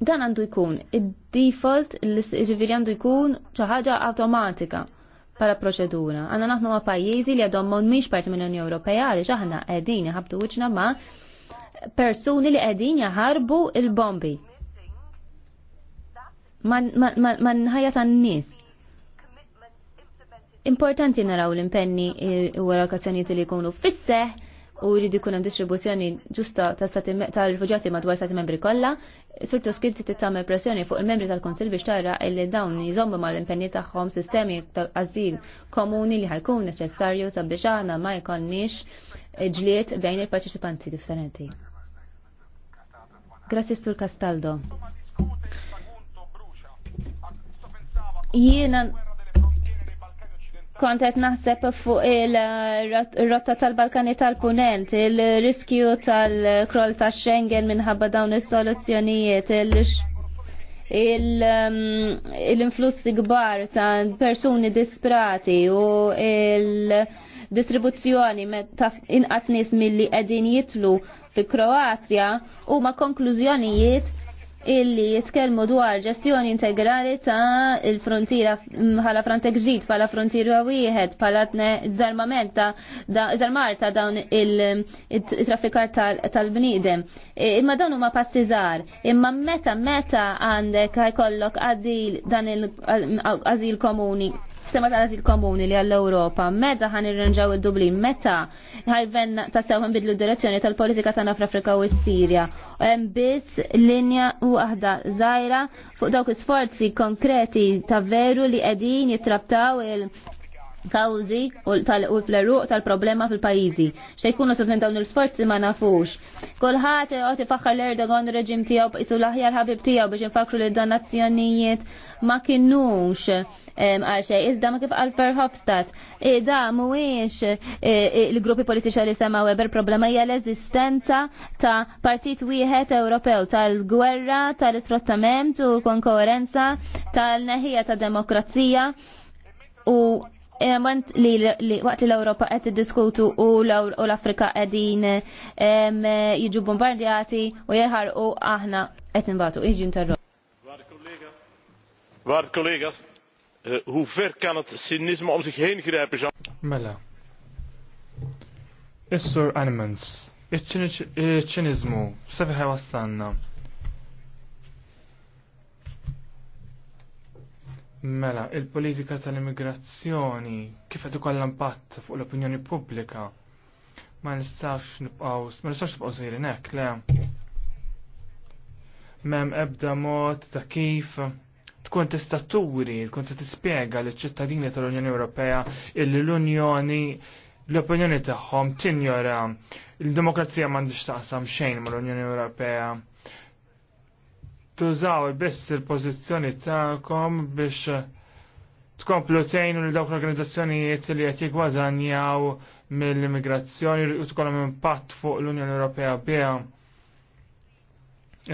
dan għandu jkun id-default ġifiri għandu jkun ċaħġa automatika pala proċedura. Għanna naħnu ma' pajjiżi li għadhom mhumiex parti mill-Unjoni Ewropea li aħna qegħdin jħabdu uċna ma' persuni li qegħdin jaħarbu il-bombi. Ma' nħajja tan-nies. Importanti naraw l-impenni eh, u l-allokazzjonijiet li jkunu fis-seħ u jridu jkun hemm distribuzzjoni ġusta ta' tal-rifuġjati madwar stati membri kollha, surtu skinti tagħmel pressjoni fuq il-membri tal-Kunsill biex tara li dawn jżommu mal impenni tagħhom sistemi ta' għażil komuni li ħajkun neċessarju sabiex aħna ma jkollniex ġliet bejn il-parċipanti differenti. Grazzi Sur Castaldo. Jiena kontet naħseb fuq il-rotta tal-Balkani tal-Punent, il-riskju tal-kroll ta' Schengen minħabba dawn is-soluzzjonijiet, l-influssi gbar ta' persuni disprati u il-distribuzzjoni ta' inqas nies milli qegħdin jitlu fi Kroazja huma konklużjonijiet illi jitkelmu dwar ġestjoni integrali ta' il frontira bħala Frontex ġid, bħala frontira wieħed, bħala zarmament ta' zarmar ta' dawn il-traffikar tal-bniedem. E, imma dawn huma passi żgħar, imma meta meta għandek ħajkollok għazil dan il-għażil komuni sistema tal-azil komuni li għall-Europa, meta ħan irranġaw il-Dublin, meta ħajven ta' sew bidlu direzzjoni tal-politika ta' nafra afrika u s-Sirja. Hemm biss linja u aħda żgħira fuq dawk isforzi konkreti ta' veru li qegħdin jittrabtaw il- kawzi u fl-eruq tal-problema fil-pajizi. Xe jkunu dawn il-sforzi ma nafux. Kolħat eh, għoti faħħar l-Erdogan reġim tijaw isu laħjar ħabib tijaw biex nfakru l donazzjonijiet ma kinnux għaxe, iżda ma kif għal Verhofstadt. Eh, da muwiex eh, il-gruppi politiċa li sema Weber problema hija l-eżistenza ta' partit wieħed Ewropew tal-gwerra, tal-istrottament u konkurenza tal-neħija ta' demokrazija u Mant li li waqt l-Europa qed diskutu u l-Afrika qegħdin jiġu bombardjati u u aħna qed nbatu. Iġi interromp. Waarde kollegas, hu eh, ver kan het cynisme om zich heen grijpen, Jean? Mela. Is-sur animals, il cynisme sefiħe wassanna. Mela, il-politika tal-immigrazzjoni kif qed ikollha impatt fuq l-opinjoni pubblika ma nistax nibqgħu ma nistax nibqgħu sejrin hekk le. M'hemm ebda mod ta' kif tkun tista' turi, tkun se tispjega liċ ċittadini tal-Unjoni Ewropea illi l-Unjoni l-opinjoni tagħhom tinjora l demokrazija m'għandix taqsam xejn mal-Unjoni Ewropea tużaw biss il-pozizjoni tagħkom biex tkomplu tgħinu li dawk l-organizzazzjonijiet li qed jigwadanjaw mill-immigrazzjoni u tkollhom impatt fuq l-Unjoni Ewropea biha.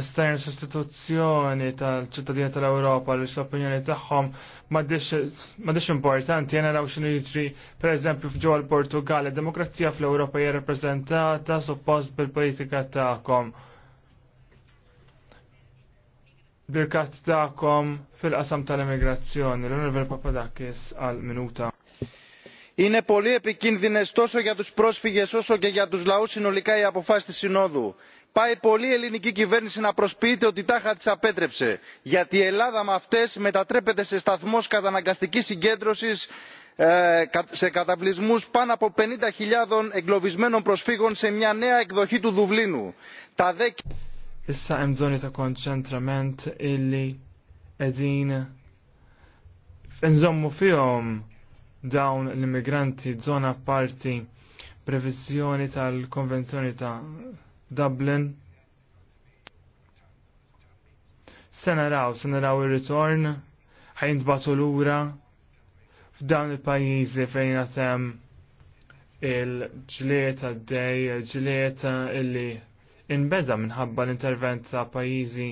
Istajn sostituzzjoni tal-ċittadini tal-Ewropa li l-opinjoni tagħhom m'għadix importanti jena raw xinu jiġri pereżempju f'ġewwa portugal id-demokrazija fl-Ewropa hija rappreżentata suppost bil-politika tagħkom birkat ta'kom fil-qasam tal-immigrazzjoni. l univer Papadakis għal minuta. Είναι πολύ επικίνδυνε τόσο για του πρόσφυγε όσο και για του λαού συνολικά οι αποφάσει τη Συνόδου. Πάει πολύ η ελληνική κυβέρνηση να προσποιείται ότι τάχα τι απέτρεψε, γιατί η Ελλάδα με αυτέ μετατρέπεται σε σταθμό καταναγκαστική συγκέντρωση σε καταπλισμού πάνω από 50.000 εγκλωβισμένων προσφύγων σε μια νέα εκδοχή του Δουβλίνου. Τα δέκα issa hemm żoni ta' konċentrament illi qegħdin nżommu fihom dawn l-immigranti żona parti previżjoni tal-Konvenzjoni ta' Dublin. Se naraw, se naraw ir-ritorn ħajntbatu lura f'dawn il-pajjiżi fejn għatem il-ġlieta d-dej, il-ġlieta illi inbeda minħabba l-intervent ta' pajjiżi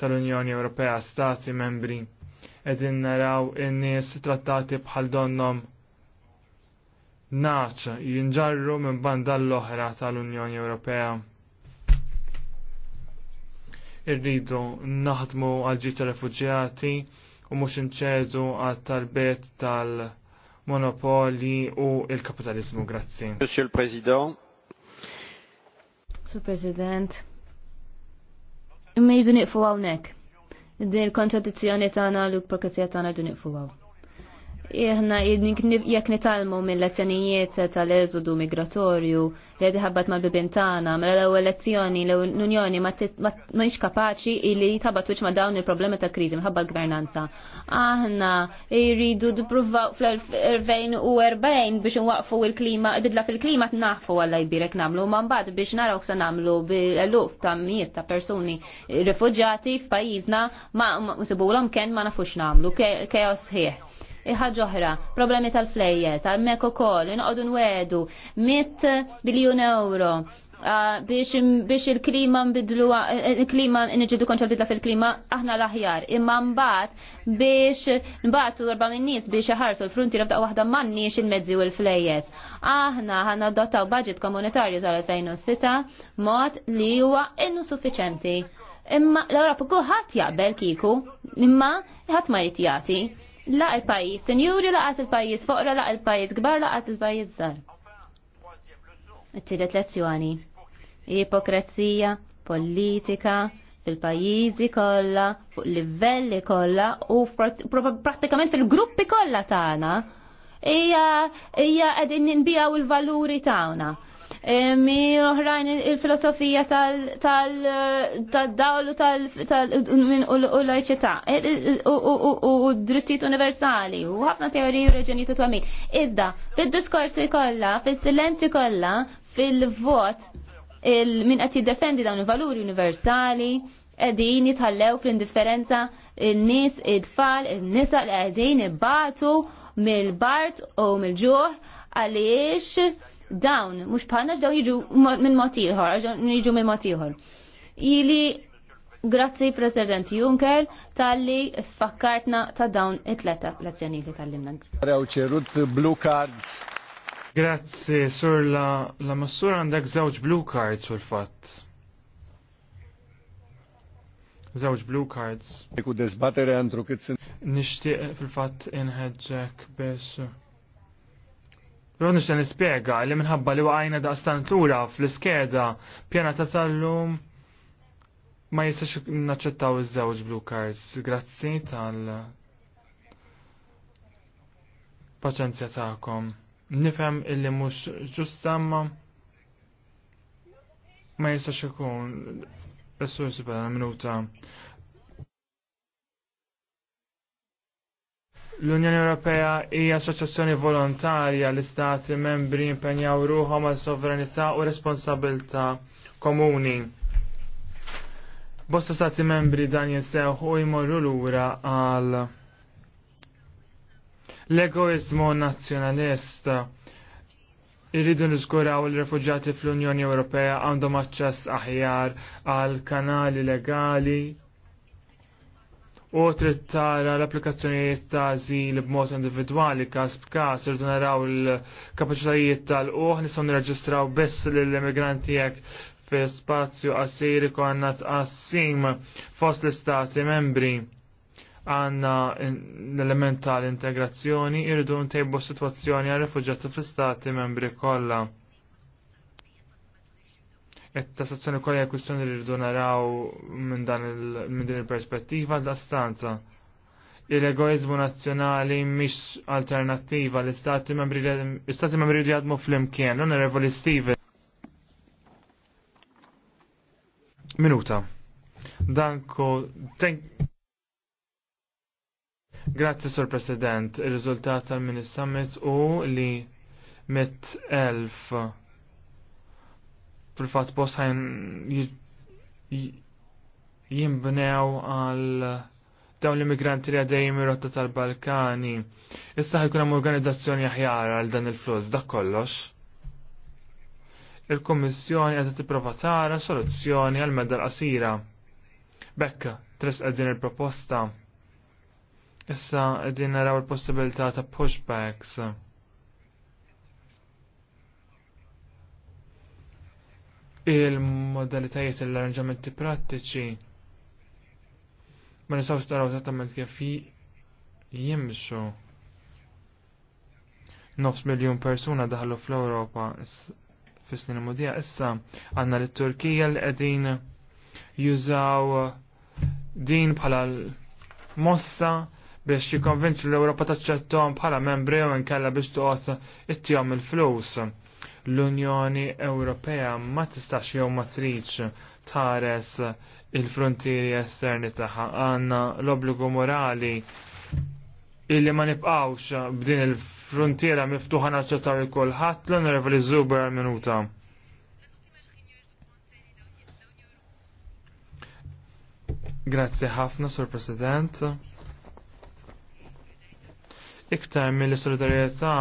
tal-Unjoni Ewropea stati membri edin naraw in-nies trattati bħal donnom naċ jinġarru minn banda l-oħra tal-Unjoni Ewropea. Irridu naħdmu għal ġit tal-refuġjati u mux inċedu għal talbiet tal-monopoli u il-kapitalizmu. Grazzi. Monsieur le Président, Sur President. Imma jridu niqfu għawnek. Din il-kontradizzjoni tagħna l-ukprokrazija tagħna jridu niqfu għaw. Iħna jekk nitalmu minn lezzjonijiet tal-eżodu migratorju li ħabbat mal bibintana ma' mela l-ewwel lezzjoni l-Unjoni ma nix kapaċi li tabat wiċ ma dawn il problema ta' kriżi minħabba l-gvernanza. Aħna jridu dipruvaw fl-2040 biex nwaqfu il-klima, bidla fil-klima t-nafu għalla jbirek namlu, ma mbagħad biex naraw sa namlu bil-eluf ta' miet ta' persuni rifugġati f'pajjiżna ma nsibulhom kien ma nafux namlu, kajos ħieħ ħaġa oħra, problemi tal-flejjes, għal kol, ukoll, inqogħdu nwedu mit biljun euro biex il-klima nbidlu, il-klima nġidu konċa bidla fil-klima aħna l-aħjar. Imma mbagħad biex nbagħtu darba minn nies biex jaħarsu l-frunti rabda waħda manni il-mezzi u l-flejjes. Aħna ħana dotaw budget komunitarju tal-2006 mod li huwa insuffiċenti. Imma l europa kuħat jaqbel kieku, imma ħadd ma jitjati laq il-pajis, senjuri laqas il-pajis, foqra laq il-pajis, gbar laqas il-pajis zar. Tidet lezzjoni. Ipokrazija, politika, fil-pajizi kolla, fuq livelli kolla u pratikament fil-gruppi kolla tana. Ija, ija għedin u l valuri tagħna mi oħrajn il-filosofija tal-dawl u l-lajċità u drittijiet universali u ħafna teoriju u reġenijiet u twamil. Iżda, fil-diskorsi kollha, fil-silenzju kollha, fil-vot min qed jiddefendi dawn il-valuri universali, qegħdin jitħallew fl-indifferenza in-nies, id-tfal, in-nisa li qegħdin ibatu mill-bart u mill-ġuħ għaliex dawn, mux bħalna dawn jiġu minn motiħor, jiġu minn motiħor. Ili, grazzi President Juncker, talli fakkartna ta' dawn it-tleta lezzjoni li tal-limna. blue cards. Grazzi, sur la, la massur għandek zawġ blue cards sul fatt. Zawġ blue cards. Iku dezbatere għandru kitsin. Nishtiq fil-fat inħedġek biex. Rodni xan nispiega li minħabba li waqajna da' stantura fl-iskeda pjana ta' tal-lum ma jistax naċċettaw iż-żewġ blue cards. Grazzi tal paċenzja ta'kom. Nifhem illi mhux ġusta ma ma jistax ikun Ressursi bħala minuta. L-Unjoni Ewropea hija assoċjazzjoni volontarja li stati membri impenjaw ruħhom għal sovranità u responsabilità komuni. Bosta stati membri dan jinsew u jmorru lura għal l-egoizmu nazjonalist Irridu niżguraw l refuġjati fl-Unjoni Ewropea għandhom aċċess aħjar għal kanali legali u trid tara l-applikazzjonijiet ta' żil b'mod individwali każ b'każ irdu naraw il-kapaċitajiet tal-qoħ nistgħu nirreġistraw biss lill-immigranti jekk fi spazju qasir għandna tqassim fost l-istati membri għandna l-element tal-integrazzjoni irdu ntejbu situazzjoni għal rifuġġati fl-istati membri kollha qed tassazzjoni kolja kollha kwistjoni li rridu naraw minn din il-perspettiva da' stanza. Il-egoizmu nazzjonali mhix alternattiva l-istati membri li għadmu fl-imkien, onorevoli Steven. Minuta. Danko, thank Grazzi, Sur President. Il-rizultat tal-Mini Summit u li mit elf fil-fat post ħajn jimbnew għal dawn l-immigranti li għadejjem mirotta tal-Balkani. Issa ħajkun hemm organizzazzjoni ħjara għal dan il-flus, dak kollox. Il-Kommissjoni qed tipprova tara soluzzjoni għal medda l-qasira. Bekka, tres din il-proposta. Issa qegħdin naraw il-possibilità ta' pushbacks. il-modalitajiet l-arranġamenti prattiċi ma nistawx naraw esattament kif jimxu. Nofs miljon persuna daħlu fl-Ewropa fis-snin imudija issa għandna lit turkija li qegħdin jużaw din bħala mossa biex jikonvinċu l-Ewropa taċċettom bħala membri u nkella biex toqgħod ittihom il-flus l-Unjoni Ewropea ma tistax jew ma tridx tħares il-frontieri esterni tagħha għandna l-obbligu morali illi ma nibqgħux b'din il-frontiera miftuħa naċċettaw kulħadd l-onorevoli żuber minuta. Grazzi ħafna, Sur President. Iktar mill-solidarieta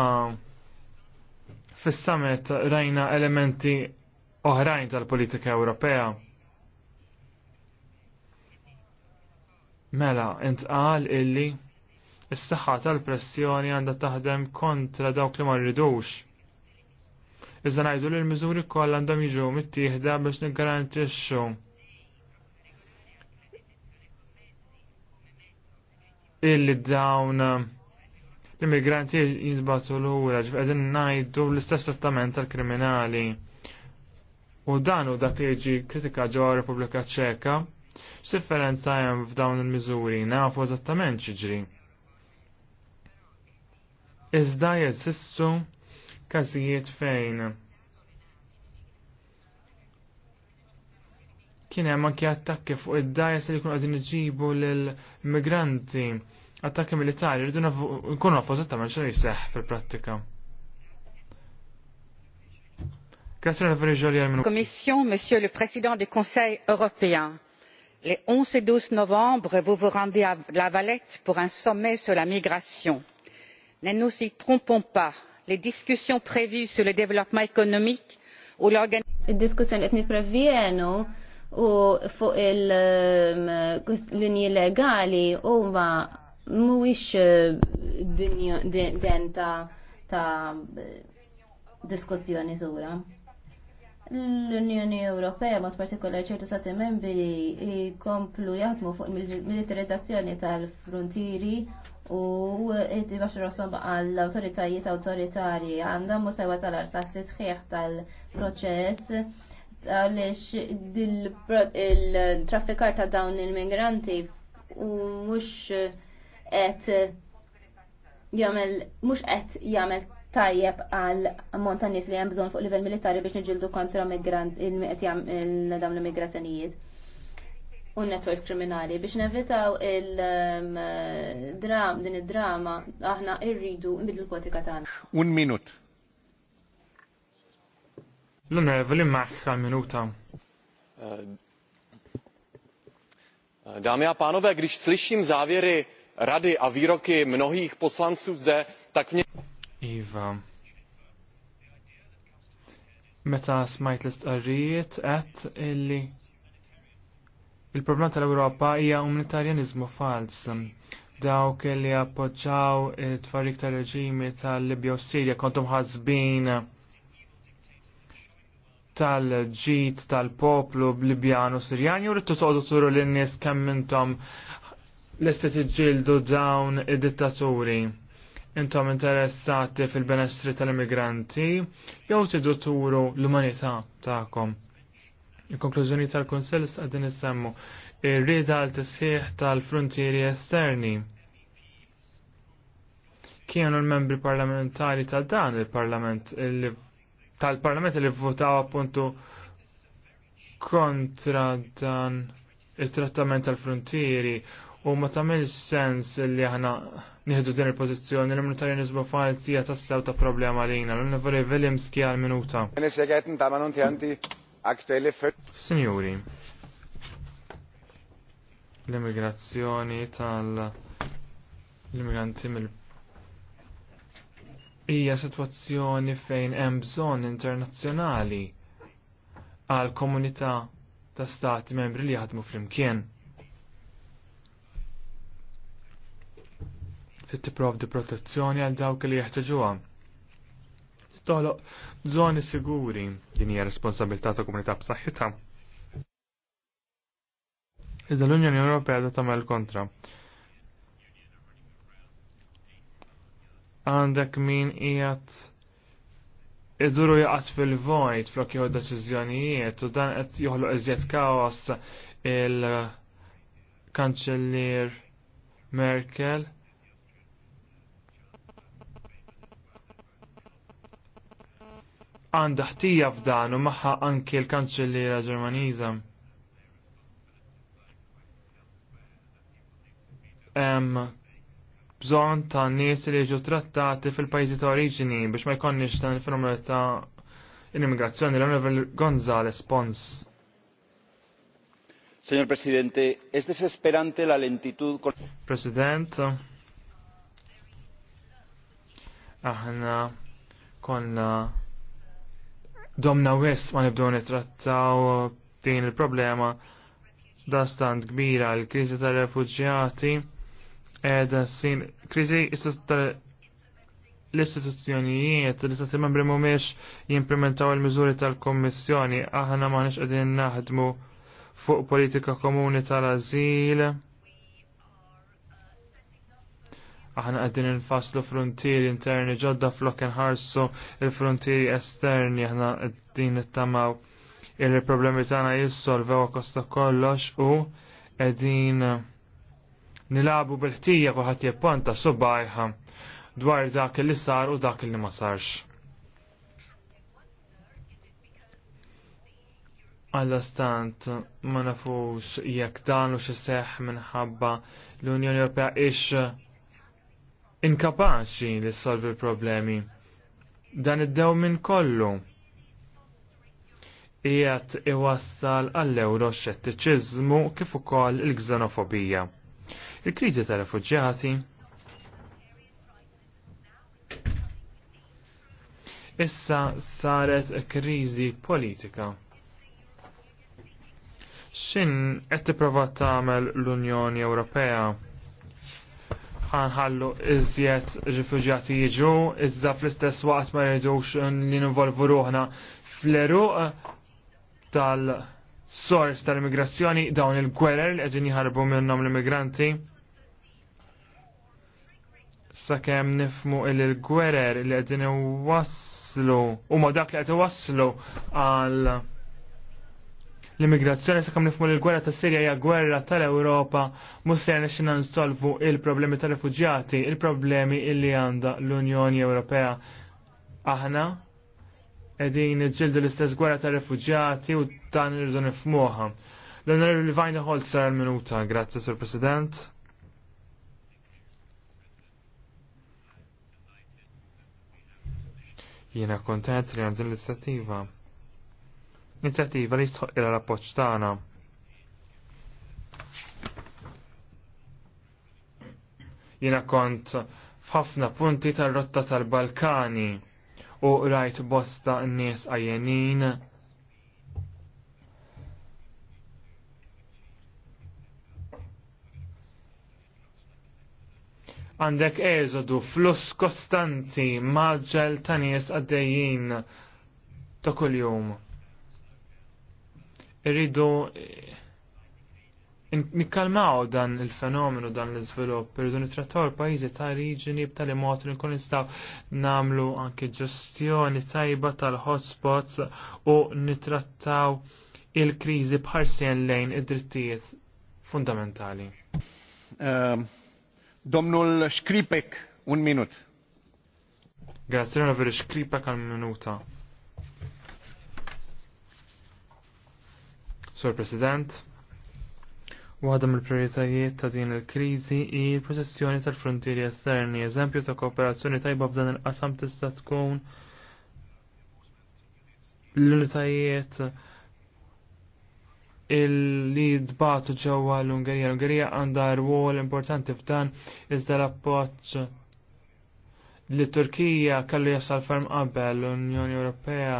Fis-summit rajna elementi oħrajn tal-politika Ewropea. Mela, intqal illi is-saħħa tal-pressjoni għandha taħdem kontra dawk li ma rridux. Iżda ngħidu li l-miżuri kollha għandhom jiġu mittieħda biex niggarantixxu illi dawn l-immigranti jizbatu l-ura ġifqedin najdu l-istess trattament tal-kriminali. U dan u dak li jiġi kritika ġewwa Repubblika Ċeka, x'differenza hemm f'dawn il-miżuri nafu eżattament xiġri. Iżda jeżistu każijiet fejn. Kien hemm anke attakki fuq id-dajes li jkunu qegħdin iġibu lill-migranti attakki militari rridu nkunu nafu eżattament x'għal jseħħ fil-prattika. Commission, Monsieur le Président du Conseil européen, les 11 et 12 novembre, vous vous rendez à La Valette pour un sommet sur la migration. Ne nous y trompons pas, les discussions prévues sur le développement économique ou l'organisation mhuwiex eh, den ta' ta' diskussjoni żura. L-Unjoni Ewropea mod partikolar ċertu stati membri jkomplu jaħdmu fuq il militarizzazzjoni tal-frontieri u id-dibax rosom għall autoritajiet autoritarji għandha musewa tal-arsat tisħiħ tal-proċess għalix il-traffikar ta' dawn il-migranti u mux et jamel mhux et jamel tajjeb għal montanis li jem bżon fuq livell militari biex nġildu kontra migrant il-qed jagħmel dawn l immigrazjonijiet u networks kriminali biex nevitaw il-dram um, din il drama aħna irridu nbidlu l-politika tagħna. Un minut. L-onorevoli Maħħa minuta. Dami a pánové, když slyším závěry rady a výroky mnohých poslanců zde, tak mě... Iva. Meta smajt l-istqarrijiet qed illi il-problema tal-Ewropa hija umanitarjanizmu fals. Dawk li appoġġaw it-tfarrik tal-reġimi tal-Libja u Sirja kontum ħasbin tal-ġit tal-poplu Libjan u Sirjan jew rridu toqgħodu turu lin-nies kemm intom l-estet iġildu dawn id-dittaturi. Intom interessati fil-benestri tal-immigranti, jew tidu turu l-umanità ta'kom. Il-konklużjoni tal-Kunsell għadin issemmu ir-rieda għal tisħiħ tal-frontieri esterni. Kienu l-membri parlamentari ta' dan il-parlament tal-parlament li votaw appuntu kontra dan il-trattament tal-frontieri u ma tamil sens li ħana nieħdu din il-pozizjoni li nisbu falsija tassew ta' problema jina. l-Onorevoli Vilimski għal minuta. Signori, l-immigrazzjoni tal l-immigranti mill ija sitwazzjoni fejn hemm bżonn internazzjonali għal komunità ta' stati membri li jaħdmu flimkien. Fit tipprovdi protezzjoni għal dawk li jeħtieġuha. Toħloq żoni siguri din hija responsabilità ta' komunità b'saħħitha. Iżda l-Unjoni Ewropea da tagħmel kontra. Għandek min qiegħed duru jaqat fil-vojt flok jew deċiżjonijiet u dan qed joħloq iżjed kaos il-kanċellier Merkel. Għandha ħtija f'dan u magħha anki l-kanċelliera Ġermaniża. Hemm bżon ta' nies li ġu trattati fil-pajzi ta' oriġini biex ma jkonniex dan il-fenomenu ta' immigrazzjoni l-Onorevole Gonzales Pons. Señor Presidente, es desesperante la lentitud con... President, aħna konna domna wis ma nibdu nitrattaw din il-problema da stand kbira l-kriżi tal-refuġjati Eda, sin krizi l-istituzzjonijiet li stati membri mhumiex jimplementaw il-miżuri tal-Kommissjoni aħna m'aħniex qegħdin naħdmu fuq politika komuni tal-azil. Aħna qegħdin infaslu frontieri interni ġodda flok inħarsu il-frontieri esterni aħna qegħdin nittamaw il-problemi tagħna jissolvew kosta kollox u qegħdin nilabu bil-ħtija kuħat jepponta subbajħa dwar dak li sar u dak li ma sarx. Għallastant, ma nafux jekk dan u xiseħ minħabba l-Unjoni Ewropea ix inkapaċi li solvi l problemi. Dan id-dew minn kollu. Ijat iwassal għall-euro xettiċizmu kif ukoll il-gżenofobija il-kriżi ta' refuġjati. Issa saret kriżi politika. Xin qed tipprova tagħmel l-Unjoni Ewropea? ħanħallu iżjed rifuġjati jiġu, iżda fl-istess waqt ma rridux li nivolvu ruħna fl-eruq tal- sors tal-immigrazzjoni dawn il-gwerer li qegħdin jħarbu minnhom l-immigranti. Sakemm nifmu il gwerer li qegħdin waslu ma dak li qed iwasslu għal l-immigrazzjoni sakemm nifmu il gwerra ta' Sirja hija gwerra tal-Ewropa mhux se nsolvu il-problemi tal-refuġjati, il-problemi illi għandha l-Unjoni Ewropea. Aħna edin iġildu l-istess gwerra ta' refugġati u dan irridu nifmuha. L-onorevoli Vajna Holzer għal-minuta, grazzi, Sur President. Jiena kontent li għandin l l Inizjattiva li jistħu il-rapporċ tagħna. Jiena kont f'ħafna punti tar-rotta tal-Balkani u rajt bosta n-nies għajenin. Għandek eżodu fluss kostanti maġġel ta' nies għaddejjin ta' kuljum. Irridu nikkalmaw dan il-fenomenu dan l-izvilupp, irridu nitrattaw il-pajjiżi ta' riġini b'tali mod li nkun nistgħu nagħmlu anke ġestjoni tajba tal-hotspots u nitrattaw il-kriżi bħarsien lejn id-drittijiet fundamentali. Ehm, domnul Skripek, un minut. Grazie, non l Skripek al minuta. Sor President, Waħda mill-prioritajiet ta' din il-kriżi hi l-protezzjoni tal-frontieri esterni. Eżempju ta' kooperazzjoni tajba f'dan il-qasam tista' tkun l-unitajiet li jidbatu ġewwa l-Ungerija. L-Ungerija għandha rwol importanti f'dan iżda l-appoġġ li Turkija kellu jasal ferm qabel l-Unjoni Ewropea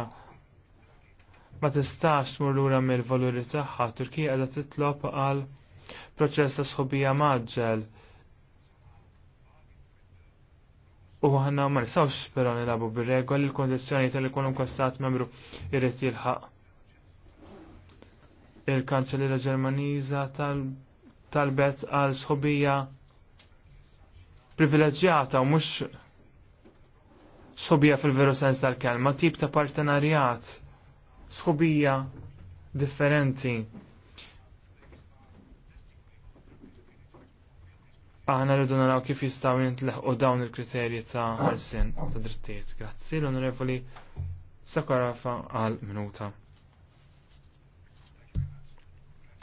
ma tistax tmur lura mill-valuri tagħha. Turkija qiegħda titlob għal proċess ta' sħobija maġġel. U għanna ma nisawx però nilabu bir-regoli l-kondizjoni tal-kwalunkwe stat membru irrid jilħaq. Il-kanċellira Ġermaniża talbet għal sħobija privileġġjata u mhux sħobija fil-veru sens tal-kelma, tip ta' partenarjat, sħobija differenti Aħna rridu naraw kif jistgħu jintleħqu dawn il-kriterji ta' ħarsin ta' drittijiet. Grazzi l-Onorevoli Sakarafa għal minuta.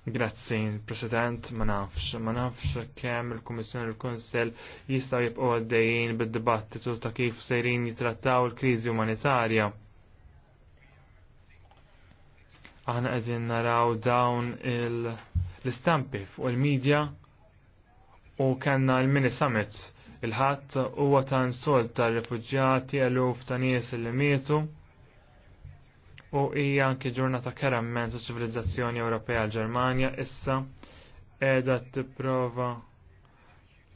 Grazzi, President, ma nafx, ma nafx kemm il-Kummissjoni l kunsell jistgħu jibqgħu għaddejjin bid-dibattitu ta' kif sejrin jitrattaw il-kriżi umanitarja. Aħna qegħdin naraw dawn l-istampi fuq il-medja il medja u kanna l-mini summit il-ħadd huwa sol tal ta' għal eluf ta' nies li mietu u hija anke ġurnata kerament ta' ċivilizzazzjoni Ewropea l-Ġermanja issa qiegħda tipprova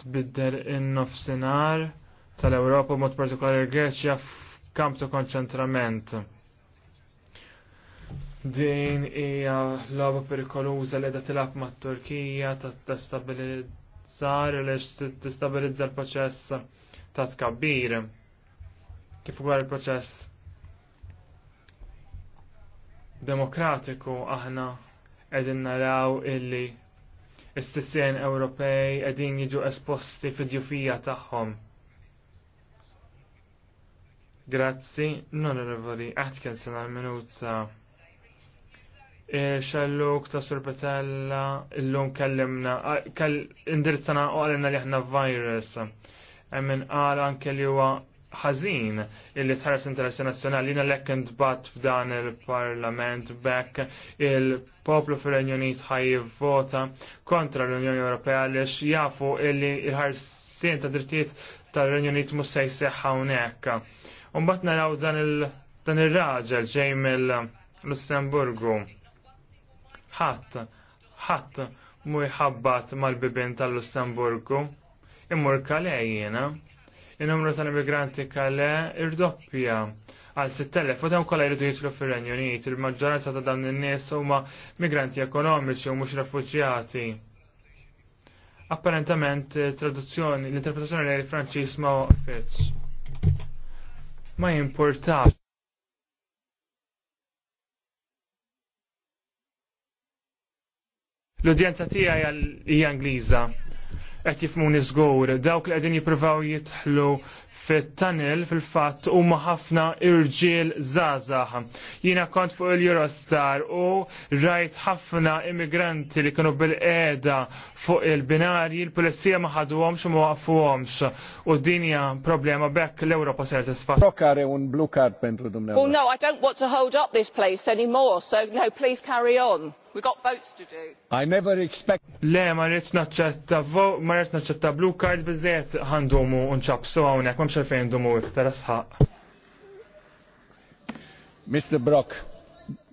tbiddel in-nofsinhar tal-Ewropa mod partikolari Greċja f'kamp ta' konċentrament. Din hija logħba perikoluża li qiegħda tilab mat-Turkija ta' testabilizzazzjoni sar li tistabilizza l-proċess ta' tkabbir kif ukoll il-proċess demokratiku aħna qegħdin naraw illi s-sissien Ewropej qegħdin jiġu esposti fid-djufija tagħhom. Grazzi, non onorevoli Atkinson għal minuta xalluk ta' sorbetella lum kellimna, indirizzana u għalina li ħna virus. Emmin għal anke li huwa ħażin illi tħares interessi nazzjonali jina lekk intbat f'dan il-Parlament bekk il-poplu fil-Renju Unit ħajjivvota kontra l-Unjoni Ewropea li jafu illi il-ħarsien ta' drittijiet tal-Renju Unit mhux se jseħħ hawnhekk. mbagħad naraw dan il-raġel ġej mill-Lussemburgu ħadd ħadd mu jħabbat mal-bibin tal-Lussemburgu immur kale jiena. Il-numru tal-immigranti kale irdoppja għal 6,000 u dawn kollha jridu jitlu fir-Renju Unit, il-maġġoranza ta' dawn in-nies huma migranti ekonomiċi u mhux refuġjati. Apparentament traduzzjoni l-interpretazzjoni li franċiż ma' fitx. Ma jimpurtax. L-udjenza tija hija Ingliża qed jifmuni żgur, dawk li qegħdin jippruvaw jitħlu fit-tunnel fil-fatt huma ħafna irġiel żgħażagħ. Jiena kont fuq il-Eurostar u rajt ħafna immigranti li kienu bil-qiegħda fuq il-binarji, il-pulizija ma ħadhomx u ma waqfuhomx. U din hija problema bekk l-Ewropa se tisfa. Prokare eh, un blue card pentru dumneavoastră. Well, oh, no, I don't want to hold up this place anymore, so no, please carry on. We got votes to do. I never expect. Le, ma rrit naċċetta vot, ma rrit naċċetta blue card bizzet għandumu unċabsu għawnek, ma mxalfejn dumu iktar asħaq. Mr. Brock,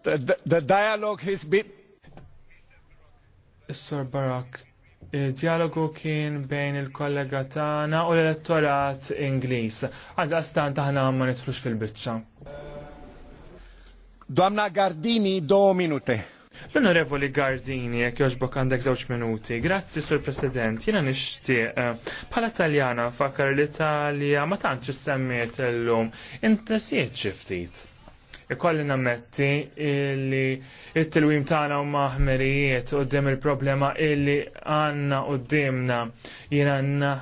the, the, the dialogue has been. Mr. Brock, il-dialogu kien bejn il-kollega tagħna u l-elettorat Ingliż. Għadda stant aħna ma nitrux fil-biċċa. Domna Gardini, do minute. L-Onorevoli Gardini, jek joġbok għandek zewċ minuti, grazzi sur President, jena nishtiq, pala eh, Taljana fakar l-Italja ma tantx semmiet l-lum, inta siet ċiftit. Ikolli nammetti illi il-tilwim tagħna u maħmerijiet u il-problema illi għanna u d-dimna jena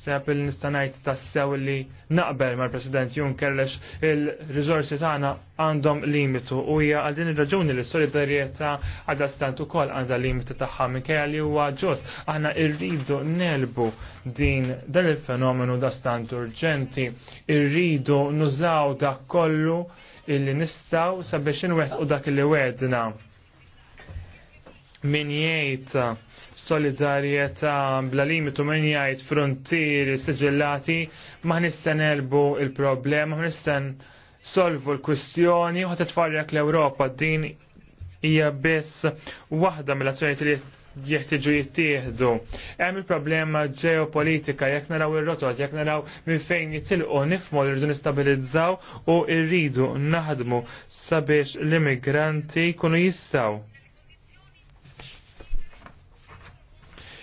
sepp il nistanajt tassew li naqbel mal president Juncker lex il-rizorsi tagħna għandhom limitu u hija għal din ir-raġuni li s-solidarjetà għadha stant ukoll għandha limiti tagħha kaj li huwa ġost aħna rridu nelbu din dan il-fenomenu da stant urġenti, irridu nużaw dak kollu illi nistaw sabiex u dak li wedna. Min jgħid solidarjetà bla limitu minn jgħid frontieri siġillati ma nista' nelbu il-problema, ma nista' solvu l-kwistjoni u ħatitfarjak l-Ewropa din hija biss waħda mill-azzjonijiet li jeħtiġu jittieħdu. Hemm il-problema ġeopolitika jekk naraw ir-rotot, jekk naraw minn fejn jitilqu nifmu li rridu nistabilizzaw u rridu naħdmu sabiex l-immigranti jkunu jistgħu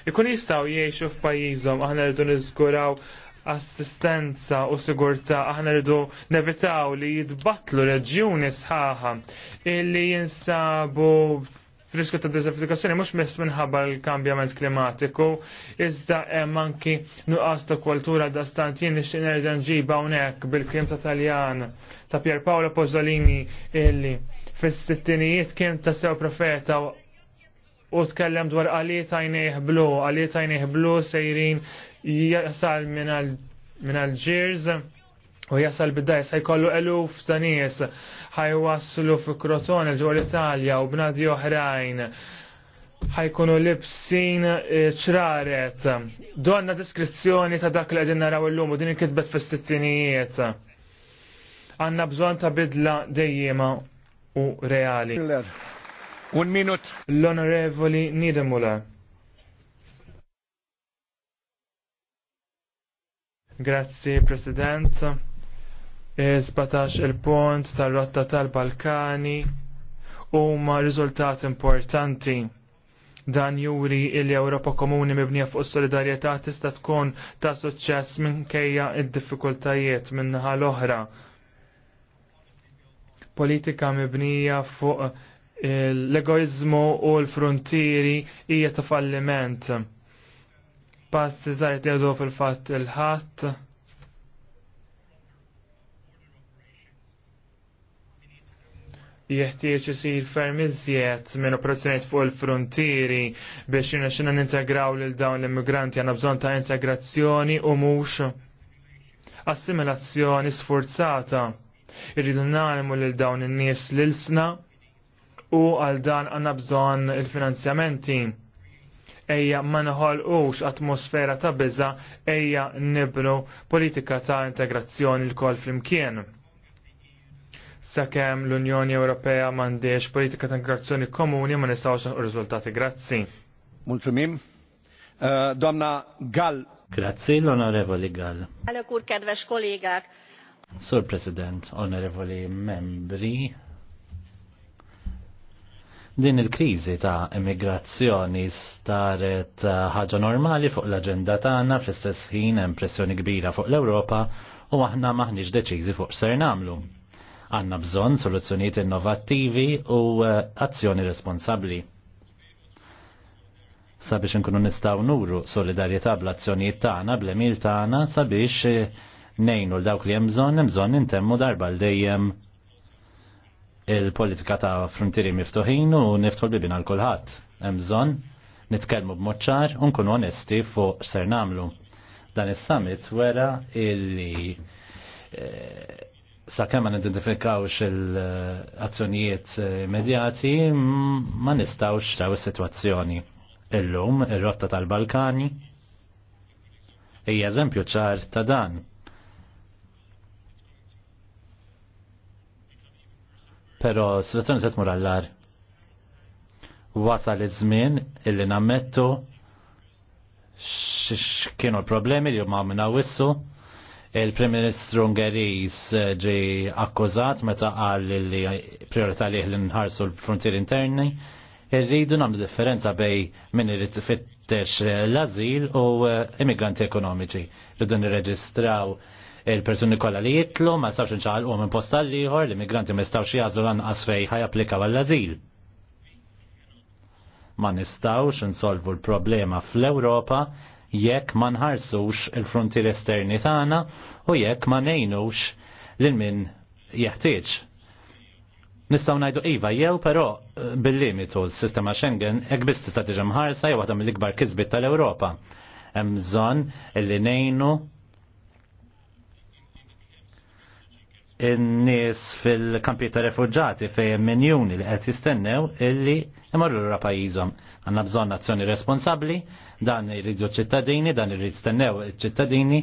ikun jistgħu jgħixu f'pajjiżhom aħna rridu niżguraw assistenza u sigurtà aħna rridu nevitaw li jitbatlu reġjuni sħaħa illi jinsabu f'riskju ta' dezertifikazzjoni mhux mess minħabba l-kambjament klimatiku, iżda hemm anki nuqqas ta' kultura da' stantin nixtieq nerda nġiba hawnhekk bil-klim ta' Taljan ta' Pier Paolo Pozzolini illi fis-sittinijiet kien ta' sew profeta u tkellem dwar għaliet għajnieħ blu, għaliet għajnieħ blu sejrin jasal minn għal-ġirz u jasal bid-dajs ħajkollu eluf ta' nies waslu fi Krotone ġol Italja u bnadi oħrajn ħajkunu libsin e, ċraret. għanna diskrizzjoni ta' dak li għedin naraw il-lum u din ikitbet fis-sittinijiet. Għanna bżon ta' bidla dejjema u reali. Un minut. L-onorevoli Nidemula. Grazzi, President. Sbatax il-pont tal-rotta tal-Balkani huma riżultati importanti dan juri il Ewropa Komuni mibnija fuq solidarjetà tista' tkun ta' suċċess minkejja id-diffikultajiet minnaħa l-oħra. Politika mibnija fuq l-egoizmu u l-frontieri hija ta' falliment. Pass iżgħar jgħidu fil-fatt il-ħadd. jeħtieġ isir ferm iżjed minn operazzjonijiet fuq il-frontieri biex jinaxxina nintegraw lil dawn l-immigranti għandna bżonn ta' integrazzjoni u mhux assimilazzjoni sforzata. Irridu nagħmlu lil dawn in-nies l-ilsna u għal dan għanna bżon il-finanzjamenti. Ejja ma ux atmosfera ta' biza ejja nibnu politika ta' integrazzjoni l-kol flimkien. Sakemm l-Unjoni Ewropea m'għandix politika ta' integrazzjoni komuni ma nistgħux riżultati. Grazzi. Mulzumim. Eh, domna Gall. Grazzi l-Onorevoli Gall. Għalekur, kedves kollegak. Sur President, Onorevoli Membri, Din il-kriżi ta' immigrazzjoni staret eh, ħaġa normali fuq l-aġenda tagħna fl-istess ħin hemm pressjoni kbira fuq l-Ewropa u aħna maħniex deċiżi fuq ser nagħmlu. Għanna bżonn soluzzjonijiet innovattivi u eh, azzjoni responsabbli. Sabiex inkunu nistgħu nuru solidarjetà bl-azzjonijiet tagħna bl-emil tagħna sabiex eh, nejnu l-dawk li hemm bżonn hemm bżonn intemmu darba l dejjem il-politika ta' frontieri miftuħin u niftuħ bibin għal kulħadd. Hemm bżonn nitkellmu b'moċċar u nkunu onesti fuq ser nagħmlu. Dan is-summit wera illi eh, sa' kemm ma nidentifikawx il-azzjonijiet eh, immedjati ma nistgħux taw is-sitwazzjoni. Illum ir-rotta tal-Balkani hija eżempju ċar ta' dan Pero s-situazzjoni se tmur għallar. Wasal iż-żmien illi nammettu x'kienu l-problemi li huma minna wissu. Il-Prim Ministru Ungerijs eh, ġi akkużat meta qal li priorità li nħarsu l-frontier interni. Irridu nagħmlu differenza bej min irid tfittex l-azil u eh, immigranti ekonomiċi. Rridu nirreġistraw il-persuni kollha li jitlu ma stawx inċaqalqu minn posta għal ieħor, l-immigranti ma stawx jażlu għasfej ħaj applika għall azil ma nistawx nsolvu l-problema fl-Ewropa jekk ma nħarsux il-frontier esterni tagħna u jekk ma ngħinux lil min jeħtieġ. Nistgħu ngħidu iva jew però eh, bil-limitu s-sistema Schengen hekk biss tista' tiġi mħarsa jew waħda mill-ikbar kisbit tal-Ewropa. Hemm bżonn li ngħinu n-nies fil-kampi ta' refugġati fejn minjuni li qed jistennew illi imorru ra pajjiżhom. Għandna bżonn azzjoni responsabbli, dan irridu ċittadini, dan irrid stennew ċittadini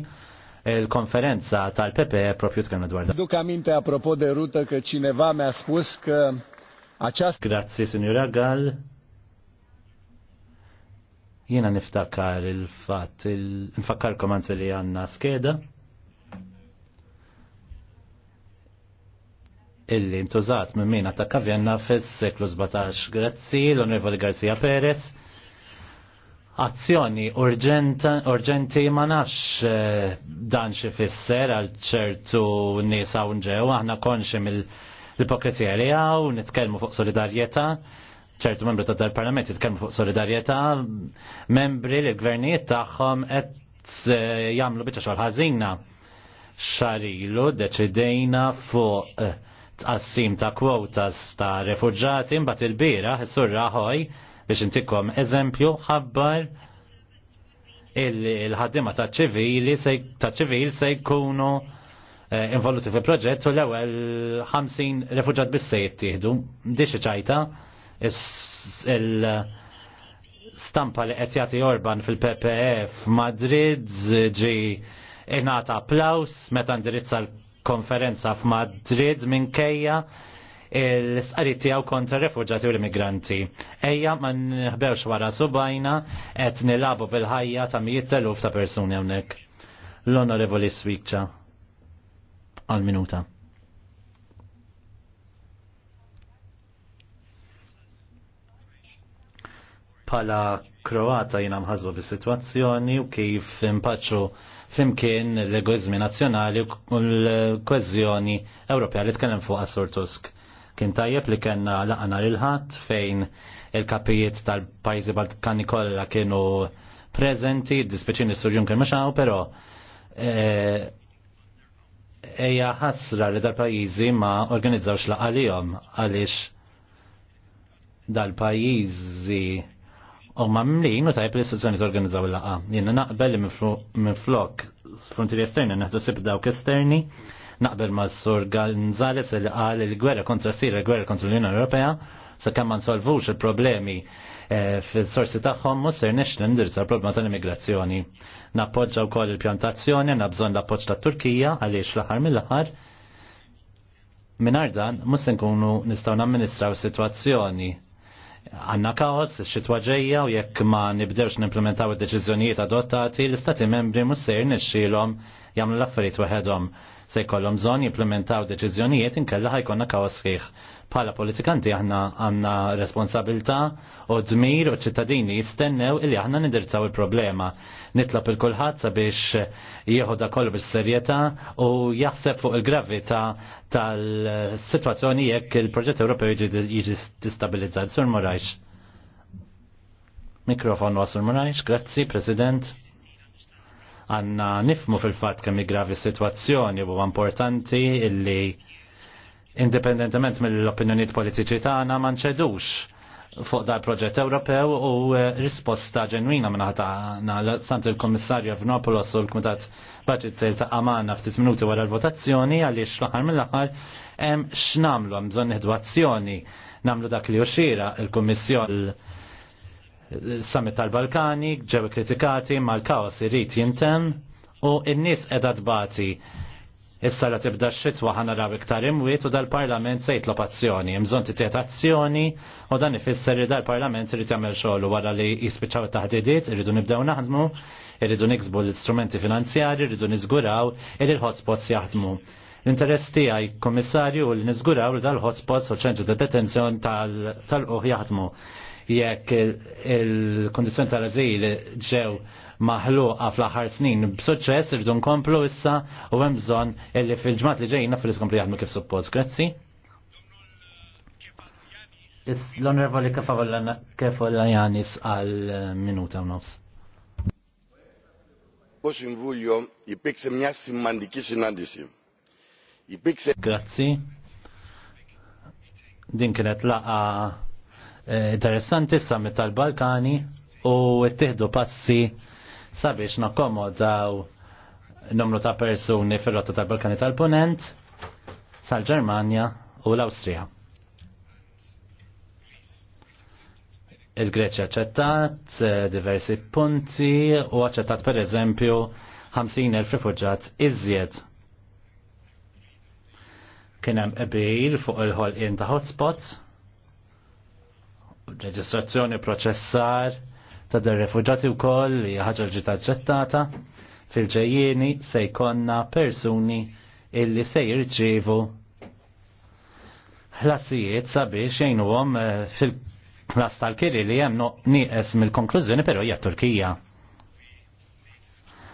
il-konferenza tal-PPE propju tkellmet dwar dan. Duka a propos de ruta ke cineva me a spus ke această Grazzi, signora Gall. Jiena niftakar il-fatt, il nfakar anzi li għandna skeda illi ntużat minn min ta' kavjenna fis-seklu 17. Grazzi l-Onorevoli Garcia Perez. Azzjoni urġenti ma nafx eh, dan xi fisser għal ċertu nies hawn ġew, aħna konxi mill-ipokrizija li hawn, nitkellmu fuq solidarjetà, ċertu membri ta' dal-parlament jitkellmu fuq solidarjetà, membri li l-gvernijiet tagħhom qed eh, jagħmlu biċċa xogħol ħażina xarilu deċidejna fuq eh, tqassim ta' kwotas ta' refugġati mbagħad il-bira surra ħoj biex intikom eżempju ħabbar il-ħaddima ta' ċivili ta' ċivil se jkunu eh, involuti fil proġett u l-ewwel 50 refugġat bis-se jittieħdu. Dixi ċajta il-stampa li qed jagħti Orban fil-PPF Madrid ġi ingħata applaus meta ndirizza l konferenza f'Madrid kejja l-isqari tiegħu kontra refuġati u l-immigranti. Ejja ma nħbewx wara subajna qed nilabu bil-ħajja ta' mijiet teluf ta' persuni hawnhekk. L-Onorevoli Swikċa għal-minuta. Pala Kroata jina mħazba bis-sitwazzjoni u kif impaċċu flimkien l-egoizmi nazjonali u l-kwezzjoni Ewropea li tkellem fuq Assur Tusk. Kien tajjeb li kena laqana l-ħat fejn il-kapijiet tal-pajzi Balkani kollha kienu prezenti, dispeċini sur Junker Mexaw, pero e, eja ħasra li dal-pajizi ma organizzawx laqalijom għalix dal-pajizi u mamlin u tajb l-istituzzjoni t-organizzaw l-laqa. Jena naqbel li minn flok frontieri esterni, naħdu sib dawk esterni, naqbel ma' s-sur Gonzales li qal il-gwerra kontra Sira, gwerra kontra l-Unjoni Ewropea, sa' kemm ma nsolvux il-problemi eh, fil-sorsi tagħhom mhux ser nextru ndirsa problema tal-immigrazzjoni. Nappoġġa wkoll il-pjantazzjoni, nabżon bżonn l-appoġġ turkija għaliex l-aħħar mill-aħħar Minar dan, mus nkunu nistaw namministraw situazzjoni għanna kaos, xitwa ġejja u jekk ma nibdewx nimplementaw id-deċiżjonijiet adottati, l-Istati membri mus-sejr nixxilhom jagħmlu l-affarijiet waħedhom se jkollhom bżonn jimplementaw deċiżjonijiet inkella ħajkonna kawas sħiħ. Bħala politikanti aħna għandna responsabilità u dmir u ċittadini jistennew illi aħna nidirtaw il-problema. Nitlob il kulħadd sabiex jieħu da kollu biex serjetà u jaħseb fuq il-gravità tal-sitwazzjoni jekk il-proġett Ewropew jiġi distabilizzat. Sur Morajx. Mikrofon wasur Murajx, grazzi, President għanna nifmu fil-fat kemm gravi situazzjoni u importanti illi indipendentement mill-opinjoniet politiċi tagħna ma nċedux fuq dal proġett Ewropew u eh, risposta ġenwina minn ħatana sant il komissarju Avnopoulos u l-Kumitat Baġit se ta' għamana ftit minuti wara l-votazzjoni għaliex l-aħħar mill-aħħar hemm x'namlu hemm bżonn edwazzjoni namlu dak li uxira il-Kummissjon summit tal-Balkani ġew kritikati mal-kaos irid jintem u n-nies qiegħda tbati Issa la tibda x-xitwa raw iktar imwiet u dal-parlament se jitlob azzjoni. Imżon titiet azzjoni u dan ifisser li dal-parlament irid jagħmel xogħol wara li jispiċċaw it-taħdidiet, irridu nibdew naħdmu, irridu niksbu l-istrumenti finanzjari, irridu niżguraw li l-hotspots jaħdmu. L-interess tiegħi kummissarju li niżguraw li dal-hotspots u ċentru ta' detenzjon tal-qoħ jaħdmu jekk il-kondizjoni tal-azil ġew maħluqa fl-aħħar snin b'suċċess irridu nkomplu issa u hemm bżonn illi fil-ġmat li ġejjin fil iskomplu jaħdmu kif suppost. Grazzi. L-onorevoli kif Janis għal eh, minuta u nofs. Ο Συμβούλιο υπήρξε μια σημαντική συνάντηση. Υπήρξε... Grazie. Din kienet laqa Eh, interessanti summit tal-Balkani u ttieħdu passi sabiex nakkomodaw numru ta' persuni fir-rotta tal-Balkani tal-Punent tal-Ġermanja u l-Awstrija. Il-Greċja ċettat eh, diversi punti u aċċettat per eżempju 50.000 rifuġġat iżjed kien hemm qbil fuq il-ħolqien ta' hotspots reġistrazzjoni proċessar ta' der refugjati u koll li ħagġa ġita ġettata fil-ġejjeni se jkonna persuni illi se jirċivu ħlasijiet sabiex jgħinu għom eh, fil-klas tal-kiri li jemnu nieqes mill-konklużjoni pero hija Turkija.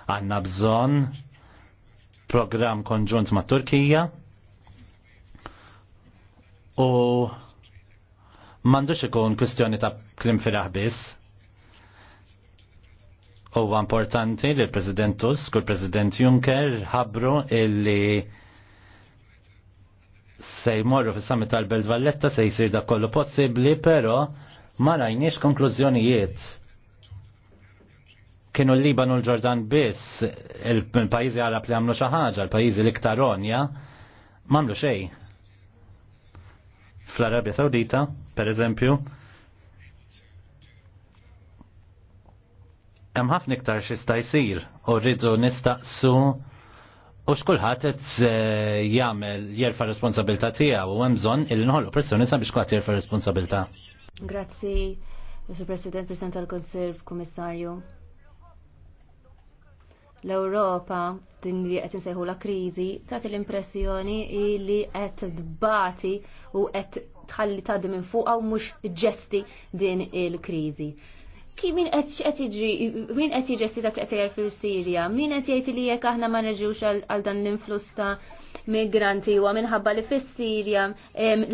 Għanna bżon program konġunt ma' Turkija u mandux ikun kwistjoni ta' klim firaħ biss. Huwa importanti li l-President Tusk u l-President Juncker ħabru illi se jmorru fis summit tal-Belt Valletta se jsir da kollu possibbli, però ma rajniex konklużjonijiet. Kienu l libanu u l-Ġordan biss, il-pajizi għarab li għamlu xaħġa, l pajizi li ktaronja, mamlu xej. Fl-Arabja Sawdita, per eżempju. Hemm ħafna iktar xista jsir u rridu nistaqsu u xkulħat qed eh, jagħmel jerfa' responsabilità tiegħu u hemm bżonn illi nħollu pressjoni sabiex kwad jerfa' responsabilità. Grazzi, Mr. President, President tal-Konserv, Kummissarju l-Ewropa din li qed insejħu la kriżi tagħti l-impressjoni li qed tbati u qed tħalli tgħaddi minn fuq u mhux ġesti din il-kriżi ki min qed jiġri min qed jiġessi dak qed fil-Sirja, min qed jgħid li jekk aħna ma nerġgħux għal dan l-influss ta' migranti huwa minħabba li fis-Sirja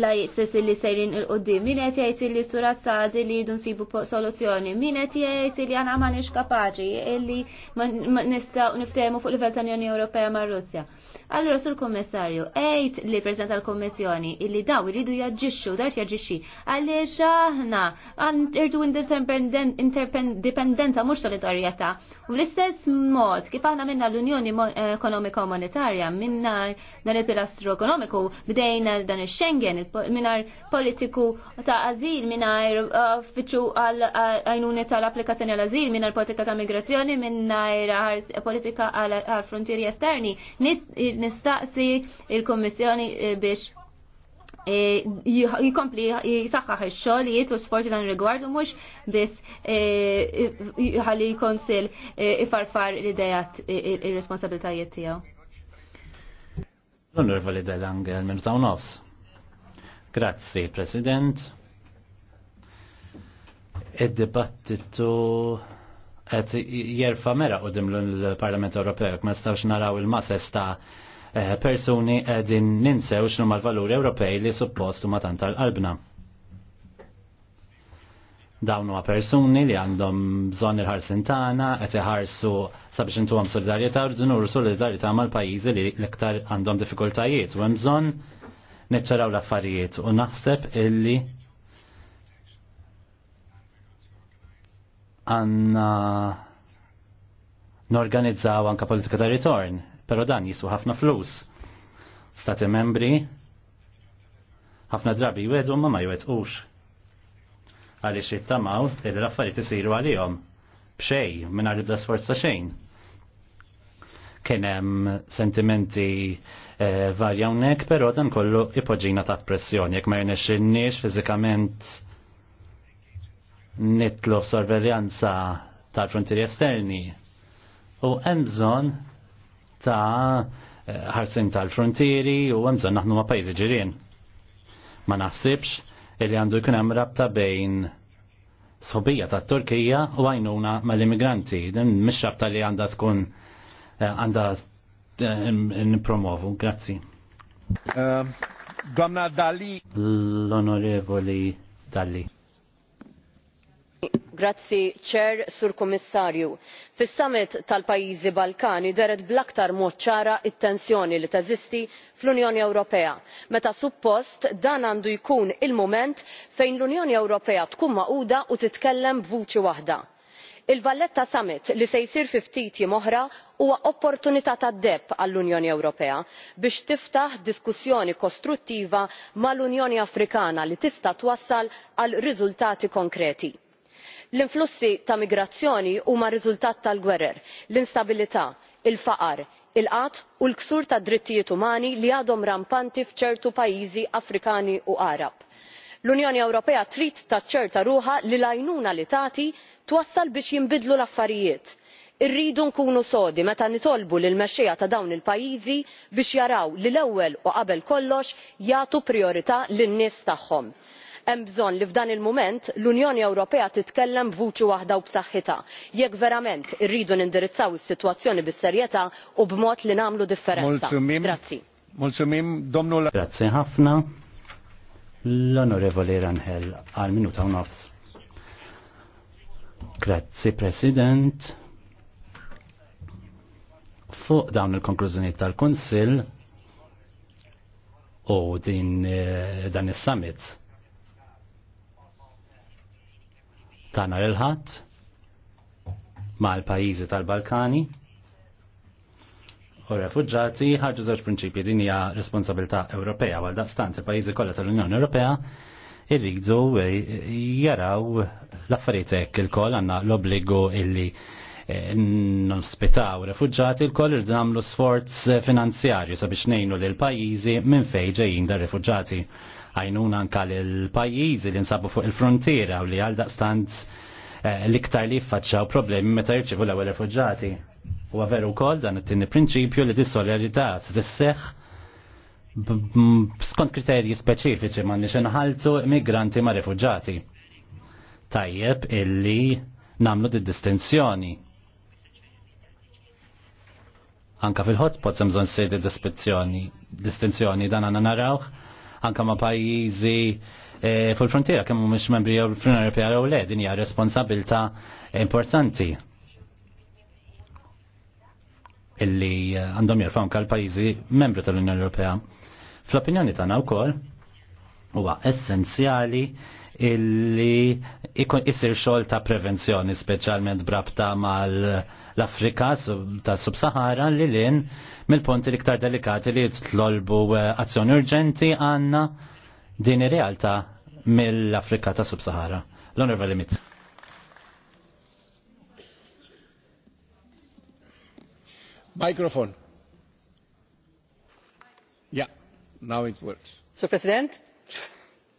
la jiqses li sejrin il qudiem min qed jgħid li surat sadi li jdu nsibu soluzzjoni, min qed jgħid li aħna ma nix kapaċi li nista' nistgħu niftehmu fuq livell ta' Unjoni Ewropea mar Russja. Allora sur kommissarju, ejt li prezenta l-kommissjoni illi daw iridu jaġġixxu, dar jaġġixxi, għaliex aħna irdu interpendenza mhux solidarjetà. U l-istess mod kif aħna minna l-Unjoni eh, Ekonomika Monetarja minna dan il-pilastru ekonomiku bdejna dan ix-Schengen minar politiku ta' azil minar eh, fiċċu għal għajnuni tal-applikazzjoni għal azil minar politika ta' migrazzjoni minar politika għal frontieri esterni nistaqsi il-Kommissjoni eh, biex eh, jikompli jisaxħax il-xogħlijiet u sforzi dan rigward u mhux biss eh, ħalli jkonsil ifarfar l-idejat ir-responsabiltajiet tiegħu. L-Onorevoli Delangel Mirta Nofs. Grazzi, President. Id-dibattitu qed jerfa' mera dimlu l-Parlament Ewropew ma stawx naraw il-masses ta' eh, persuni qegħdin ninsew x'nu mal-valuri Ewropej li suppost u tant tal-qalbna. Dawn huwa persuni li għandhom bżonn il-ħarsin tagħna qed iħarsu sabiex intuhom solidarieta u rridu nuru solidarjetà mal-pajjiżi li l-iktar għandhom diffikultajiet u hemm bżonn neċċaraw l-affarijiet u naħseb illi għanna norganizzaw anka politika ta' ritorn, pero dan jiswa ħafna flus. Stati membri ħafna drabi jwedu ma ma jwedqux. Għaliex jittamaw il affarijiet isiru għalihom b'xej minn bda' sforza xejn. Kien hemm sentimenti eh, varja hawnhekk, però dan kollu ipoġġina ta' pressjoni jekk ma jnexxinniex fiżikament nitlu sorveljanza tal-frontieri esterni u hemm bżonn ta' ħarsin tal-frontieri u hemm bżonn naħnu ma' pajzi ġirien. Ma naħsibx li għandu jkun hemm rabta bejn sħobija tat Turkija u għajnuna mal-immigranti. Din mhix rabta li għandha tkun eh, għandha eh, nippromovu. Grazzi. Eh, Domna Dali. L-onorevoli Dali. President, Sur Kummissarju. Fis-summit tal-pajjiżi Balkani deret bl-aktar mod ċara t-tensjoni li teżisti fl-Unjoni Ewropea meta suppost dan għandu jkun il-mument fejn l-Unjoni Ewropea tkun maquda u titkellem b'vuċi waħda. Il-Valletta Summit li se jsir fi ftit jiem oħra huwa opportunità tad-deheb għall-Unjoni Ewropea biex tiftaħ diskussjoni kostruttiva mal-Unjoni Afrikana li tista' twassal għal riżultati konkreti l-influssi ta' migrazzjoni huma r-riżultat tal-gwerer l instabilità il faqar il qatt u l-ksur tad drittijiet umani li għadhom rampanti f'ċertu pajjiżi afrikani u għarab. l-unjoni ewropea trid taċċerta ruħha li l-għajnuna li tagħti twassal biex jinbidlu l-affarijiet. irridu nkunu sodi meta nitolbu lill mexxejja ta' dawn il pajjiżi biex jaraw li l ewwel u qabel kollox jagħtu prijorità lin nies tagħhom hemm bżonn li f'dan il mument l-unjoni ewropea titkellem b'vuċi waħda u b'saħħitha jekk verament irridu nindirizzaw is-sitwazzjoni bis-serjetà u b'mod li nagħmlu differenza. Grazzi ħafna l-Onorevoli Ranħel għal minuta u nofs. Grazzi President. Fuq dawn il-konklużjoni tal kunsill u din eh, dan is-summit tana l-ħat mal pajizi tal-Balkani u refugġati ħarġu żewġ prinċipji din hija responsabilità Ewropea għal daqstant il-pajjiżi kollha tal-Unjoni Ewropea irridu eh, jaraw l-affarijiet hekk il-koll għandna l-obbligu illi eh, nospitaw refugġati lkoll koll nagħmlu sforz eh, finanzjarju sabiex ngħinu lill pajjiżi minn fejn ġejjin dar refugġati għajnuna anka l-pajjiżi li nsabu fuq il-frontiera u li għal daqstant eh, l-iktar li faċċaw problemi meta jirċivu l-ewwel refuġġati. U veru wkoll dan it-tieni prinċipju li dis-solidarità tisseħħ skont kriterji speċifiċi ma nix inħaltu immigranti ma refuġġati. Tajjeb illi namlu di distinzjoni. Anka fil-hotspots hemm bżonn sejdi distinzjoni. Distinzjoni dan għana narawh anka ma' pajjiżi e, eh, fuq frontiera kemm mhumiex membri fl-Unjoni Ewropea jew le din hija responsabilità importanti illi eh, għandhom jarfaw kal pajjiżi membri tal-Unjoni Ewropea. Fl-opinjoni tagħna wkoll huwa essenzjali illi ikun isir xogħol ta' prevenzjoni speċjalment brabta mal-Afrika ta' Sub-Sahara li l-in mill ponti l-iktar delikati li jitlolbu eh, azzjoni urġenti għandna din ir-realtà mill-Afrika ta' Sub-Sahara. L-Onorevoli Mitz. Mikrofon. Yeah, now it works. So, President,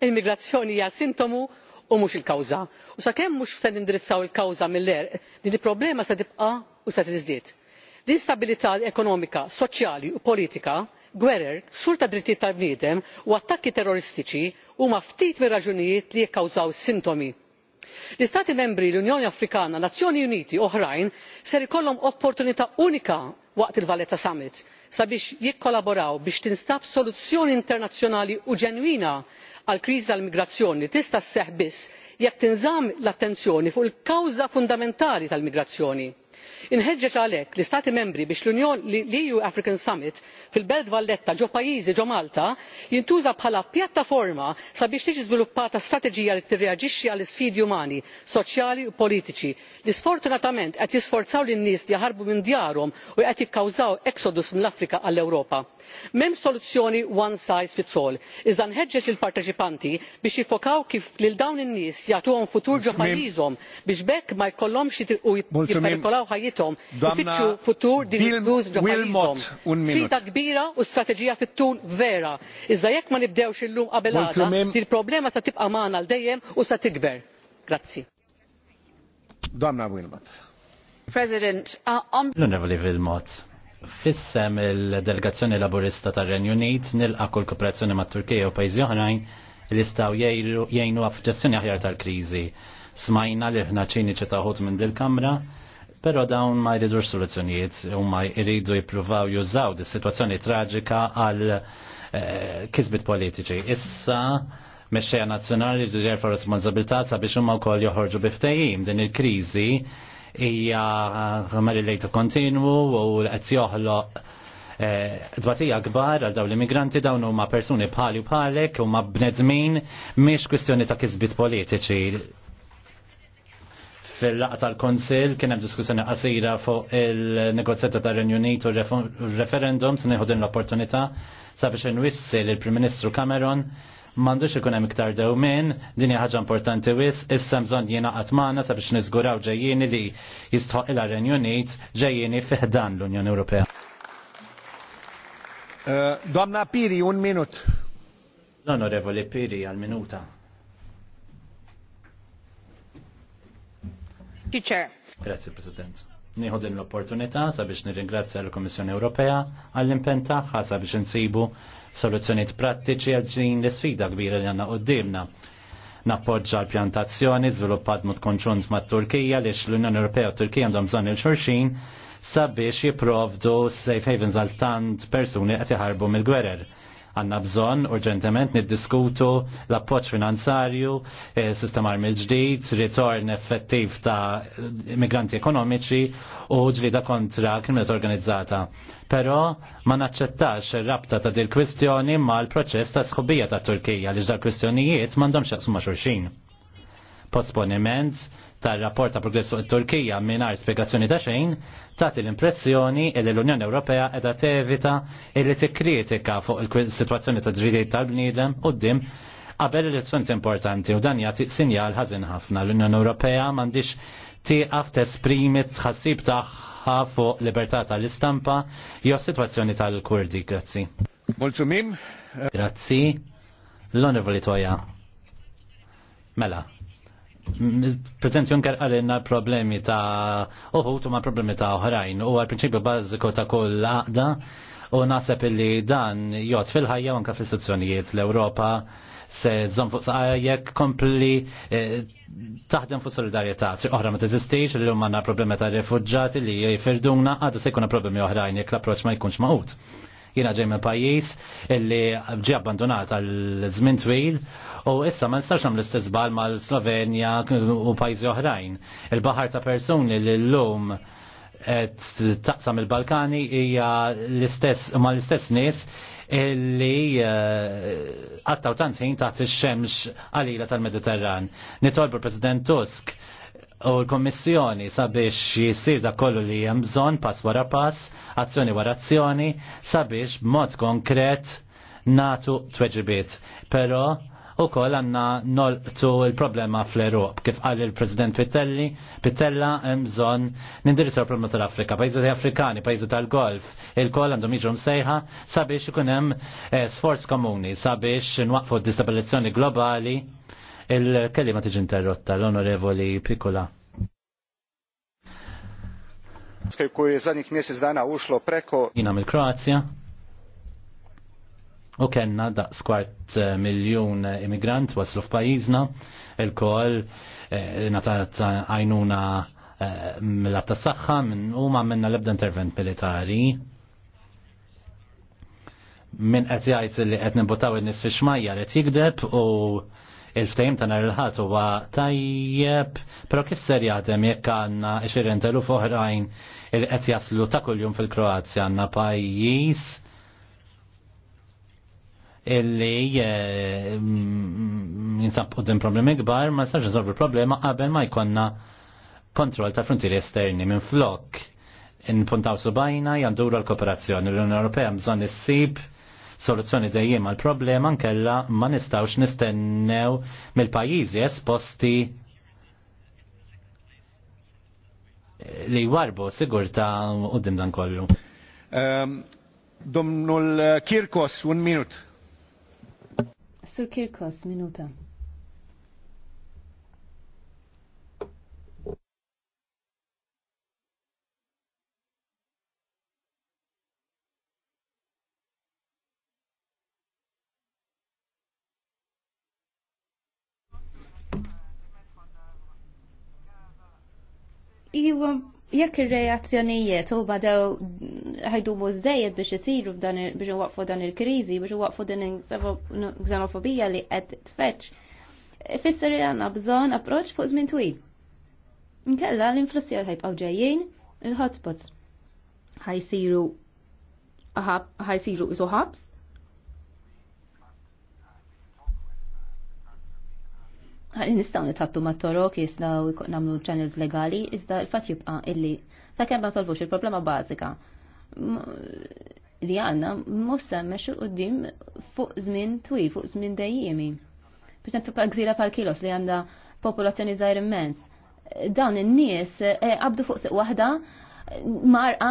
l-immigrazzjoni hija sintomu u mhux il-kawża u sakemm mhux se nindirizzaw il-kawża mill-għerq din il-problema se tibqa' u se tiżdied. l-instabilità ekonomika soċjali u politika gwerer sur ta' drittijiet tal-bniedem u attakki terroristiċi huma ftit mir-raġunijiet li jikkawżaw is-sintomi. l-istati membri l-unjoni afrikana nazzjoni uniti u oħrajn ser ikollhom opportunità unika waqt il valletta summit sabiex jikkollaboraw biex tinstab soluzzjoni internazzjonali u ġenwina għal kriżi tal-immigrazzjoni tista' sseħħ biss jekk tinżamm l attenzjoni fuq il kawża fundamentali tal immigrazzjoni inħeġġeġ għalhekk l-istati membri biex l-eu african summit fil-belt valletta ġo pajjiżi ġo malta jintuża bħala pjattaforma sabiex tiġi żviluppata strateġija li tirreaġixxi għall isfidi umani soċjali u politiċi li sfortunatament qed jisforzaw lin nies li jaħarbu minn djarhom u qed jikkawżaw exodus mill-afrika għall ewropa. m'hemm soluzzjoni one size fits all iżda nħeġġeġ lill-parteċipanti biex jiffokaw kif lil dawn in-nies jagħtuhom futur ġo pajjiżhom biex b'hekk ma jkollhomx jippperikolaw ħajjithom ħajjithom ifittxu futur din il-flus ġo sfida kbira u strateġija fit-tul vera iżda jekk ma nibdewx illum qabel għada din problema sa tibqa' magħna għal dejjem u sa tikber. Grazzi. President, uh, on... L-Onorevoli fissem il-delegazzjoni laburista tar-Renju Unit nilqa' kull kooperazzjoni mat Turkija u pajjiżi oħrajn li staw jgħinu għaf ġestjoni aħjar tal-krizi. Smajna li ħna ċini ċetaħut minn dil-kamra Pero dawn ma jridur soluzzjonijiet u ma jridu jipruvaw jużaw di situazzjoni traġika għal eh, kisbit politiċi. Issa meċċeja nazzjonali jridu jerfa' responsabilità sabiex huma wkoll joħorġu biftajim din il-kriżi hija għamel il-lejtu kontinwu u qed joħloq eh, dbatija kbar għal daw l-immigranti dawn huma persuni bħali u bħalek huma bnedmin mhix kwistjoni ta' kisbit politiċi fil laqta tal-Konsil kien hemm diskussjoni qasira fuq il-negozjata tar-Renju Unit u referendum se nieħu din l-opportunità sabiex inwissil il-Prim Ministru Cameron m'għandux ikun hemm iktar dewmien, din hija ħaġa importanti wis, issa bżonn jingħaqad magħna sabiex niżguraw ġejjieni li jistħoq il renju Unit ġejjieni fih dan l-Unjoni Ewropea. Eh, Domna Piri, un minut. L-Onorevoli Piri, għal minuta. Grazie, President. Nieħu din l-opportunità sabiex nirringrazzja l-Komissjoni Ewropea għall-impenn tagħha sabiex insibu soluzzjonijiet prattiċi għal ġin l-isfida kbira li għandna qudiemna nappoġġa l-pjantazzjoni żviluppat mod konċunt mat Turkija għaliex l-Unjoni Ewropea u Turkija għandhom bżonn il xorxin sabiex jipprovdu safe havens għal tant persuni qed iħarbu mill-gwerer. Għanna bżon urġentement niddiskutu l-appoċ finanzarju, eh, sistema armil ġdid, ritorn effettiv ta' migranti ekonomiċi u ġlida kontra kriminalità organizzata. Pero ma naċċettax rabta ta' dil kwistjoni ma' l-proċess ta' sħobija ta' Turkija li ġdar kwistjonijiet mandom xaqsu ma' xurxin. Posponiment, tar-rapport ta' progress fuq turkija mingħajr spjegazzjoni ta' xejn tagħti l-impressjoni li l-Unjoni Ewropea qiegħda tevita li tikkritika fuq il-sitwazzjoni ta' drittijiet tal-bniedem quddiem qabel elezzjoni importanti u dan jagħti sinjal ħażin ħafna l-Unjoni Ewropea m'għandix tieqaf tesprimi tħassib tagħha fuq libertà tal-istampa jew sitwazzjoni tal-Kurdi. Grazzi. Mulzumim. Grazzi. L-Onorevoli Toja. Mela, pretenzjon kar għalina problemi ta' uħutu ma' problemi ta' oħrajn u għal-prinċipju bazziku ta' kull għaqda u nasab illi dan jgħod fil-ħajja unka fil istituzzjonijiet l-Ewropa se zon fuq jekk kompli eh, taħdem fuq solidarjetà. Oħra ma teżistix li huma għandna problemi ta' rifugġati li jfirduna għadha se jkun problemi oħrajn jekk l-approċċ ma jkunx maqut. Jina ġej minn pajjiż illi ġi abbandonat għal żmien twil u issa ma nistax nagħmlu l-istess bal mal-Slovenja u pajjiżi oħrajn. Il-baħar ta' persuni li llum qed taqsam il-Balkani hija l-istess ma l-istess nies li eh, għattaw tant ħin taħt ix-xemx għalila tal-Mediterran. Nitolbu l President Tusk u l-Kommissjoni sabiex jisir da kollu li hemm bżonn pass wara pass, azzjoni wara azzjoni, sabiex b'mod konkret natu tweġibiet. Però u koll għanna nolqtu il-problema fl-Europ. Kif għalli il-President Pitelli, Pitella mżon nindirisaw il-problema tal-Afrika, pajzi afrikani, pajzi tal-Golf, il-koll għandhom iġu msejħa sabiex ikunem eh, sforz komuni, sabiex nwaqfu distabilizzjoni globali Il-kelima tiġi interrotta l-onorevoli Pikola. Skajku dana preko... Jina mill-Kroazja. U kena da skwart eh, miljon immigrant waslu f'pajizna, il-kol eh, natat għajnuna eh, mill-atta s-saxħa minn u ma minna lebda intervent militari. Min qed jgħid li qed nibutaw nies fi xmajja qed jikdeb u il ftajm ta' nar il-ħat huwa tajjeb, pero kif ser jaħdem jekk għandna 20,000 oħrajn il qed jaslu ta' kuljum fil-Kroazja għandna pajjiż illi eh, mm, jinsab din problemi kbar ma jistax iżolvu problema qabel ma jkollna kontroll ta' frontieri esterni minn flok. puntaw subajna janduru l-kooperazzjoni l-Unjoni Ewropea bżonn issib soluzzjoni dejjem għal problema nkella ma nistawx nistennew mill-pajjiżi esposti li warbu sigurta u dan kollu. Um, Domnul Kirkos, un minut. Sur Kirkos, minuta. Iwa, jekk ir-reazzjonijiet u badew ħajdu mużejjed biex isiru f'dan biex waqfu dan il-kriżi, biex waqfu il xenofobija li għed tfetx, fisser li għandna bżonn approċċ fuq żmien twil. Nkella l-influssi ħajbqgħu ġejjin, il-hotspots ħajsiru ħajsiru isu ħabs, nistaw nitħabtu ma' torok, jistaw namlu channels legali, iżda il-fat jibqa illi ta' kem ma solvux il-problema bażika li għanna mussa meċu l-qoddim fuq żmien twil, fuq żmien dejjimi. Per esempio, gżira pal-kilos li għanda popolazzjoni zaħir immens. Dawn in-nies qabdu eh, fuq seq waħda marqa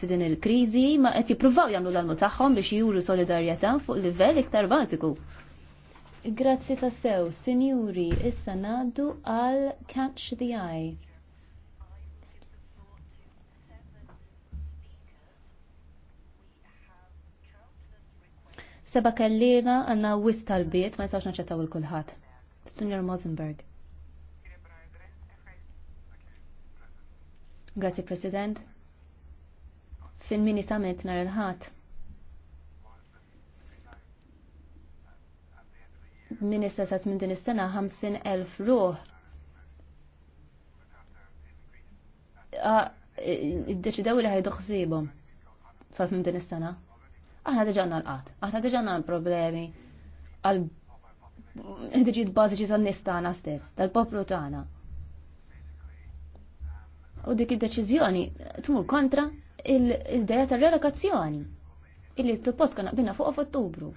f'din il-krizi ma qed jippruvaw jagħmlu dal almu tagħhom biex juru solidarjetà fuq livell iktar bażiku. Grazzi ta' sew, sinjuri, issa naddu għal Catch the Eye. Seba kellima għanna wis tal-biet, ma jistawx naċċettaw il-kulħat. Signor Mosenberg. Grazzi President. Fin mini summit nar il-ħat. minn issa sa minn din is-sena 50,000 ruħ. Iddeċidew li ħajduħ zibom sa minn din is-sena. Aħna diġà nalqat, aħna diġà problemi għal ħdiġijiet bażiċi sa nies tagħna stess, tal-poplu tagħna. U dik id-deċiżjoni tmur kontra il deja tar-relokazzjoni illi suppost kena binna fuq f'Ottubru.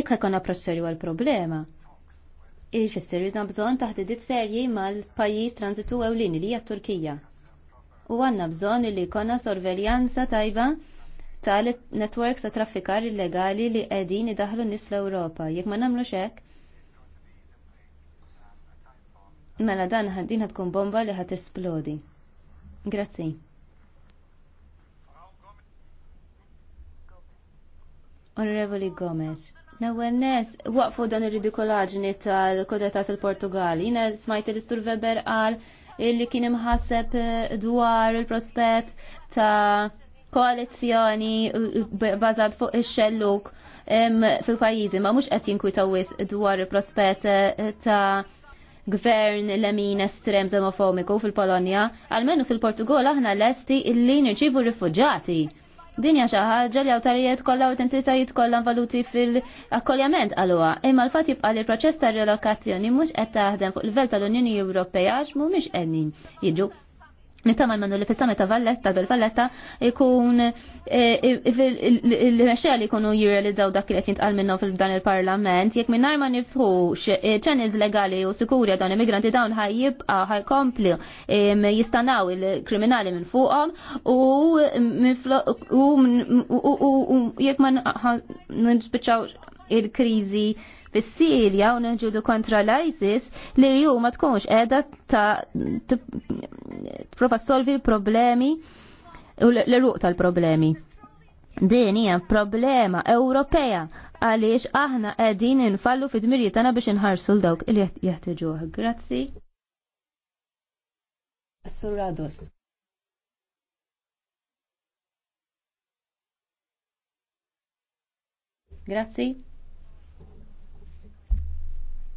jekk ikun approċ serju għal-problema. Il-fisser jidna bżon taħdidit serji mal-pajjiż transitu ewlieni li hija Turkija. U għanna bżon li jkollna sorveljanza tajba tal-networks ta' traffikar illegali li qegħdin idaħlu nis l-Ewropa. Jekk ma nagħmlux hekk, mela dan ħaddin ħatkun bomba li ħat esplodi. Grazzi. Onorevoli Gomez. Nawennes, waqfu dan ir-ridikolaġni tal-kodeta fil-Portugal. Jina smajt il-Istur Weber għal illi kien imħasseb eh, dwar il-prospett ta' koalizjoni eh, bazat fuq ix-xelluk fil-pajjiżi ma mhux qed tawis dwar il-prospett eh, ta' gvern lemin estrem zemofomiku fil-Polonja, għalmenu fil-Portugal aħna lesti illi nirċivu rifugġati. Dinja xi ħaġa li awtarijiet kollha u kollha valuti fil-akkoljament għalua. Imma l fat jibqa' li l-proċess ta' relokazzjoni mhux qed taħdem fuq il vel tal-Unjoni Ewropea għax mhumiex qegħdin jiġu Nittamal mannu li fissami ta' Valletta, bil-Valletta, ikun e, il-mexxija li jkunu jirrealizzaw dak li qed jintqal minnhom fil-dan il-Parlament, jekk minn ma niftħux ċeniż legali u sikuri dawn immigranti dawn ħajjibqa' kompli jistanaw il-kriminali minn fuqhom u jekk ma nispiċċaw il-kriżi fis-Sirja u nġudu kontra l-ISIS li ju ma tkunx qiegħda ta' prova solvi l-problemi u l-ruq tal-problemi. Din hija problema Ewropea għaliex aħna qegħdin infallu fid-dmirji tagħna biex inħarsu l dawk li jeħtieġuh. Grazzi. Surrados. Grazzi.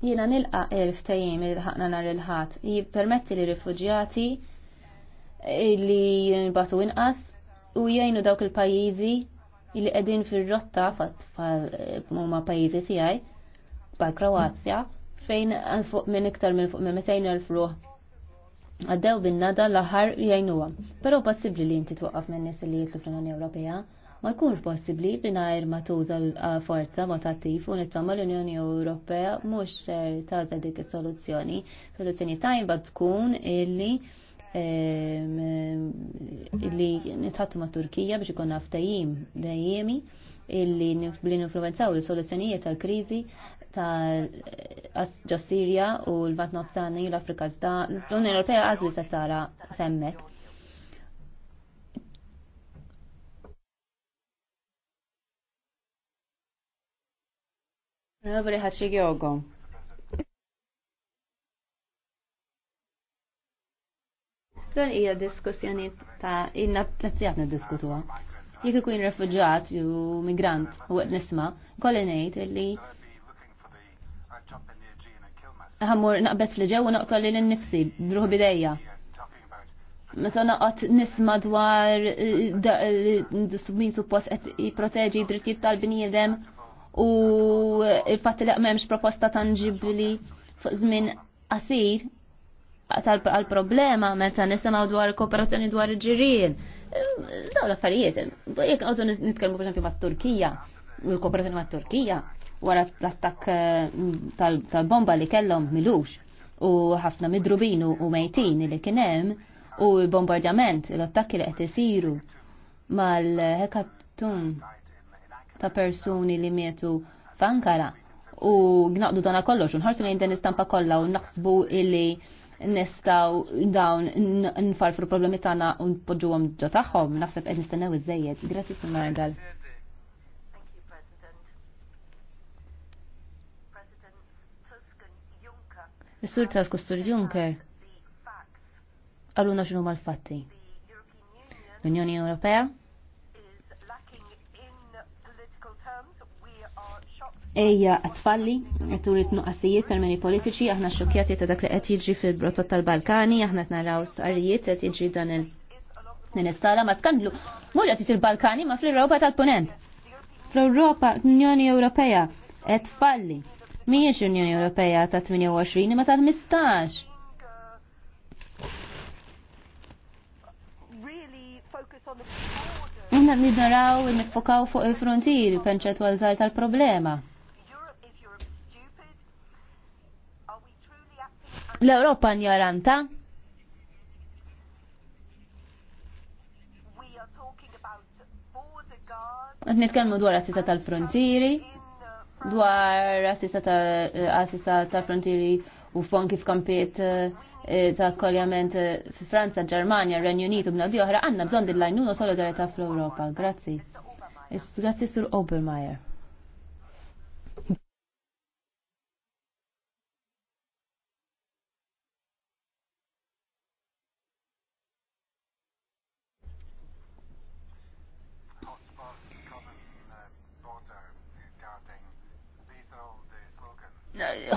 Jiena nilqa elf tajim li ħakna nar il-ħat jippermetti li rifugjati li jinbatu inqas u jajnu dawk il-pajjiżi li qegħdin fir-rotta huma pajjiżi tiegħi bħal Kroazja fejn fuq minn iktar minn fuq minn 200,000 ruħ għaddew bin-nada l-aħħar jgħinuhom. Però possibbli li jinti twaqqaf minn nis li jitlu fl-Unjoni Ewropea ma jkunx possibbli b'ingħajr ma tuża forza mod attiv u nittama l-Unjoni Ewropea mhux ser taża dik is-soluzzjoni. Soluzzjoni tajba tkun illi ehm, illi nitħattu ma' Turkija biex ikun naftajim dejjemi illi bl-influenzaw il-soluzzjonijiet tal-krizi tal-ġassirja u l-vat nofsani l-Afrika zda l-Unjoni Ewropea għazli se tara semmek. Onorevoli Ħaċċigjogo. Dan hija diskussjoni ta' inna tletzjatna diskutuha. Jekk ikun refugġat u migrant u għed nisma', kolli ngħid illi Għamur naqbess fl ġew u naqtol li l-nifsi bruħ bidejja. Meta naqat nisma dwar eh, eh, min suppost qed jipproteġi drittijiet tal-bniedem u il-fatt li m'hemmx proposta tangibli fuq żmien qasir għal-problema meta nisimaw dwar kooperazzjoni dwar il-ġirien. Daw l-affarijiet, jekk għawdu nitkellmu per mat-Turkija, u l-kooperazzjoni mat-Turkija, wara l-attakk mm, tal-bomba li kellhom milux u ħafna midrubin u mejtin li kien hemm u l-bombardament, l-attakki li qed isiru mal-hekatum ta' persuni li mietu f'Ankara u gnaqdu dana kollox u nħarsu li din istampa kollha u naħsbu illi nistaw dawn nfarfru problemi tana u npoġġuhom ġo tagħhom naħseb qed nistennew żejjed. Grazie Sumar Gal. Is-Sur Tusk Sur Juncker għaluna xinu mal fatti L-Unjoni Ewropea ejja għatfalli, għaturit nuqqasijiet tal-meni politiċi, aħna xokjati ta' dak li qed jiġri fil-brotot tal-Balkani, aħna naraw sqarrijiet qed jiġri dan il-nistala ma skandlu. Mhux qed il-Balkani ma fl europa tal-Punent. Fl-Ewropa l-Unjoni Ewropea qed tfalli. Mhijiex Unjoni Ewropea ta' 28 ma tal-15. naraw nidnaraw nifokaw fuq il-frontieri penċetwal tal-problema. L-Europa ignoranta? Nitkellmu dwar assista tal-frontieri, uh, dwar assista eh, tal frontiri u fon kif kampiet eh, eh, ta' kolljament fi Franza, Germania, Renju Unitu, u mnadi oħra għandna bżonn din lajnuna solidarjetà fl-Ewropa. Grazzi. Grazzi sur Obermeyer.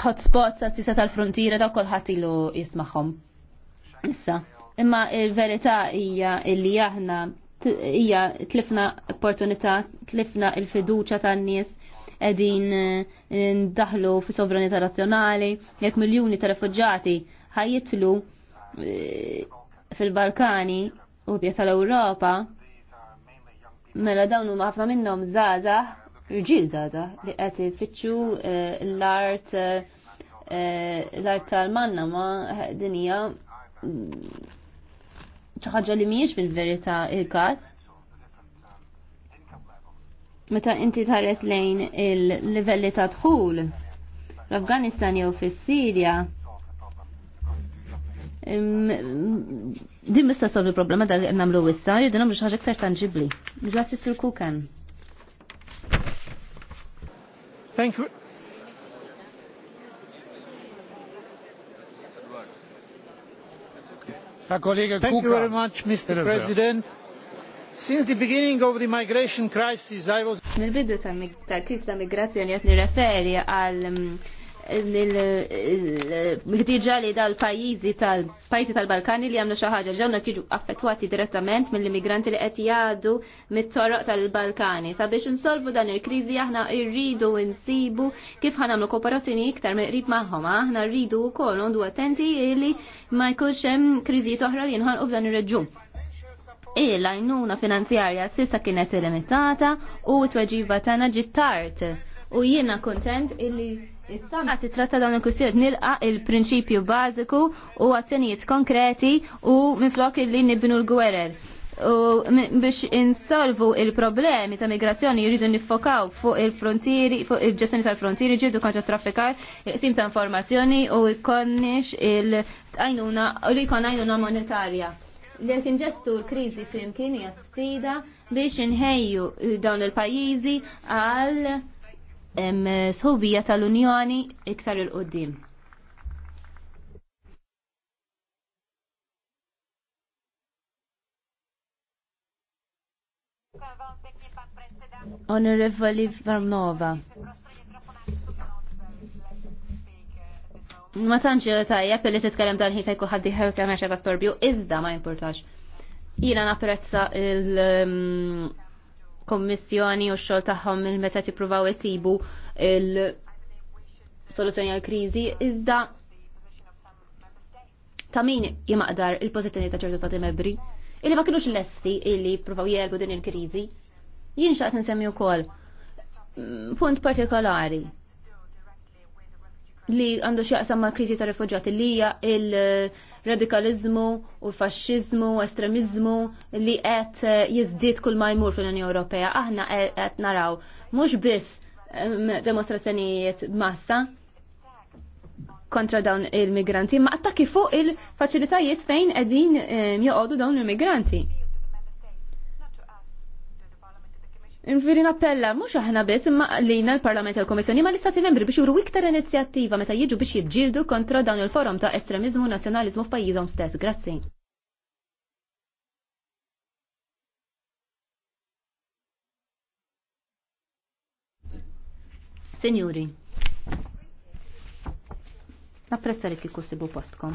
hotspots għas tisa tal-frontiera kol kolħat ilu jismagħhom. Issa, imma il-verità hija illi aħna hija tlifna opportunità, tlifna il-fiduċa tan-nies qegħdin eh, ndaħlu fi sovranità nazzjonali, jekk miljuni ta' refugġati ħajjitlu eh, fil-Balkani u bja tal-Ewropa, mela dawn huma ħafna minnhom rġil zada li qed ifittxu eh, l-art eh, l-art tal-manna ma dinija ċaħġa mm, li miex fil-verita il-kas. Meta inti tħares lejn il-livelli ta' dħul l-Afganistan jew fis-Sirja, mm, mm, din mista solvi problema da namlu wissa, jidinam biex ħagġa ktar tangibli. Grazzi s-sirku kan. Thank you. Thank you very much, Mr. President. Since the beginning of the migration crisis, I was... Mil-bidu ta' kriz ta' migrazzjoni għat nireferi għal mm, l-ħtiġa li dal-pajizi tal-pajizi tal-Balkani li għamlu xaħġa ġewna tiġu affettwati direttament mill-immigranti li qed jgħaddu mit-toroq tal-Balkani. Sabiex insolvu dan il-kriżi aħna rridu insibu kif ħanamlu kooperazzjoni iktar meqrib magħhom. Aħna rridu wkoll għandu attenti li ma jkunx hemm kriżijiet oħra li jinħolqu f'dan ir-reġun. Il-għajnuna finanzjarja sissa kienet limitata u t-tweġiba tagħna ġittart. U jiena kontent illi Is-sama titratta dawn il kussijiet nilqa il-prinċipju bażiku u azzjonijiet konkreti u minflok li nibnu l-gwerer. U biex insolvu il-problemi ta' migrazzjoni jridu nifokaw fuq il-frontieri, fuq il-ġestjoni tal-frontieri, ġidu kontra traffikar, sim ta' informazzjoni u jkonnix il-għajnuna, u li jkun għajnuna monetarja. Dek inġestu l-krizi fl-imkini sfida biex inħejju dawn il-pajizi għal sħubija tal-Unjoni iktar il-qoddim. Onorevoli Varnova. Ma tajja, tajjeb li tkellem tal-ħin fejn ħaddi jħew jagħmel xi storbju, iżda ma jimpurtax. Jina napprezza il- kommissjoni u xol taħħom il meta tippruvaw isibu il soluzjoni għal-krizi, iżda ta' min jimaqdar il pozizjoni ta' ċertu stati membri illi ma kienux kinux lesti illi pruvaw jelbu din il krizi Jien xaqt nsemmi kol mm, punt partikolari li għandu xieqsam ma' krizi ta' rifugġati li hija il- radikalizmu u fasċizmu u estremizmu li qed eh, jiżdied kull ma jmur fil-Unjoni Ewropea. Aħna e-, qed naraw mhux biss demonstrazzjonijiet massa kontra dawn il-migranti, ma attakki fuq il-faċilitajiet fejn qegħdin joqogħdu dawn il-migranti. Nfiri nappella, mux aħna biss imma lejna l-Parlament tal-Komissjoni ma l-Istati membri biex juru iktar inizjattiva meta jiġu biex jibġildu kontra dawn il-forum ta' estremizmu nazjonalizmu f'pajjiżhom stess. Grazzi. Signori, napprezza li postkom.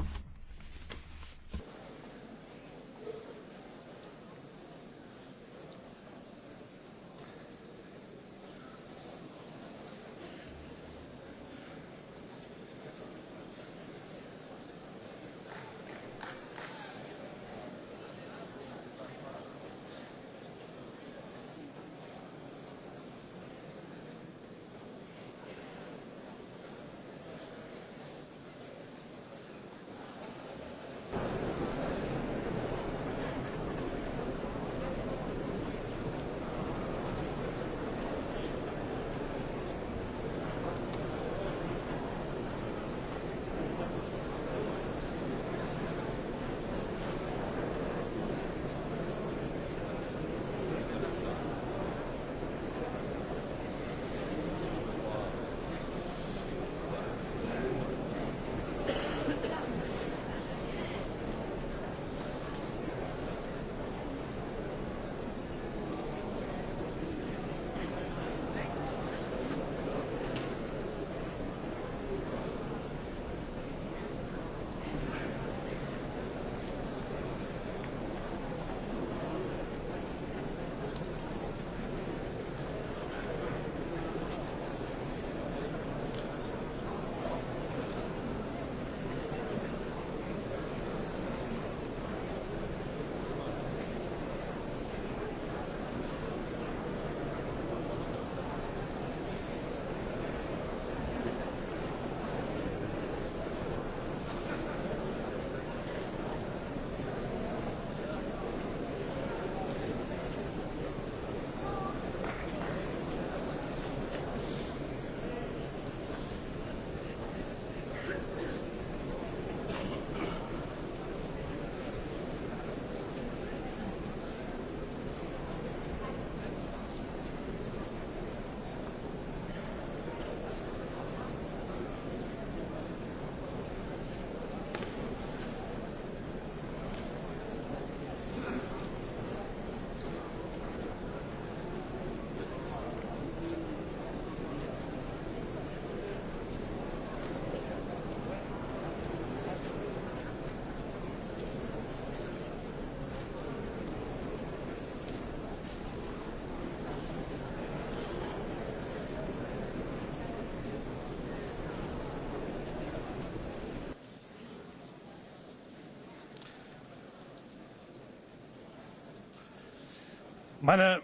Meine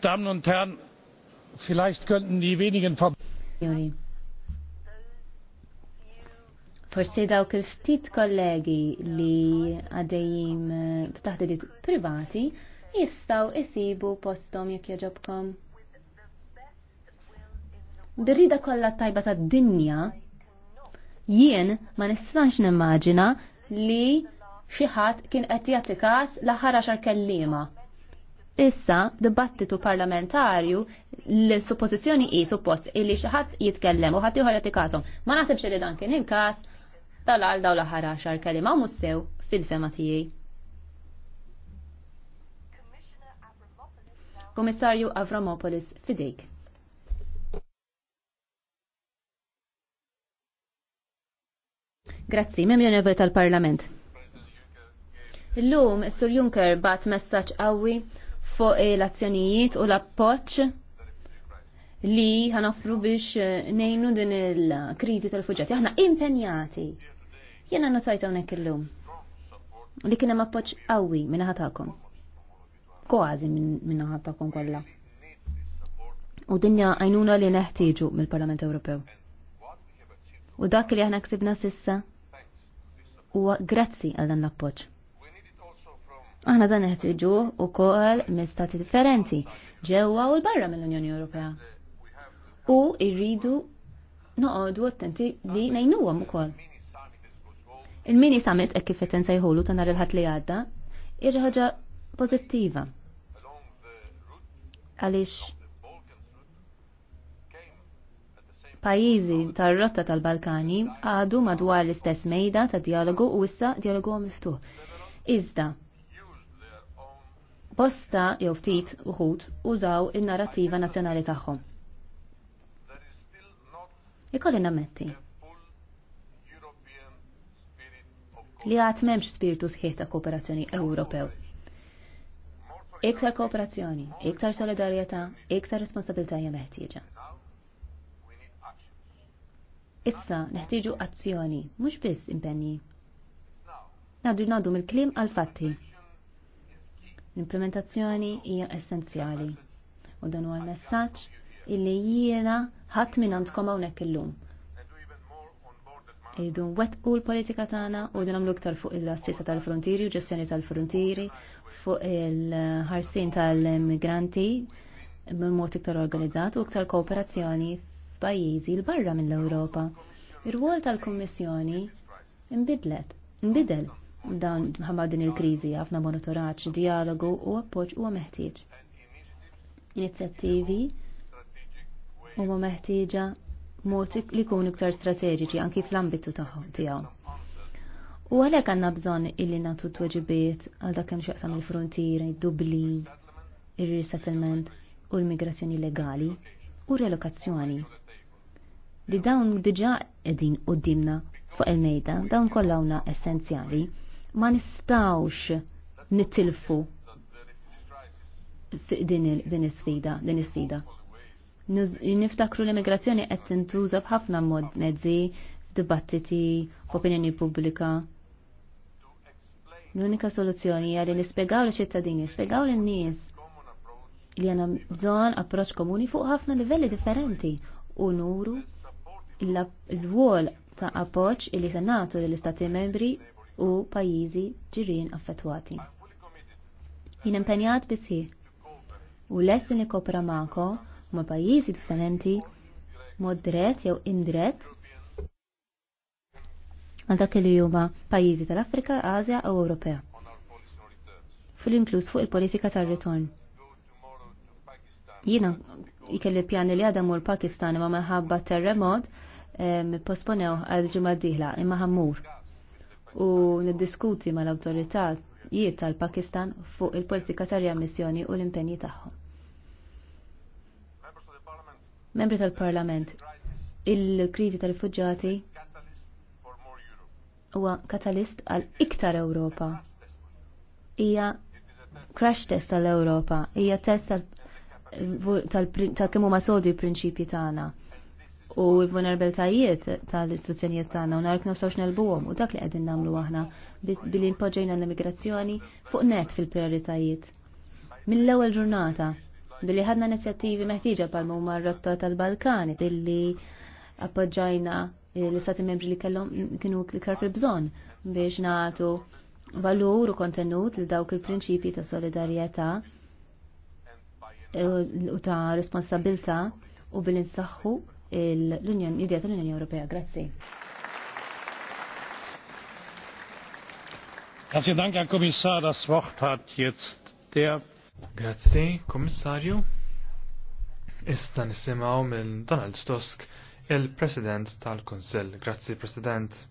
Damen und Herren, vielleicht könnten die wenigen Forsi dawk il-ftit kollegi li għadejjim b'taħdidiet eh, privati jistaw isibu postom jekk jaġobkom. Birrida kollha tajba tad-dinja jien ma nistax nimmaġina li xi ħadd kien qed jagħti każ l-aħħar għaxar kelliema issa dibattitu parlamentarju l-suppożizzjoni i suppost illi xi ħadd jitkellem u ħat juħar jatikasom. każhom. Ma naħsibx li dan kien il-każ tal-għal daw l-aħħar kelima u mussew fil-fema tiegħi. Komissarju Avramopolis fidejk. Grazzi, memri nevoj tal-Parlament. Illum, Sur Juncker bat messaċ qawwi fuq eh, l-azzjonijiet u l-appoċ li ħanoffru biex eh, nejnu din il-krizi tal-fuġġati. Aħna impenjati. Jena notajta unek il-lum. Li kienem appoċ qawwi minna ħatakom. Kważi minna ħatakom kolla. U dinja għajnuna li neħtieġu mill-Parlament Ewropew. U dak li aħna ksibna sissa u grazzi għal dan l-appoċ. Aħna dan neħtieġu wkoll minn stati differenti ġewwa u l-barra mill-Unjoni Ewropea. U irridu noqogħdu attenti li ngħinuhom ukoll. Il-mini summit hekk kif qed insejħulu ta' nhar il-ħadd li għadda hija ħaġa pożittiva. Għaliex pajjiżi tar-rotta tal-Balkani għadu madwar l-istess mejda ta' dialogu u issa dialogu miftuħ. Iżda, bosta jew ftit uħud użaw in-narrattiva nazzjonali tagħhom. Ikolli nammetti li għat memx spiritu sħiħ ta' kooperazzjoni Ewropew. Iktar kooperazzjoni, iktar solidarjetà, iktar responsabilità hija meħtieġa. Issa neħtieġu azzjoni, mhux biss impenji. Nadu nadu mill-klim għal fatti. L-implementazzjoni hija essenzjali. U dan huwa l-messaġġ illi jiena ħadd minn għandkom hawnhekk illum. Irridu wettqu l-politika tagħna u din nagħmlu iktar fuq il-assista tal-frontieri u ġestjoni tal-frontieri fuq il-ħarsin tal-immigranti b'mod iktar organizzat u iktar kooperazzjoni f'pajjiżi l barra mill-Ewropa. Ir-rwol tal-Kummissjoni imbidlet, imbidel dan ħamma din il-kriżi ħafna monitoraġġ, dialogu u appoġġ huwa meħtieġ. Inizjattivi huma meħtieġa mod li jkunu iktar strateġiċi anki fl-ambitu tagħhom tiegħu. U għalhekk għandna bżonn illi nagħtu tweġibiet għal dak kemm xaqsam il-frontiera, id-dubli, ir-resettlement u l-migrazzjoni legali u relokazzjoni. Li dawn diġà qegħdin qudiemna fuq il-mejda, dawn kollha essenzjali ma nistawx nitilfu din is-sfida, din is-sfida. Niftakru l-immigrazzjoni qed tintuża b'ħafna mod mezzi f'dibattiti, f'opinjoni pubblika. L-unika soluzzjoni hija li nispjegaw l-ċittadini, spjegaw lin-nies li għandna bżonn approċċ komuni fuq ħafna livelli differenti u nuru l-wol ta' appoġġ li se nagħtu lill istati membri u pajjiżi ġirien affettwati. Jien impenjat bisih u lest li kopra mako ma' pajjiżi differenti mod dirett jew indirett għal dak li huma pajjiżi tal-Afrika, Azja u Ewropea. Fil-inkluż fuq il-politika tar-ritorn. Jiena ikelli pjani li għadam u l-Pakistan ma maħabba terremot eh, posponew għal ġimma d imma ħammur u niddiskuti mal-awtoritajiet tal-Pakistan fuq il-politika tar riammissjoni u l-impenji tagħhom. Membri tal-Parlament, il-kriżi tal-rifuġġati huwa katalist għal iktar Ewropa. Hija crash test tal-Ewropa, hija test tal-kemm huma sodi l-prinċipji tagħna u l-vulnerabilitajiet tal-istituzzjonijiet tagħna u narek nofsawx nelbuhom u dak li qegħdin nagħmlu aħna billi npoġġejna l-immigrazzjoni fuq net fil-prioritajiet. Mill-ewwel ġurnata billi ħadna inizjattivi meħtieġa bħal huma r-rotta tal-Balkani billi appoġġajna l-istati membri li kellhom kienu iktar fil-bżonn biex nagħtu valur u kontenut li dawk il-prinċipji ta' solidarjetà eh, u ta' responsabilta' u bil insaħħu l-Unjon, idea tal-Unjoni Ewropea. Grazzi. Grazie danke al Kommissar, das Wort hat jetzt der Grazie, Kommissarju. Ista nisimaw minn Donald Tusk, il-President tal-Kunsell. Grazie, President.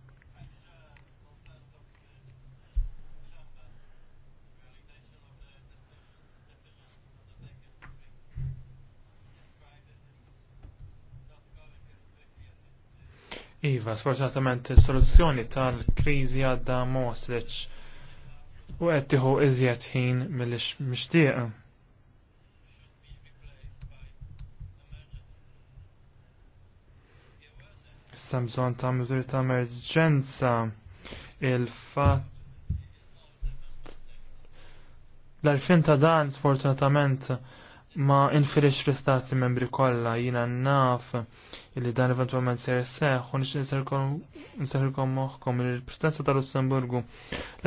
Iva, sfortunatament soluzzjoni tal-krizi għadda mosliċ u qed tieħu iżjed ħin mill-mixtieq. mishtiq. Samżon ta' miżuri ta' emerġenza il fat l-arfin ta' dan sfortunatament ma infirix fl-istati membri kollha jiena naf illi dan eventualment ser seħ u nix nisirkom moħkom il-Presidenza tal-Lussemburgu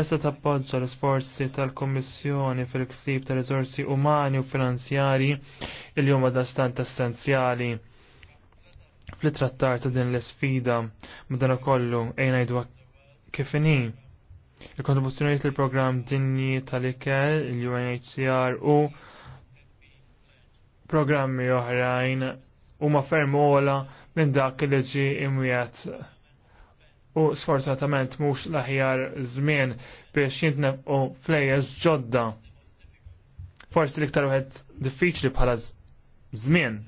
lesta tappoġġa l-sforzi tal-Kommissjoni fil-ksib ta' risorsi umani u finanzjari illi huma dastant essenzjali fl-trattar ta' din l-sfida madan kollu ejnajdu kifini il kontribuzzjoni l-programm dinji tal-IKEL, il-UNHCR u programmi oħrajn huma ferm għola minn dak li ġi imwiet u sfortunatament mhux l-aħjar żmien biex u flejers ġodda. Forsi l-iktar diffiċli bħala żmien.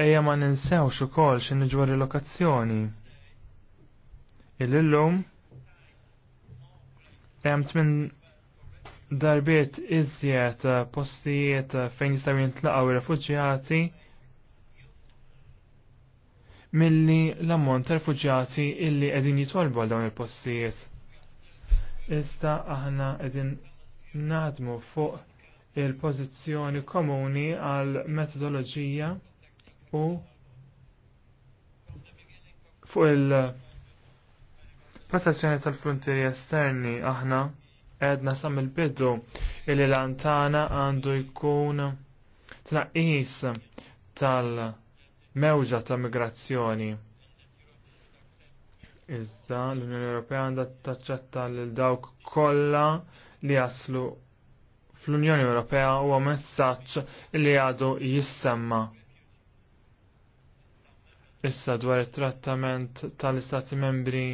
Ejja ma ninsewx ukoll xi il rilokazzjoni. Illum hemm darbiet iżjed eh, postijiet eh, fejn jistgħu jintlaqgħu ir-refuġjati milli l-ammont ta' refuġjati illi qegħdin jitolbu għal dawn il-postijiet. Iżda aħna qegħdin naħdmu fuq il-pożizzjoni komuni għal metodoloġija u fuq il-protezzjoni tal-frontieri esterni aħna edna sam il-bidu illi lantana għandu jkun tnaqqis tal-mewġa ta' migrazzjoni. Iżda l-Unjoni Ewropea għandha taċċetta lil dawk kollha li jaslu fl-Unjoni Ewropea huwa messaġġ li għadu jissemma. Issa dwar it-trattament tal-Istati Membri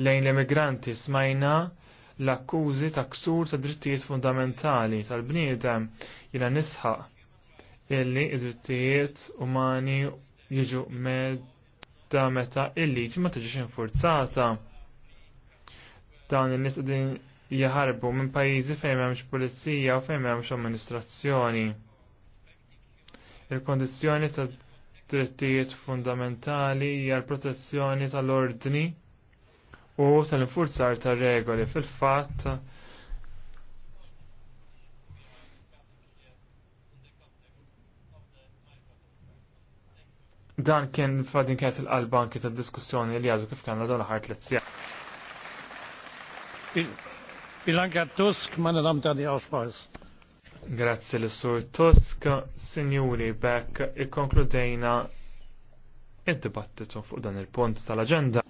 lejn l-emigranti smajna l-akkużi ta' ksur ta' drittijiet fundamentali tal-bniedem jina nisħaq illi id-drittijiet umani jiġu medda meta illi liġi ma tiġix infurzata. Dan il nies din jaharbu minn pajizi fejn m'hemmx pulizija u fejn m'hemmx amministrazzjoni. Il-kondizzjoni ta' drittijiet fundamentali hija l-protezzjoni tal-ordni u tal-infurzar ta' regoli fil-fatt dan kien fadin kienet il-qalba anki ta' diskussjoni li għadu kif kanna dawn ħar tliet sija. Bilanka Tusk, ma nadam ta' di għasbaz. Grazzi l-sur Tusk, Signori Beck, ikkonkludejna id-dibattitu fuq dan il-punt tal-agenda.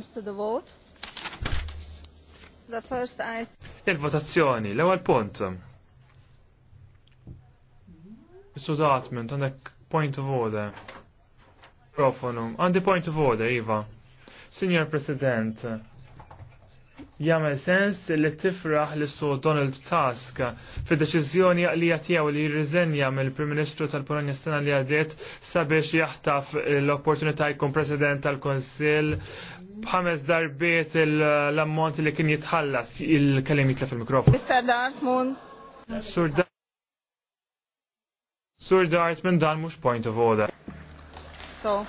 comes to the vote. The first I... Il-votazzjoni, l-ewwel punt. Sudat minn għandek point of order. Profonu, għandi point of order, Iva. Signor President, jagħmel sens li tifraħ l su Donald Tusk fid-deċiżjoni li tiegħu li jirriżenja mill-Prim Ministru tal-Polonja sena li għadiet sabiex jaħtaf l-opportunità jkun President tal-Konsill b'ħames darbiet l-ammont li kien jitħallas il-kelim jitla il-mikrofon. Mr. Dartmund. Sur Dartman dan mhux point of order. So,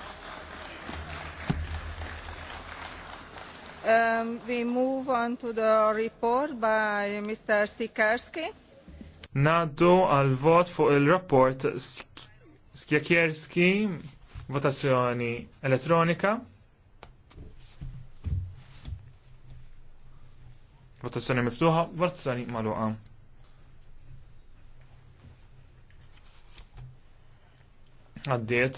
Um, we move on to the report by Mr. Sikerski. Naddu għal vot fuq il-rapport Skjakierski, votazzjoni elettronika. Votazzjoni miftuħa, votazzjoni maluqa. Għaddiet.